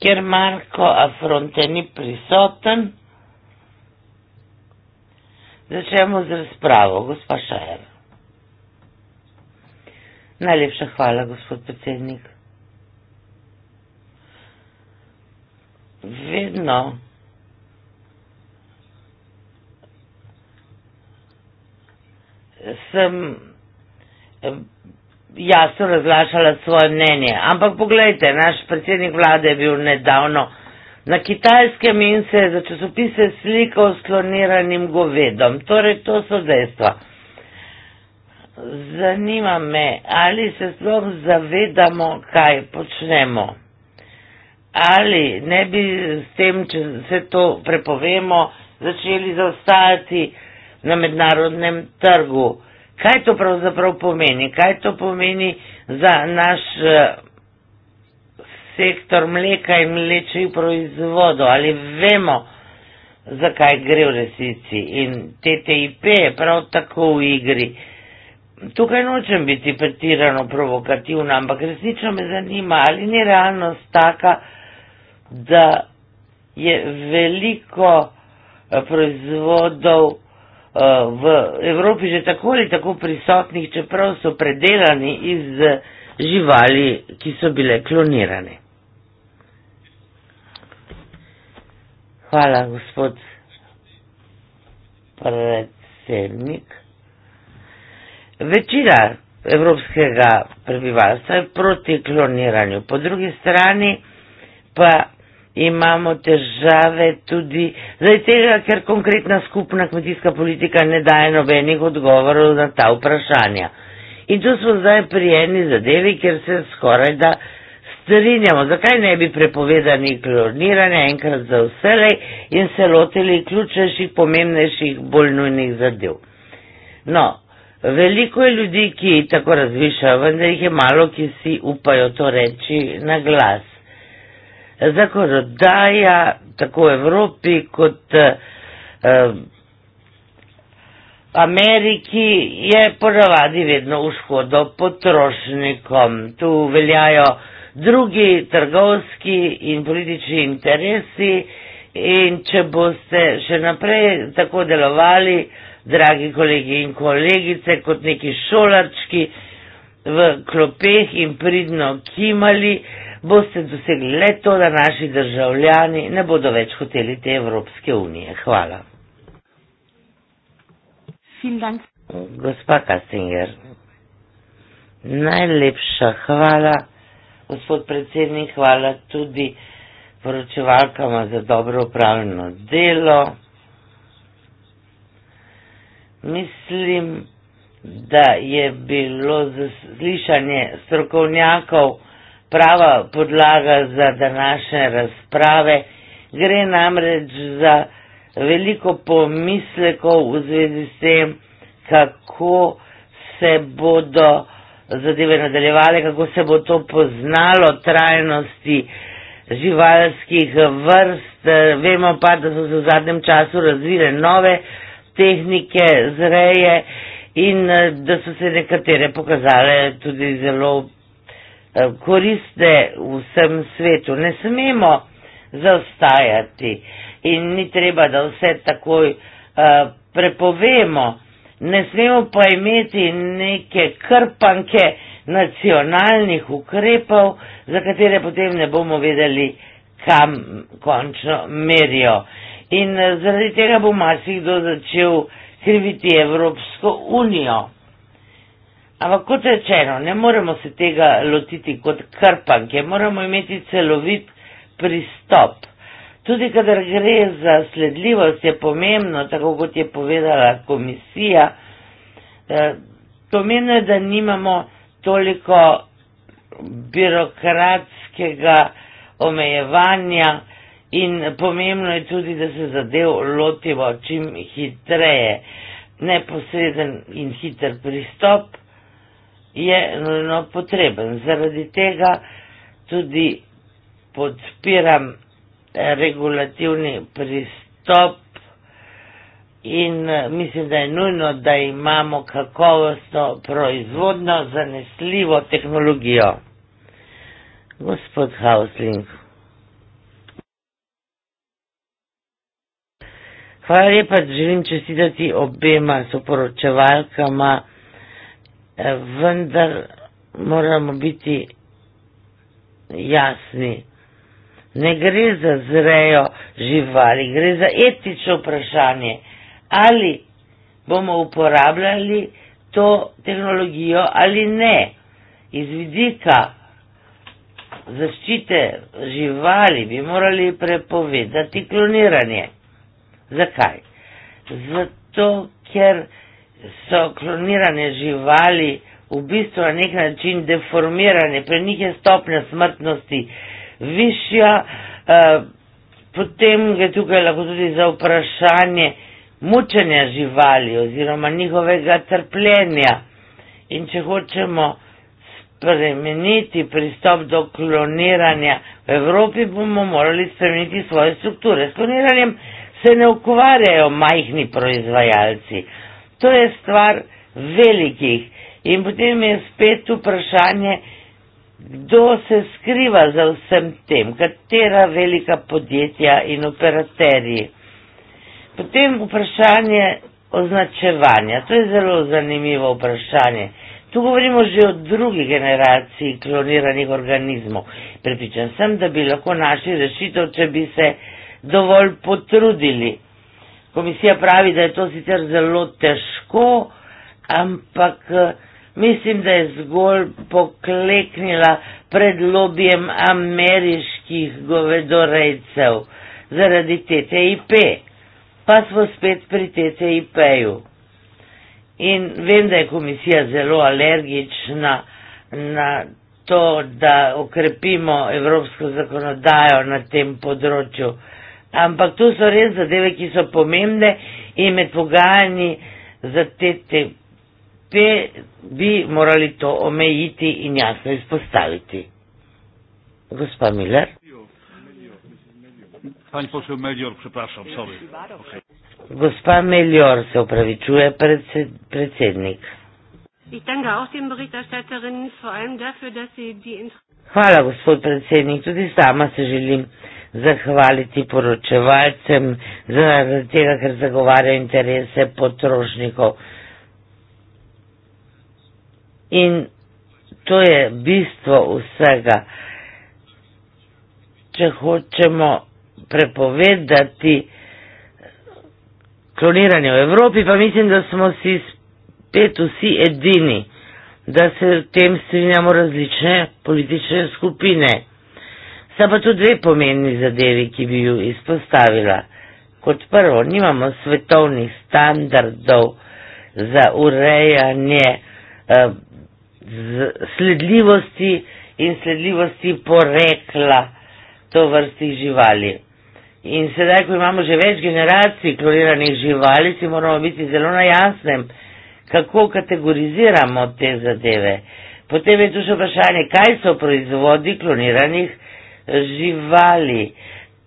ker Marko Afronte ni prisoten, začnemo z razpravo, gospa Šajer. Najlepša hvala, gospod predsednik. Vedno sem jasno razglašala svoje mnenje. Ampak pogledajte, naš predsednik vlade je bil nedavno na kitajskem in se je za časopise slikal s kloniranim govedom. Torej, to so dejstva. Zanima me, ali se sploh zavedamo, kaj počnemo. Ali ne bi s tem, če se to prepovemo, začeli zaostajati na mednarodnem trgu kaj to pravzaprav pomeni, kaj to pomeni za naš eh, sektor mleka in mlečih proizvodov, ali vemo, zakaj gre v resnici in TTIP je prav tako v igri. Tukaj nočem biti pretirano provokativna, ampak resnično me zanima, ali ni realnost taka, da je veliko eh, proizvodov Eh, v Evropi že tako ali tako prisotnih, čeprav so predelani iz eh, živali, ki so bile klonirane. Hvala, gospod predsednik. Večina evropskega prebivalstva je proti kloniranju, po drugi strani pa imamo težave tudi zaradi tega, ker konkretna skupna kmetijska politika ne daje nobenih odgovorov na ta vprašanja. In tu smo zdaj pri eni zadevi, kjer se skoraj da strinjamo, zakaj ne bi prepovedali kloniranje enkrat za vselej in se lotili ključnejših, pomembnejših, bolj nujnih zadev. No, veliko je ljudi, ki tako razmišljajo, vendar jih je malo, ki si upajo to reči na glas zakonodaja tako v Evropi kot eh, eh, Ameriki je ponavadi vedno v škodo potrošnikom. Tu veljajo drugi trgovski in politični interesi in če boste še naprej tako delovali, dragi kolegi in kolegice, kot neki šolački v klopeh in pridno kimali, boste dosegli le to, da naši državljani ne bodo več hoteli te Evropske unije. Hvala. Gospa Kastinger, najlepša hvala, gospod predsednik, hvala tudi poročevalkama za dobro upravljeno delo. Mislim, da je bilo zaslišanje strokovnjakov prava podlaga za današnje razprave, gre namreč za veliko pomislekov v zvezi s tem, kako se bodo zadeve nadaljevale, kako se bo to poznalo trajnosti živalskih vrst. Vemo pa, da so se v zadnjem času razvile nove tehnike zreje in eh, da so se nekatere pokazale tudi zelo Eh, koriste v vsem svetu. Ne smemo zaostajati in ni treba, da vse takoj eh, prepovemo. Ne smemo pa imeti neke krpanke nacionalnih ukrepov, za katere potem ne bomo vedeli, kam končno merijo. In eh, zaradi tega bo marsikdo začel kriviti Evropsko unijo. Ampak kot rečeno, ne moremo se tega lotiti kot krpanke, moramo imeti celovit pristop. Tudi kadar gre za sledljivost, je pomembno, tako kot je povedala komisija, eh, pomeno je, da nimamo toliko birokratskega omejevanja in pomembno je tudi, da se zadev lotimo čim hitreje. Neposreden in hiter pristop je nujno potreben. Zaradi tega tudi podpiram eh, regulativni pristop in eh, mislim, da je nujno, da imamo kakovostno proizvodno zanesljivo tehnologijo. Gospod Hausling. Hvala lepa, želim čestitati obema soporočevalkama. Eh, vendar moramo biti jasni. Ne gre za zrejo živali, gre za etično vprašanje, ali bomo uporabljali to tehnologijo ali ne. Iz vidika zaščite živali bi morali prepovedati kloniranje. Zakaj? Zato, ker so klonirane živali v bistvu na nek način deformirane, pri njih je stopnja smrtnosti višja, eh, potem gre tukaj lahko tudi za vprašanje mučenja živali oziroma njihovega trpljenja. In če hočemo spremeniti pristop do kloniranja v Evropi, bomo morali spremeniti svoje strukture. S kloniranjem se ne ukvarjajo majhni proizvajalci. To je stvar velikih. In potem je spet vprašanje, kdo se skriva za vsem tem, katera velika podjetja in operaterji. Potem vprašanje označevanja. To je zelo zanimivo vprašanje. Tu govorimo že o drugi generaciji kloniranih organizmov. Pripričan sem, da bi lahko našli rešitev, če bi se dovolj potrudili. Komisija pravi, da je to sicer zelo težko, ampak eh, mislim, da je zgolj pokleknila pred lobijem ameriških govedorejcev zaradi TTIP. Pa smo spet pri TTIP-ju. In vem, da je komisija zelo alergična na to, da okrepimo evropsko zakonodajo na tem področju ampak tu so res zadeve, ki so pomembne in med pogajanji za te te pe bi morali to omejiti in jasno izpostaviti. Gospa Miller. Gospa Melior se upravičuje predsednik. Hvala, gospod predsednik. Tudi sama se želim zahvaliti poročevalcem, zaradi tega, ker zagovarjajo interese potrošnikov. In to je bistvo vsega. Če hočemo prepovedati kloniranje v Evropi, pa mislim, da smo si spet vsi edini, da se v tem strinjamo različne politične skupine. Sta pa tu dve pomembni zadevi, ki bi ju izpostavila. Kot prvo, nimamo svetovnih standardov za urejanje eh, sledljivosti in sledljivosti porekla to vrsti živali. In sedaj, ko imamo že več generacij kloniranih živali, si moramo biti zelo na jasnem, kako kategoriziramo te zadeve. Potem je tu še vprašanje, kaj so proizvodi kloniranih živali živali.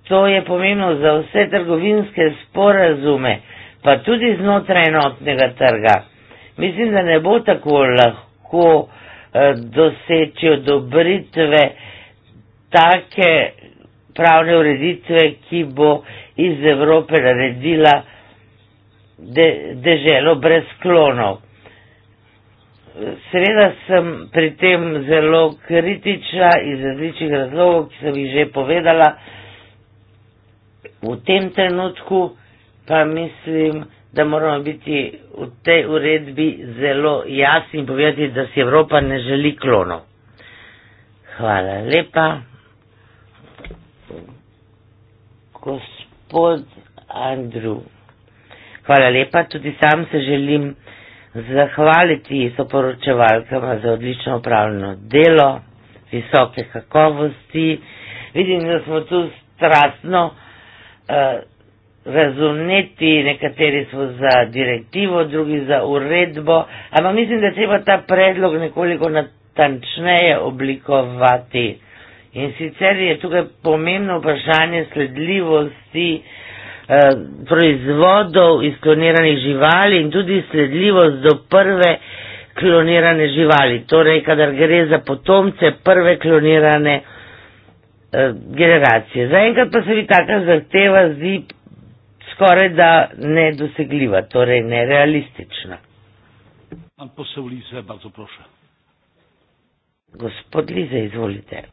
To je pomembno za vse trgovinske sporazume, pa tudi znotraj enotnega trga. Mislim, da ne bo tako lahko eh, doseči odobritve take pravne ureditve, ki bo iz Evrope naredila deželo brez klonov seveda sem pri tem zelo kritična iz različnih razlogov, ki sem jih že povedala. V tem trenutku pa mislim, da moramo biti v tej uredbi zelo jasni in povedati, da si Evropa ne želi klonov. Hvala lepa. Gospod Andrew, hvala lepa, tudi sam se želim zahvaliti soporočevalkama za odlično upravljeno delo, visoke kakovosti. Vidim, da smo tu strastno uh, razumeti, nekateri smo za direktivo, drugi za uredbo, ampak mislim, da treba ta predlog nekoliko natančneje oblikovati. In sicer je tukaj pomembno vprašanje sledljivosti, uh, Eh, proizvodov iz kloniranih živali in tudi sledljivost do prve klonirane živali. Torej, kadar gre za potomce prve klonirane eh, generacije. Zaenkrat pa se mi taka zahteva zdi skoraj da nedosegljiva, torej nerealistična. Gospod Lize, izvolite.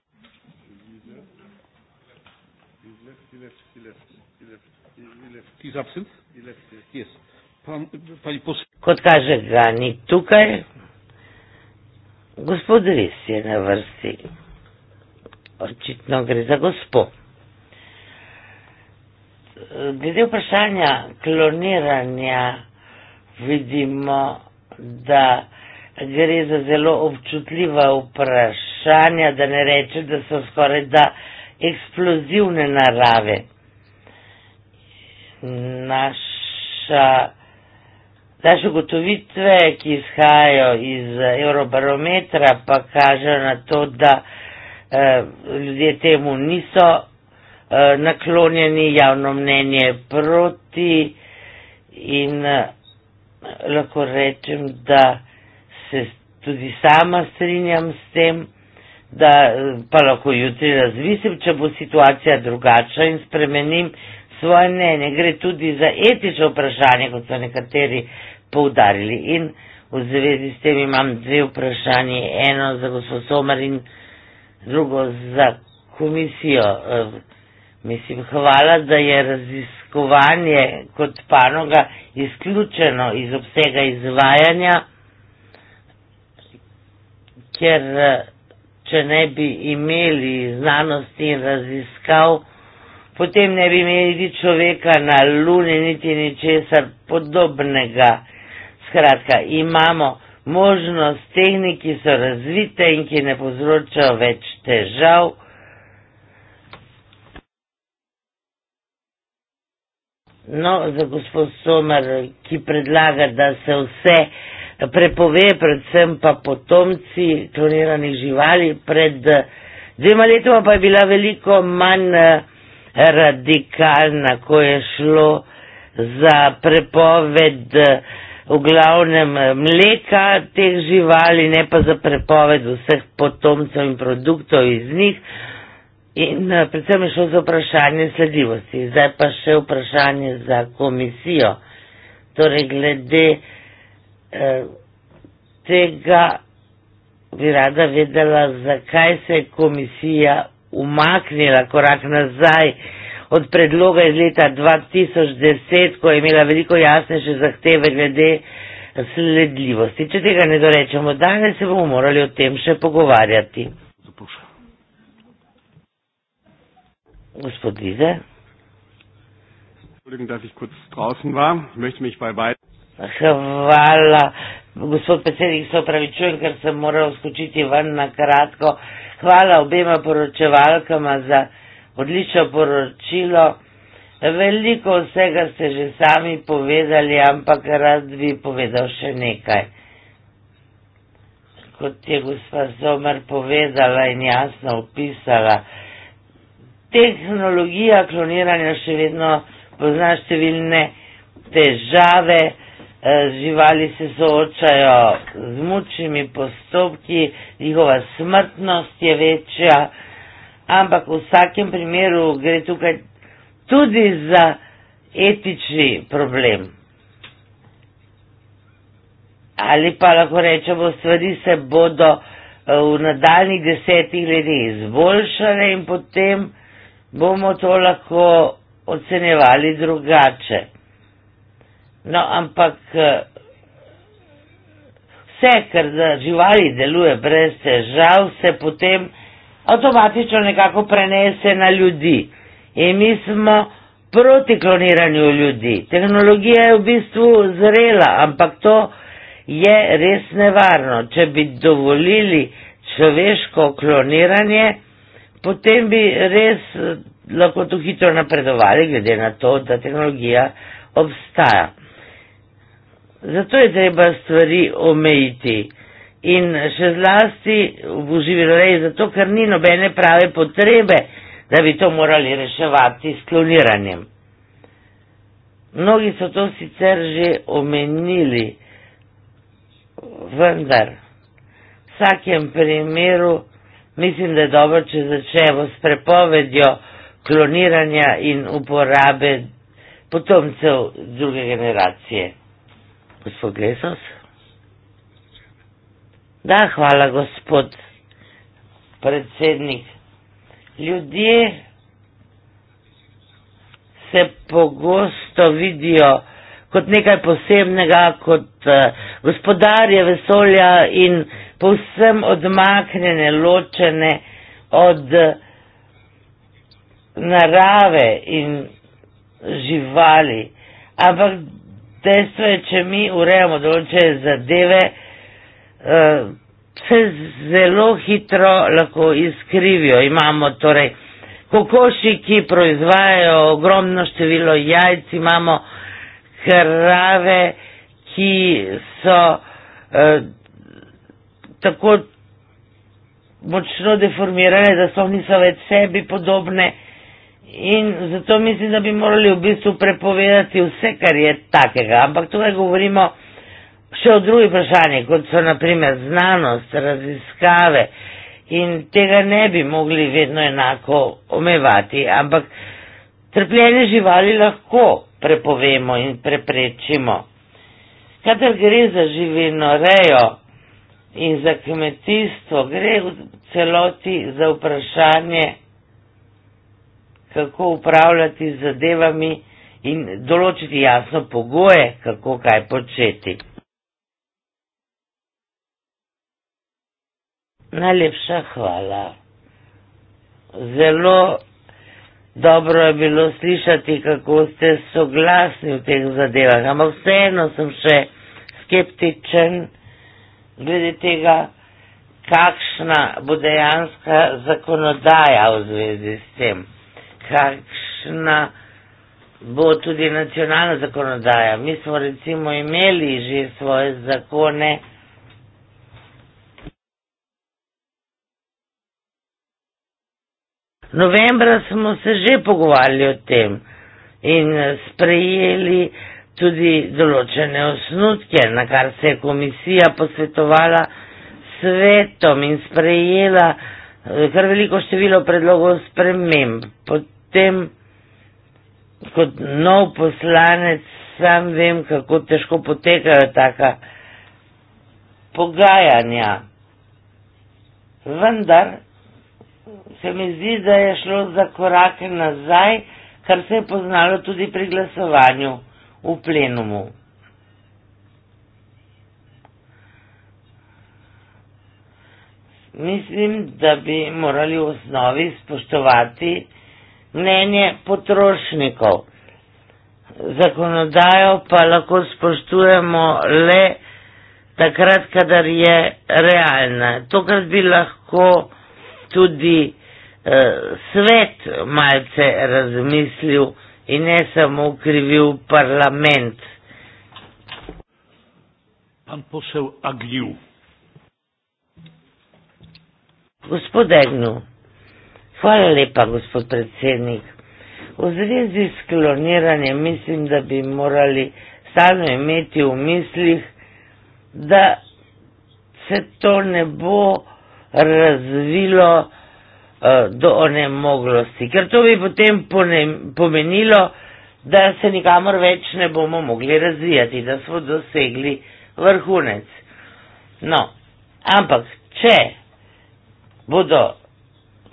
Kot kaže Ganik tukaj, gospod Res je na vrsti. Očitno gre za gospod. Glede vprašanja kloniranja vidimo, da gre za zelo občutljiva vprašanja, da ne reče, da so skoraj da eksplozivne narave naša, naše ugotovitve, ki izhajajo iz eh, eurobarometra, pa kažejo na to, da eh, ljudje temu niso eh, naklonjeni, javno mnenje je proti in eh, lahko rečem, da se tudi sama strinjam s tem. Da eh, pa lahko jutri razvisim, če bo situacija drugačna in spremenim svoje mnenje, gre tudi za etično vprašanje, kot so nekateri poudarili. In v zvezi s tem imam dve vprašanje, eno za gospod Somar in drugo za komisijo. Eh, mislim, hvala, da je raziskovanje kot panoga izključeno iz obsega izvajanja, ker eh, če ne bi imeli znanosti in raziskav, potem ne bi imeli človeka na luni, niti ničesar podobnega. Skratka, imamo možnost tehnik, ki so razvite in ki ne povzročajo več težav. No, za gospod Somer, ki predlaga, da se vse prepove, predvsem pa potomci kloniranih živali, pred dvema letoma pa je bila veliko manj uh, radikalna, ko je šlo za prepoved eh, v glavnem eh, mleka teh živali, ne pa za prepoved vseh potomcev in produktov iz njih. In eh, predvsem je šlo za vprašanje sledljivosti, zdaj pa še vprašanje za komisijo. Torej, glede eh, tega bi rada vedela, zakaj se je komisija umaknila korak nazaj od predloga iz leta 2010, ko je imela veliko jasnejše zahteve glede sledljivosti. Če tega ne dorečemo danes, se bomo morali o tem še pogovarjati. Zapuša. Gospod Lize. Hvala. Gospod predsednik, se opravičujem, ker sem moral skočiti ven na kratko hvala obema poročevalkama za odlično poročilo. Veliko vsega ste že sami povedali, ampak rad bi povedal še nekaj. Kot je gospa Zomer povedala in jasno opisala, tehnologija kloniranja še vedno pozna številne težave, Eh, živali se soočajo z mučnimi postopki, njihova smrtnost je večja, ampak v vsakem primeru gre tukaj tudi za etični problem. Ali pa lahko rečemo, stvari se bodo eh, v nadaljnih desetih letih izboljšale in potem bomo to lahko ocenjevali drugače. No, ampak eh, vse, kar za živali deluje brez težav, se potem avtomatično nekako prenese na ljudi. In mi smo proti kloniranju ljudi. Tehnologija je v bistvu zrela, ampak to je res nevarno. Če bi dovolili človeško kloniranje, potem bi res eh, lahko tu hitro napredovali, glede na to, da tehnologija obstaja. Zato je treba stvari omejiti. In še zlasti v živelo reji, zato ker ni nobene prave potrebe, da bi to morali reševati s kloniranjem. Mnogi so to sicer že omenili, vendar v vsakem primeru mislim, da je dobro, če začnemo s prepovedjo kloniranja in uporabe potomcev druge generacije gospod Lesos? Da, hvala, gospod predsednik. Ljudje se pogosto vidijo kot nekaj posebnega, kot uh, gospodarje vesolja in povsem odmaknjene, ločene od uh, narave in živali. Ampak dejstvo je, če mi urejamo določene zadeve, eh, se zelo hitro lahko izkrivijo. Imamo torej kokoši, ki proizvajajo ogromno število jajc, imamo krave, ki so eh, tako močno deformirane, da so niso več sebi podobne. In zato mislim, da bi morali v bistvu prepovedati vse, kar je takega. Ampak tukaj govorimo še o drugih vprašanjih, kot so naprimer znanost, raziskave in tega ne bi mogli vedno enako omevati. Ampak trpljenje živali lahko prepovemo in preprečimo. Kadar gre za živino rejo in za kmetijstvo, gre v celoti za vprašanje kako upravljati z zadevami in določiti jasno pogoje, kako kaj početi. Najlepša hvala. Zelo dobro je bilo slišati, kako ste soglasni v teh zadevah, ampak vseeno sem še skeptičen glede tega, kakšna bo dejanska zakonodaja v zvezi s tem kakšna bo tudi nacionalna zakonodaja. Mi smo recimo imeli že svoje zakone. Novembra smo se že pogovarjali o tem in sprejeli tudi določene osnutke, na kar se je komisija posvetovala svetom in sprejela eh, kar veliko število predlogov sprememb tem, kot nov poslanec, sam vem, kako težko potekajo taka pogajanja. Vendar se mi zdi, da je šlo za korake nazaj, kar se je poznalo tudi pri glasovanju v plenumu. Mislim, da bi morali v osnovi spoštovati mnenje potrošnikov. Zakonodajo pa lahko spoštujemo le takrat, kadar je realna. Tokrat bi lahko tudi eh, svet malce razmislil in ne samo krivil parlament. Pan posel Agnju. Gospod Agnju. Hvala lepa, gospod predsednik. V zvezi s kloniranjem mislim, da bi morali stalno imeti v mislih, da se to ne bo razvilo eh, do onemoglosti, ker to bi potem pomenilo, da se nikamor več ne bomo mogli razvijati, da smo dosegli vrhunec. No, ampak, če bodo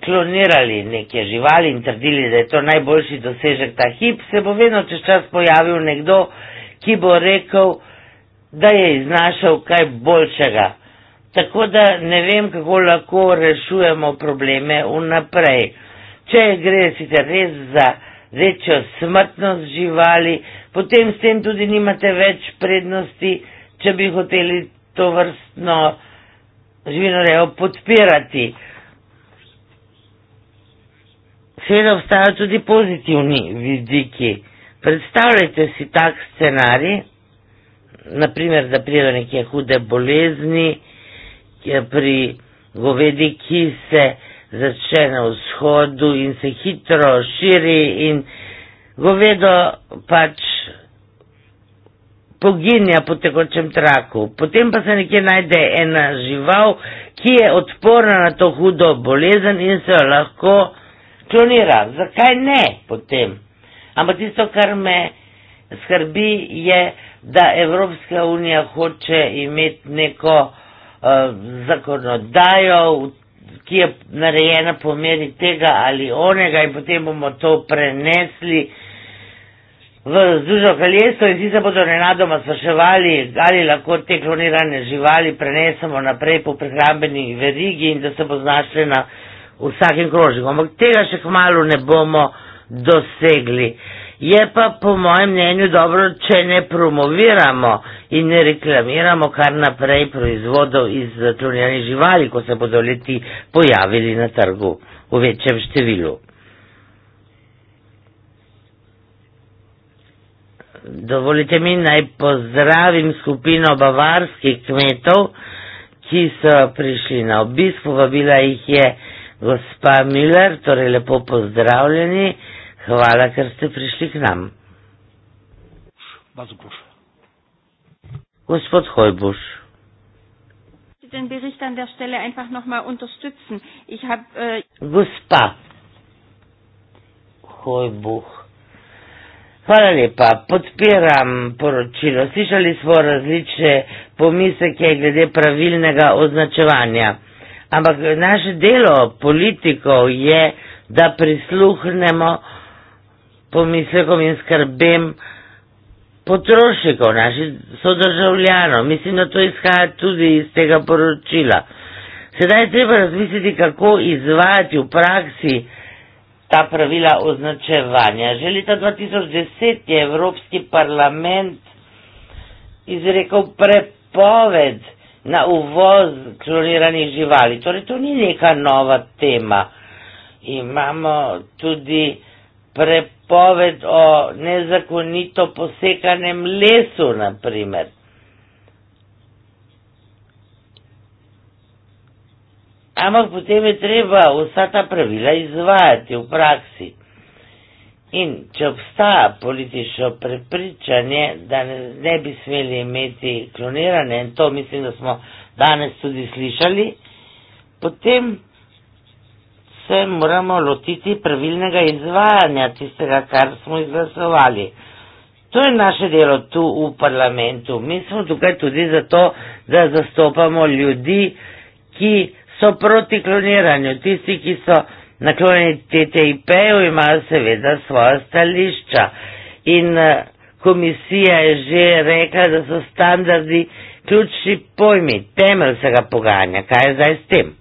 klonirali neke živali in trdili, da je to najboljši dosežek ta hip, se bo vedno čez čas pojavil nekdo, ki bo rekel, da je iznašel kaj boljšega. Tako da ne vem, kako lahko rešujemo probleme vnaprej. Če gre sicer res za večjo smrtnost živali, potem s tem tudi nimate več prednosti, če bi hoteli to vrstno živino rejo podpirati. Seveda obstajajo tudi pozitivni vidiki. Predstavljajte si tak scenarij, naprimer, da prijedo neke hude bolezni, pri govedi, ki se začne na vzhodu in se hitro širi in govedo pač poginja po tekočem traku. Potem pa se nekje najde ena žival, ki je odporna na to hudo bolezen in se jo lahko funkcionira, zakaj ne potem? Ampak tisto, kar me skrbi, je, da Evropska unija hoče imeti neko uh, zakonodajo, ki je narejena po meri tega ali onega in potem bomo to prenesli v Združeno kraljestvo in vsi se bodo nenadoma spraševali, ali lahko te klonirane živali prenesemo naprej po prehrambeni verigi in da se bo znašli na vsakim krožnikom, ampak tega še kmalo ne bomo dosegli. Je pa po mojem mnenju dobro, če ne promoviramo in ne reklamiramo kar naprej proizvodov iz zatrunjenih živali, ko se bodo leti pojavili na trgu v večjem številu. Dovolite mi naj pozdravim skupino bavarskih kmetov, ki so prišli na obisk, povabila jih je. Gospa Miller, torej lepo pozdravljeni, hvala, ker ste prišli k nam. Bazbuš. Gospod Hojbuš. Den Bericht an der Stelle einfach nochmal unterstützen. Ich habe. Äh Gospa. Hojbuch. Hvala lepa, podpiram poročilo. Slišali smo različne pomiseke glede pravilnega označevanja. Ampak naše delo politikov je, da prisluhnemo pomislekom in skrbem potrošnikov, naših sodržavljanov. Mislim, da to izhaja tudi iz tega poročila. Sedaj je treba razmisliti, kako izvajati v praksi ta pravila označevanja. Že leta 2010 je Evropski parlament izrekel prepoved na uvoz kloriranih živali. Torej, to ni neka nova tema. Imamo tudi prepoved o nezakonito posekanem lesu, naprimer. Ampak potem je treba vsa ta pravila izvajati v praksi. In če obstaja politično prepričanje, da ne, ne bi smeli imeti klonirane, in to mislim, da smo danes tudi slišali, potem se moramo lotiti pravilnega izvajanja tistega, kar smo izglasovali. To je naše delo tu v parlamentu. Mi smo tukaj tudi zato, da zastopamo ljudi, ki so proti kloniranju, tisti, ki so. Naklonjeni TTIP-u imajo seveda svoja stališča in eh, komisija je že rekla, da so standardi ključni pojmi, temelj vsega pogajanja. Kaj je zdaj s tem?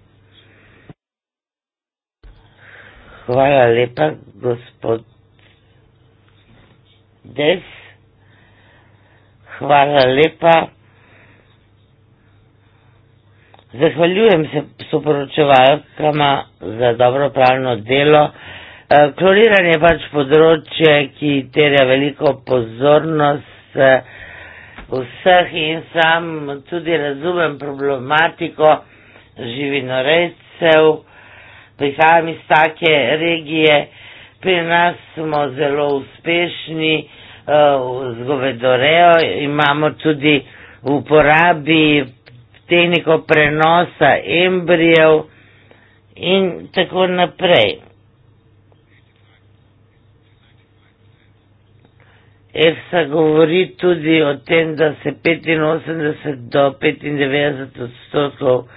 Hvala lepa, gospod Des. Hvala lepa. Zahvaljujem se soporočevalkama za dobro pravno delo. E, kloriranje je pač področje, ki terja veliko pozornost e, vseh in sam tudi razumem problematiko živinorejcev. Prihajam iz take regije, pri nas smo zelo uspešni e, z govedorejo, imamo tudi v uporabi tehniko prenosa embrijev in tako naprej. EFSA govori tudi o tem, da se 85 do 95 odstotkov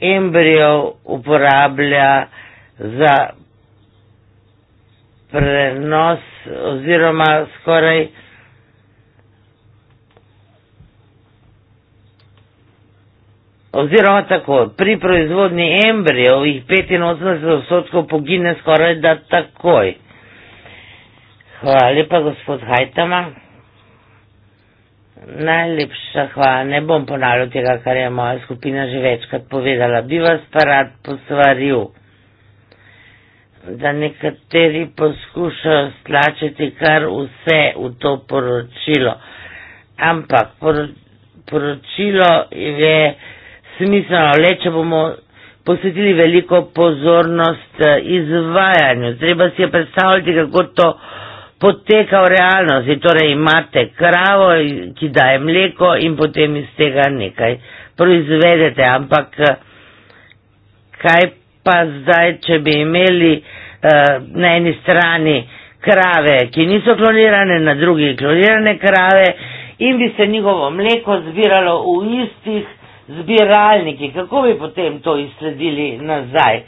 embrijev uporablja za prenos oziroma skoraj oziroma tako, pri proizvodni embrijev jih 85% pogine skoraj da takoj. Hvala lepa, gospod Hajtama. Najlepša hvala, ne bom ponavljal tega, kar je moja skupina že večkrat povedala. Bi vas pa rad posvaril, da nekateri poskušajo stlačiti kar vse v to poročilo. Ampak poro, poročilo je smiselno, le če bomo posvetili veliko pozornost eh, izvajanju. Treba si je predstavljati, kako to poteka v realnosti. Torej imate kravo, ki daje mleko in potem iz tega nekaj proizvedete. Ampak eh, kaj pa zdaj, če bi imeli uh, na eni strani krave, ki niso klonirane, na drugi klonirane krave in bi se njihovo mleko zbiralo v istih zbiralniki, kako bi potem to izsledili nazaj.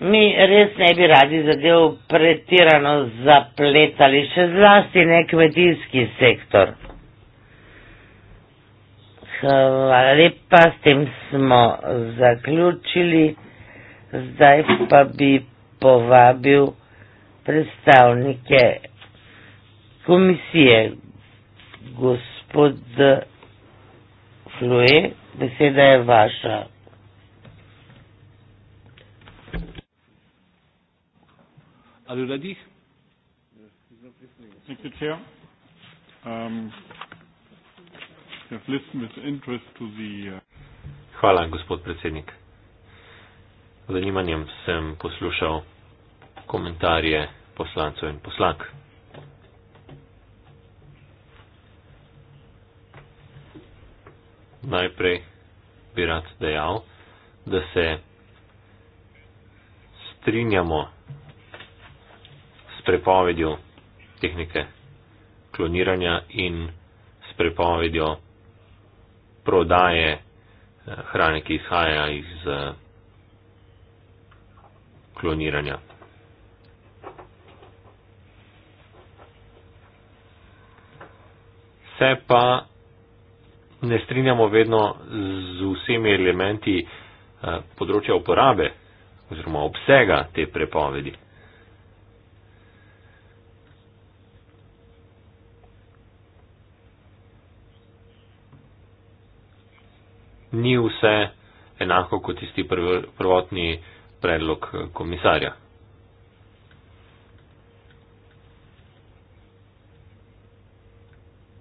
Mi res ne bi radi zadev pretirano zapletali, še zlasti ne kmetijski sektor. Hvala lepa, s tem smo zaključili. Zdaj pa bi povabil predstavnike komisije, gospod. Flue, beseda je vaša. Ali vladih? Thank you, Chair. Um, have listened with interest to the... Uh... Hvala, gospod predsednik. Zanimanjem sem poslušal komentarje poslancov in poslank. najprej bi rad dejal, da se strinjamo s prepovedjo tehnike kloniranja in s prepovedjo prodaje eh, hrane, ki izhaja iz eh, kloniranja. Se pa ne strinjamo vedno z vsemi elementi eh, področja uporabe oziroma obsega te prepovedi. Ni vse enako kot tisti prvotni predlog eh, komisarja.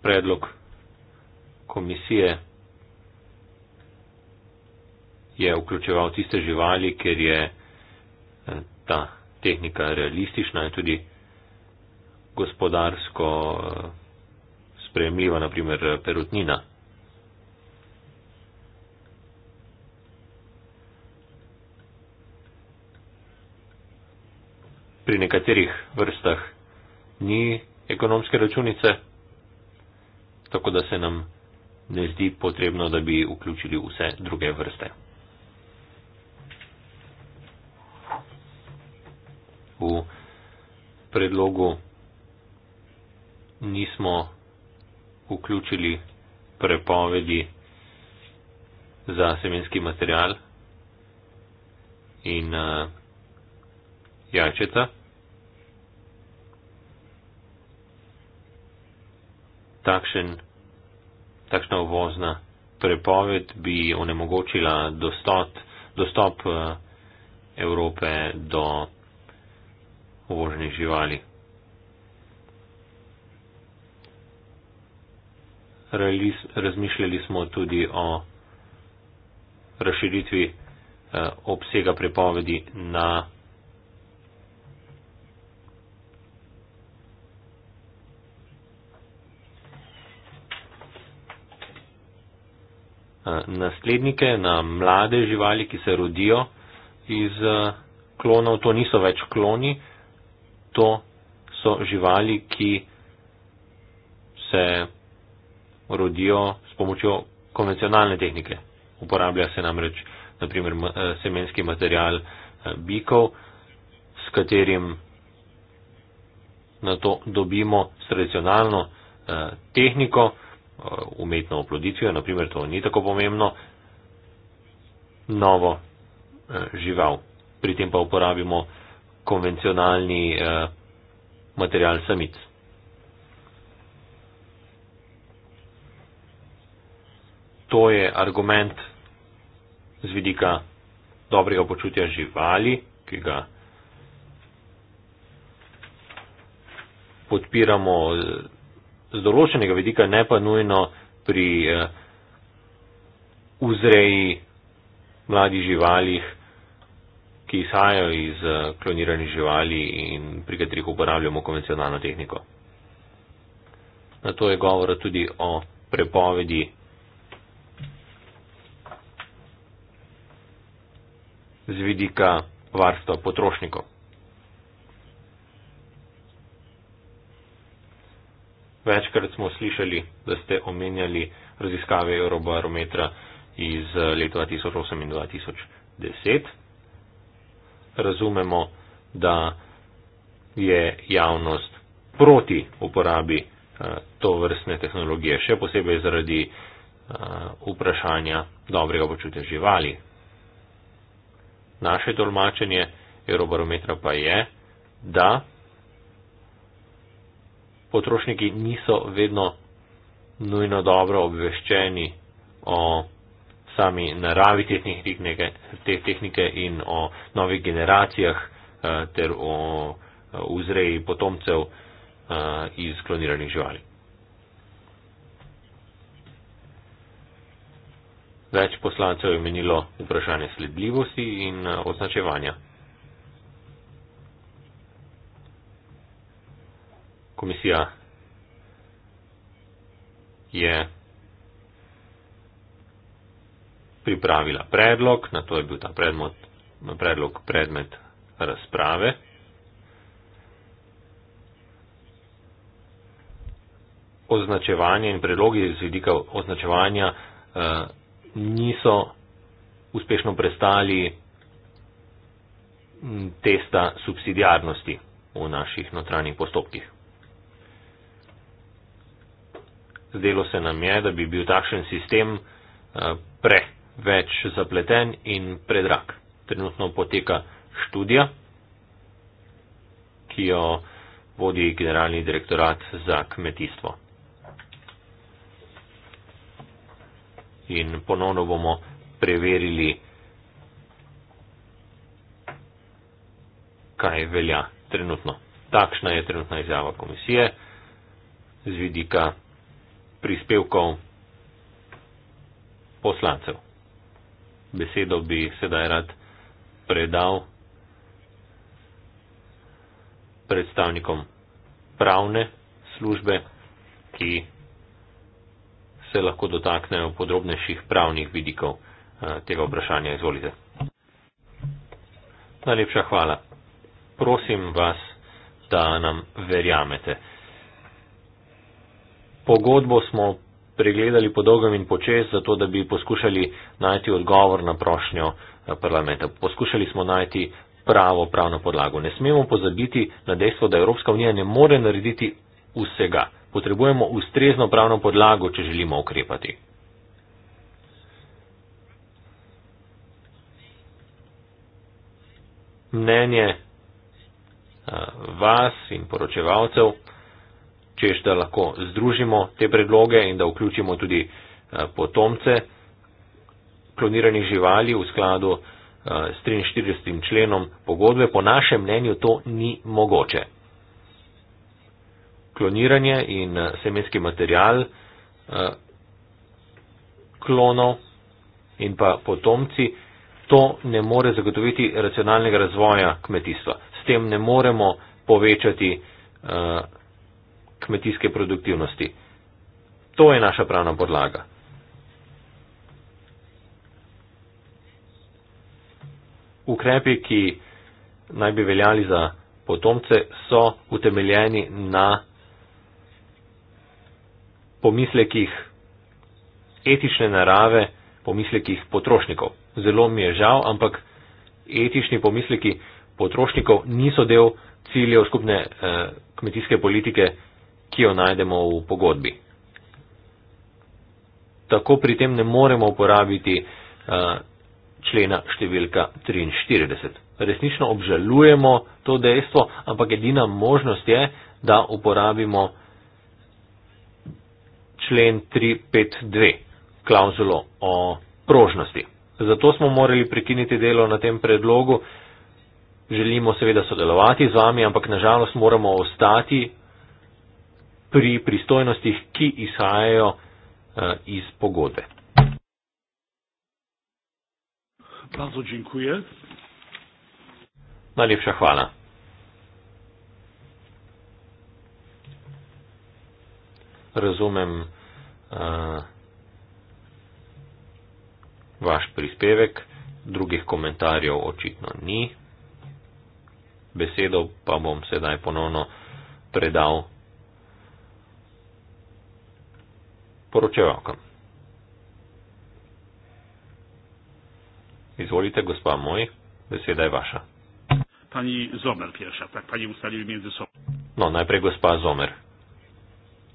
Predlog komisije je vključeval tiste živali, ker je eh, ta tehnika realistična in tudi gospodarsko eh, sprejemljiva, naprimer eh, perutnina. Pri nekaterih vrstah ni ekonomske računice, tako da se nam ne zdi potrebno, da bi vključili vse druge vrste. V predlogu nismo vključili prepovedi za semenski material in uh, eh, jajčeta. Takšen takšna uvozna prepoved bi onemogočila dostop, dostop eh, Evrope do uvoženih živali. Razmišljali smo tudi o razširitvi eh, obsega prepovedi na naslednike, na mlade živali, ki se rodijo iz klonov. To niso več kloni, to so živali, ki se rodijo s pomočjo konvencionalne tehnike. Uporablja se namreč naprimer semenski material bikov, s katerim na to dobimo s tradicionalno eh, tehniko. Eh, umetno oploditvijo, naprimer to ni tako pomembno, novo eh, žival. Pri tem pa uporabimo konvencionalni eh, material samic. To je argument z vidika dobrega počutja živali, ki ga podpiramo z določenega vidika, ne pa nujno pri eh, vzreji mladih živalih, ki izhajajo iz eh, kloniranih živali in pri katerih uporabljamo konvencionalno tehniko. Na to je govora tudi o prepovedi z vidika varstva potrošnikov. Večkrat smo slišali, da ste omenjali raziskave Eurobarometra iz eh, leta 2008 in 2010. Razumemo, da je javnost proti uporabi eh, to vrstne tehnologije, še posebej zaradi eh, vprašanja dobrega počutja živali. Naše tolmačenje Eurobarometra pa je, da potrošniki niso vedno nujno dobro obveščeni o sami naravi te tehnike, te tehnike in o novih generacijah eh, ter o eh, vzreji potomcev eh, iz kloniranih živali. Več poslancev je menilo vprašanje sledljivosti in označevanja. komisija je pripravila predlog, na to je bil ta predmet, predlog predmet razprave. Označevanje in predlogi z vidika označevanja eh, niso uspešno prestali testa subsidijarnosti v naših notranjih postopkih. zdelo se nam je, da bi bil takšen sistem eh, preveč zapleten in predrag. Trenutno poteka študija, ki jo vodi generalni direktorat za kmetijstvo. In ponovno bomo preverili, kaj velja trenutno. Takšna je trenutna izjava komisije z vidika prispevkov poslancev. Besedo bi sedaj rad predal predstavnikom pravne službe, ki se lahko dotaknejo podrobnejših pravnih vidikov eh, tega vprašanja. Izvolite. Najlepša hvala. Prosim vas, da nam verjamete. Pogodbo smo pregledali po dolgem in počes, zato da bi poskušali najti odgovor na prošnjo eh, parlamenta. Poskušali smo najti pravo pravno podlago. Ne smemo pozabiti na dejstvo, da Evropska unija ne more narediti vsega. Potrebujemo ustrezno pravno podlago, če želimo ukrepati. Mnenje eh, vas in poročevalcev češ da lahko združimo te predloge in da vključimo tudi eh, potomce kloniranih živali v skladu eh, s 43. členom pogodbe, po našem mnenju to ni mogoče. Kloniranje in eh, semenski material klonov in pa potomci, to ne more zagotoviti racionalnega razvoja kmetijstva. S tem ne moremo povečati kmetijske produktivnosti. To je naša pravna podlaga. Ukrepi, ki naj bi veljali za potomce, so utemeljeni na pomislekih etične narave, pomislekih potrošnikov. Zelo mi je žal, ampak etični pomisleki potrošnikov niso del ciljev skupne eh, kmetijske politike ki jo najdemo v pogodbi. Tako pri tem ne moremo uporabiti eh, člena številka 43. Resnično obžalujemo to dejstvo, ampak edina možnost je, da uporabimo člen 352, klauzulo o prožnosti. Zato smo morali prekiniti delo na tem predlogu. Želimo seveda sodelovati z vami, ampak nažalost moramo ostati pri pristojnostih, ki izhajajo eh, iz pogodbe. Bardzo dziękuję. Najlepša hvala. Razumem uh, e, vaš prispevek, drugih komentarjev očitno ni. Besedo pa bom sedaj ponovno predal poročevalkam. Izvolite, gospa moj, beseda je vaša. Pani Zomer pierša, tak pani ustalili med sobom. No, najprej gospa Zomer.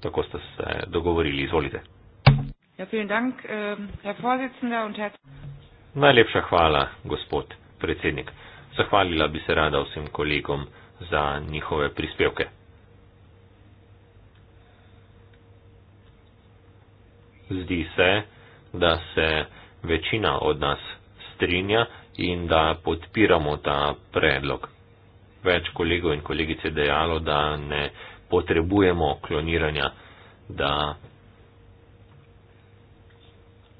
Tako ste se dogovorili, izvolite. Ja, dank, eh, Najlepša hvala, gospod predsednik. Zahvalila bi se rada vsem kolegom za njihove prispevke. zdi se, da se večina od nas strinja in da podpiramo ta predlog. Več kolegov in kolegice je dejalo, da ne potrebujemo kloniranja, da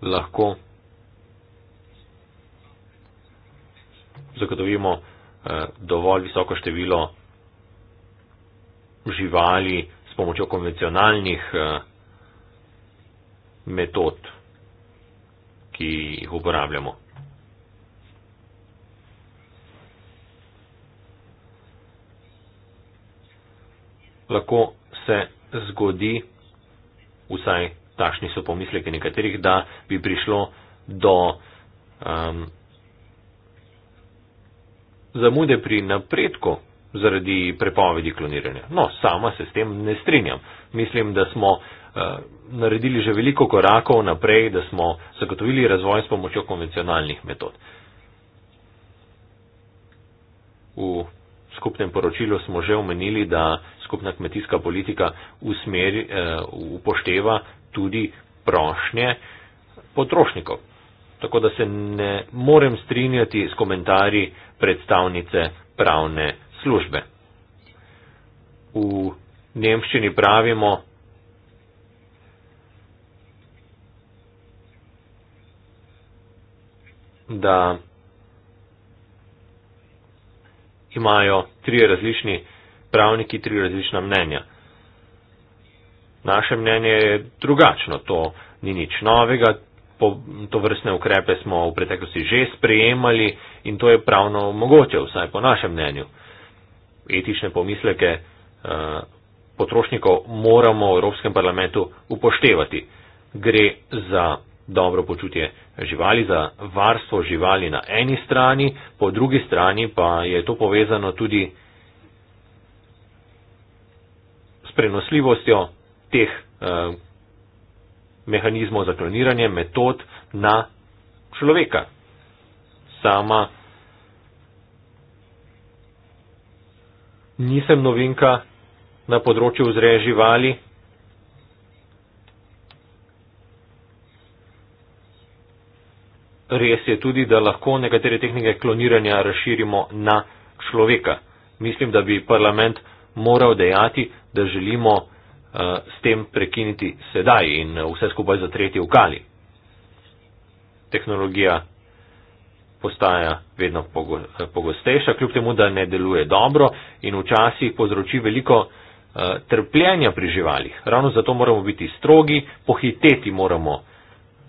lahko zagotovimo eh, dovolj visoko število živali s pomočjo konvencionalnih eh, metod, ki jih uporabljamo. Lahko se zgodi, vsaj takšni so pomisleki nekaterih, da bi prišlo do um, zamude pri napredku zaradi prepovedi kloniranja. No, sama se s tem ne strinjam. Mislim, da smo eh, naredili že veliko korakov naprej, da smo zagotovili razvoj s pomočjo konvencionalnih metod. V skupnem poročilu smo že omenili, da skupna kmetijska politika usmeri, uh, upošteva tudi prošnje potrošnikov. Tako da se ne morem strinjati s komentarji predstavnice pravne službe. V nemščini pravimo da imajo tri različni pravniki, tri različna mnenja. Naše mnenje je drugačno, to ni nič novega, po to vrstne ukrepe smo v preteklosti že sprejemali in to je pravno mogoče, vsaj po našem mnenju etične pomisleke eh, potrošnikov moramo v Evropskem parlamentu upoštevati. Gre za dobro počutje živali, za varstvo živali na eni strani, po drugi strani pa je to povezano tudi s prenosljivostjo teh eh, mehanizmov za kloniranje metod na človeka. Sama nisem novinka na področju vzreje živali. Res je tudi, da lahko nekatere tehnike kloniranja razširimo na človeka. Mislim, da bi parlament moral dejati, da želimo uh, s tem prekiniti sedaj in eh, vse skupaj zatreti v kali. Tehnologija postaja vedno pogostejša, kljub temu, da ne deluje dobro in včasih povzroči veliko eh, trpljenja pri živalih. Ravno zato moramo biti strogi, pohiteti moramo,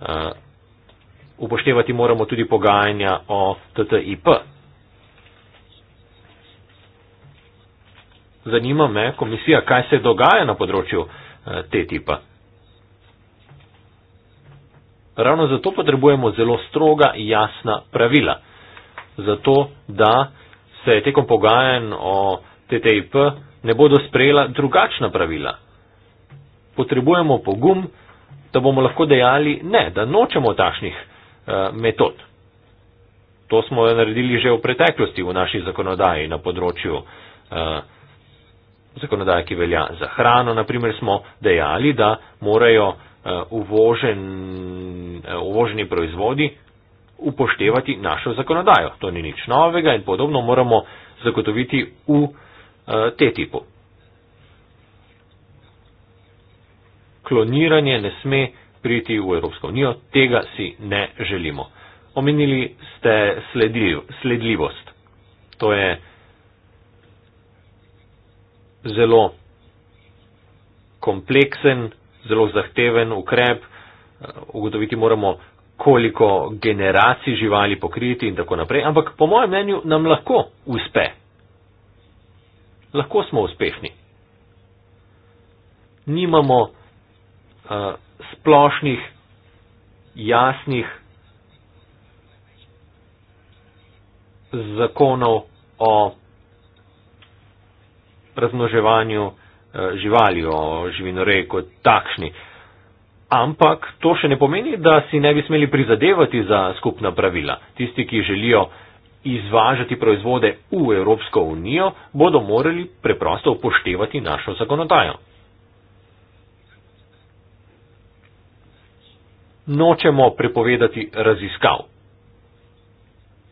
eh, upoštevati moramo tudi pogajanja o TTIP. Zanima me komisija, kaj se dogaja na področju eh, TTIP-a. Ravno zato potrebujemo zelo stroga, jasna pravila. Zato, da se tekom pogajanj o TTIP ne bodo sprejela drugačna pravila. Potrebujemo pogum, da bomo lahko dejali ne, da nočemo takšnih eh, metod. To smo naredili že v preteklosti v naši zakonodaji na področju eh, zakonodaje, ki velja za hrano. Naprimer smo dejali, da morajo Eh, uvožen, eh, uvoženi proizvodi upoštevati našo zakonodajo. To ni nič novega in podobno moramo zagotoviti v eh, te tipu. Kloniranje ne sme priti v Evropsko unijo, tega si ne želimo. Omenili ste sledljiv, sledljivost. To je zelo kompleksen zelo zahteven ukrep. Eh, ugotoviti moramo, koliko generacij živali pokriti in tako naprej. Ampak po mojem mnenju nam lahko uspe. Lahko smo uspešni. Nimamo uh, splošnih, jasnih zakonov o razmnoževanju Eh, živali, o živinoreji kot takšni. Ampak to še ne pomeni, da si ne bi smeli prizadevati za skupna pravila. Tisti, ki želijo izvažati proizvode v Evropsko unijo, bodo morali preprosto upoštevati našo zakonodajo. Nočemo prepovedati raziskav.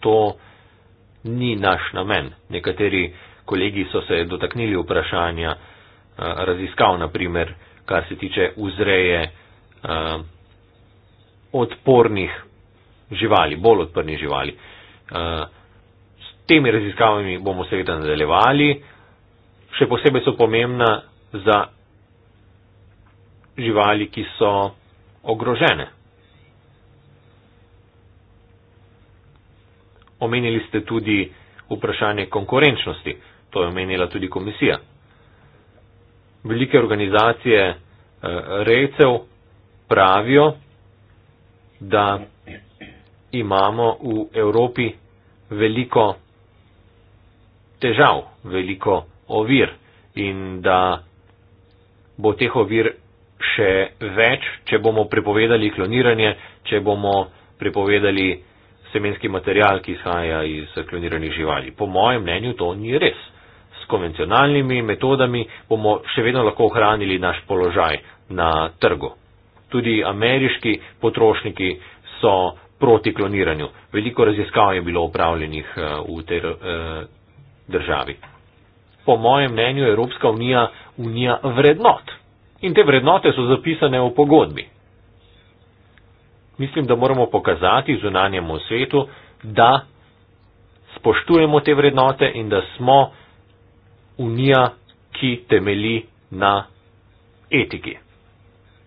To ni naš namen. Nekateri kolegi so se dotaknili vprašanja, Eh, raziskav, naprimer, kar se tiče vzreje eh, odpornih živali, bolj odpornih živali. Eh, s temi raziskavami bomo seveda nadaljevali, še posebej so pomembna za živali, ki so ogrožene. Omenili ste tudi vprašanje konkurenčnosti, to je omenila tudi komisija velike organizacije eh, recev pravijo, da imamo v Evropi veliko težav, veliko ovir in da bo teh ovir še več, če bomo prepovedali kloniranje, če bomo prepovedali semenski material, ki izhaja iz kloniranih živali. Po mojem mnenju to ni res konvencionalnimi metodami bomo še vedno lahko ohranili naš položaj na trgu. Tudi ameriški potrošniki so proti kloniranju. Veliko raziskav je bilo upravljenih eh, v tej eh, državi. Po mojem mnenju je Evropska unija unija vrednot. In te vrednote so zapisane v pogodbi. Mislim, da moramo pokazati zunanjemu svetu, da spoštujemo te vrednote in da smo unija, ki temeli na etiki.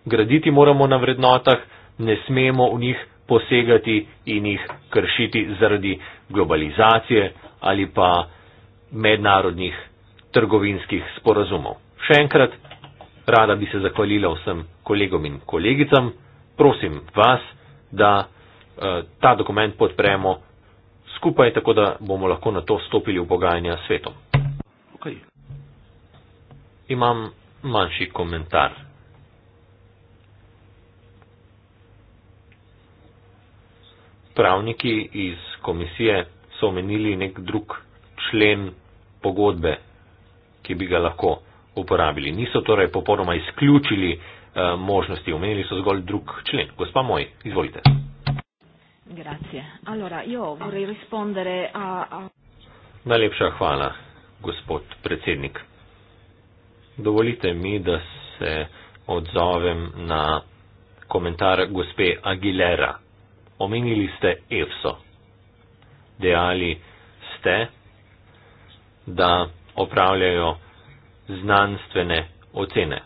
Graditi moramo na vrednotah, ne smemo v njih posegati in jih kršiti zaradi globalizacije ali pa mednarodnih trgovinskih sporazumov. Še enkrat, rada bi se zahvalila vsem kolegom in kolegicam, prosim vas, da eh, ta dokument podpremo skupaj, tako da bomo lahko na to stopili v pogajanja s svetom kaj. Imam manjši komentar. Pravniki iz komisije so omenili nek drug člen pogodbe, ki bi ga lahko uporabili. Niso torej popolnoma izključili eh, možnosti, omenili so zgolj drug člen. Gospa moj, izvolite. Grazie. Allora, io vorrei rispondere a. a... Najlepša hvala gospod predsednik. Dovolite mi, da se odzovem na komentar gospe Aguilera. Omenili ste EFSO. Dejali ste, da opravljajo znanstvene ocene.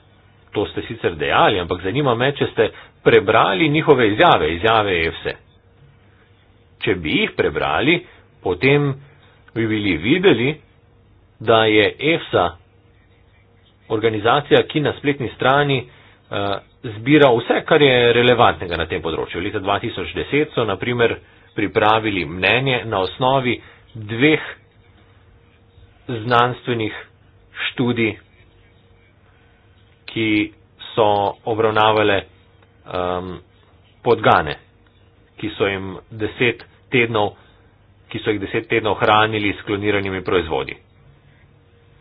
To ste sicer dejali, ampak zanima me, če ste prebrali njihove izjave, izjave EFSE. Če bi jih prebrali, potem bi bili videli, da je EFSA organizacija, ki na spletni strani eh, zbira vse, kar je relevantnega na tem področju. Leta 2010 so, naprimer, pripravili mnenje na osnovi dveh znanstvenih študij, ki so obravnavale um, podgane, ki so jim deset tednov, ki so jih deset tednov hranili s kloniranimi proizvodi.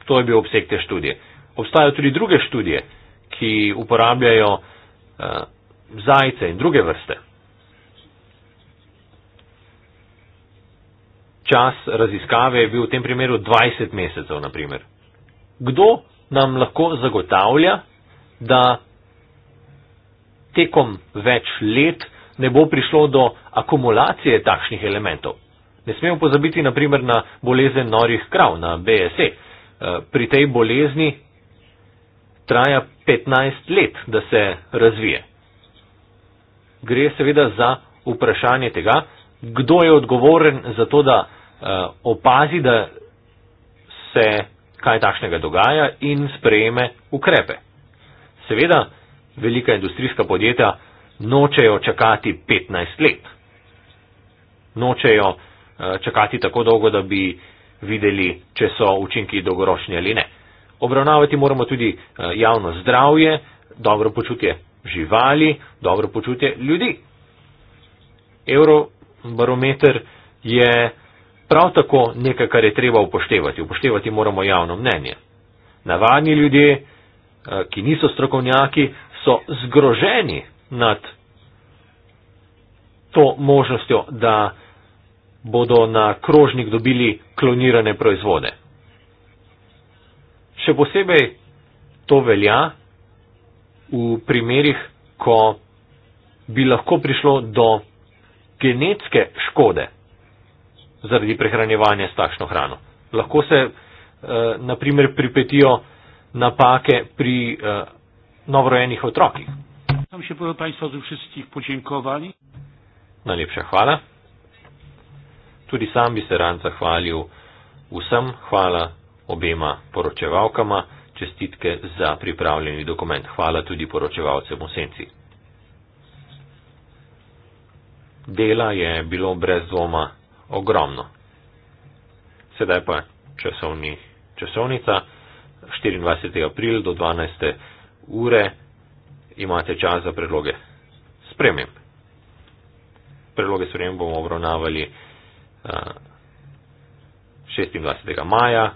To je bil obseg te študije. Obstajajo tudi druge študije, ki uporabljajo uh, zajce in druge vrste. Čas raziskave je bil v tem primeru 20 mesecev, naprimer. Kdo nam lahko zagotavlja, da tekom več let ne bo prišlo do akumulacije takšnih elementov? Ne smemo pozabiti, naprimer, na bolezen norih krav, na BSE pri tej bolezni traja 15 let, da se razvije. Gre seveda za vprašanje tega, kdo je odgovoren za to, da eh, opazi, da se kaj takšnega dogaja in sprejeme ukrepe. Seveda, velika industrijska podjetja nočejo čakati 15 let. Nočejo eh, čakati tako dolgo, da bi videli, če so učinki dolgoročni ali ne. Obravnavati moramo tudi eh, javno zdravje, dobro počutje živali, dobro počutje ljudi. Eurobarometer je prav tako nekaj, kar je treba upoštevati. Upoštevati moramo javno mnenje. Navadni ljudje, eh, ki niso strokovnjaki, so zgroženi nad to možnostjo, da bodo na krožnik dobili klonirane proizvode. Še posebej to velja v primerih, ko bi lahko prišlo do genetske škode zaradi prehranjevanja s takšno hrano. Lahko se eh, naprimer pripetijo napake pri eh, novorojenih otrokih. Najlepša hvala tudi sam bi se rad zahvalil vsem, hvala obema poročevalkama, čestitke za pripravljeni dokument. Hvala tudi poročevalcem v senci. Dela je bilo brez dvoma ogromno. Sedaj pa časovni, časovnica 24. april do 12. ure imate čas za predloge. Spremem. Predloge spremem bomo obravnavali. 26. Eh, maja,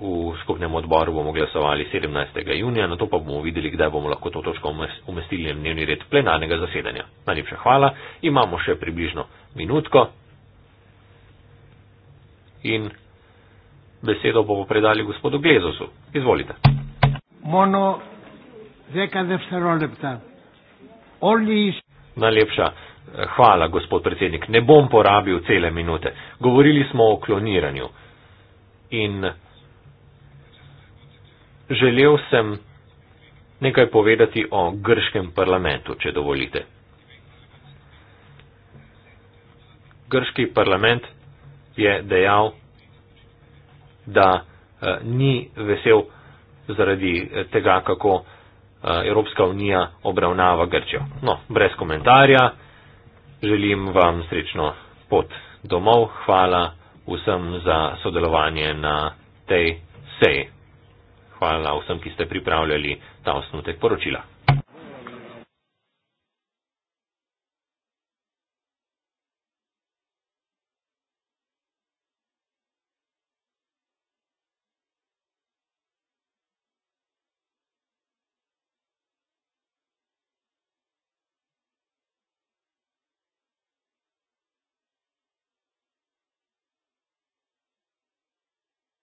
v skupnem odboru bomo glasovali 17. junija, na to pa bomo videli, kdaj bomo lahko to točko umestili na dnevni red plenarnega zasedanja. Najlepša hvala, imamo še približno minutko in besedo bomo predali gospodu Glezosu. Izvolite. Najlepša. Hvala, gospod predsednik. Ne bom porabil cele minute. Govorili smo o kloniranju. In želel sem nekaj povedati o grškem parlamentu, če dovolite. Grški parlament je dejal, da eh, ni vesel zaradi eh, tega, kako eh, Evropska unija obravnava Grčjo. No, brez komentarja. Želim vam srečno pot domov. Hvala vsem za sodelovanje na tej seji. Hvala vsem, ki ste pripravljali ta osnutek poročila.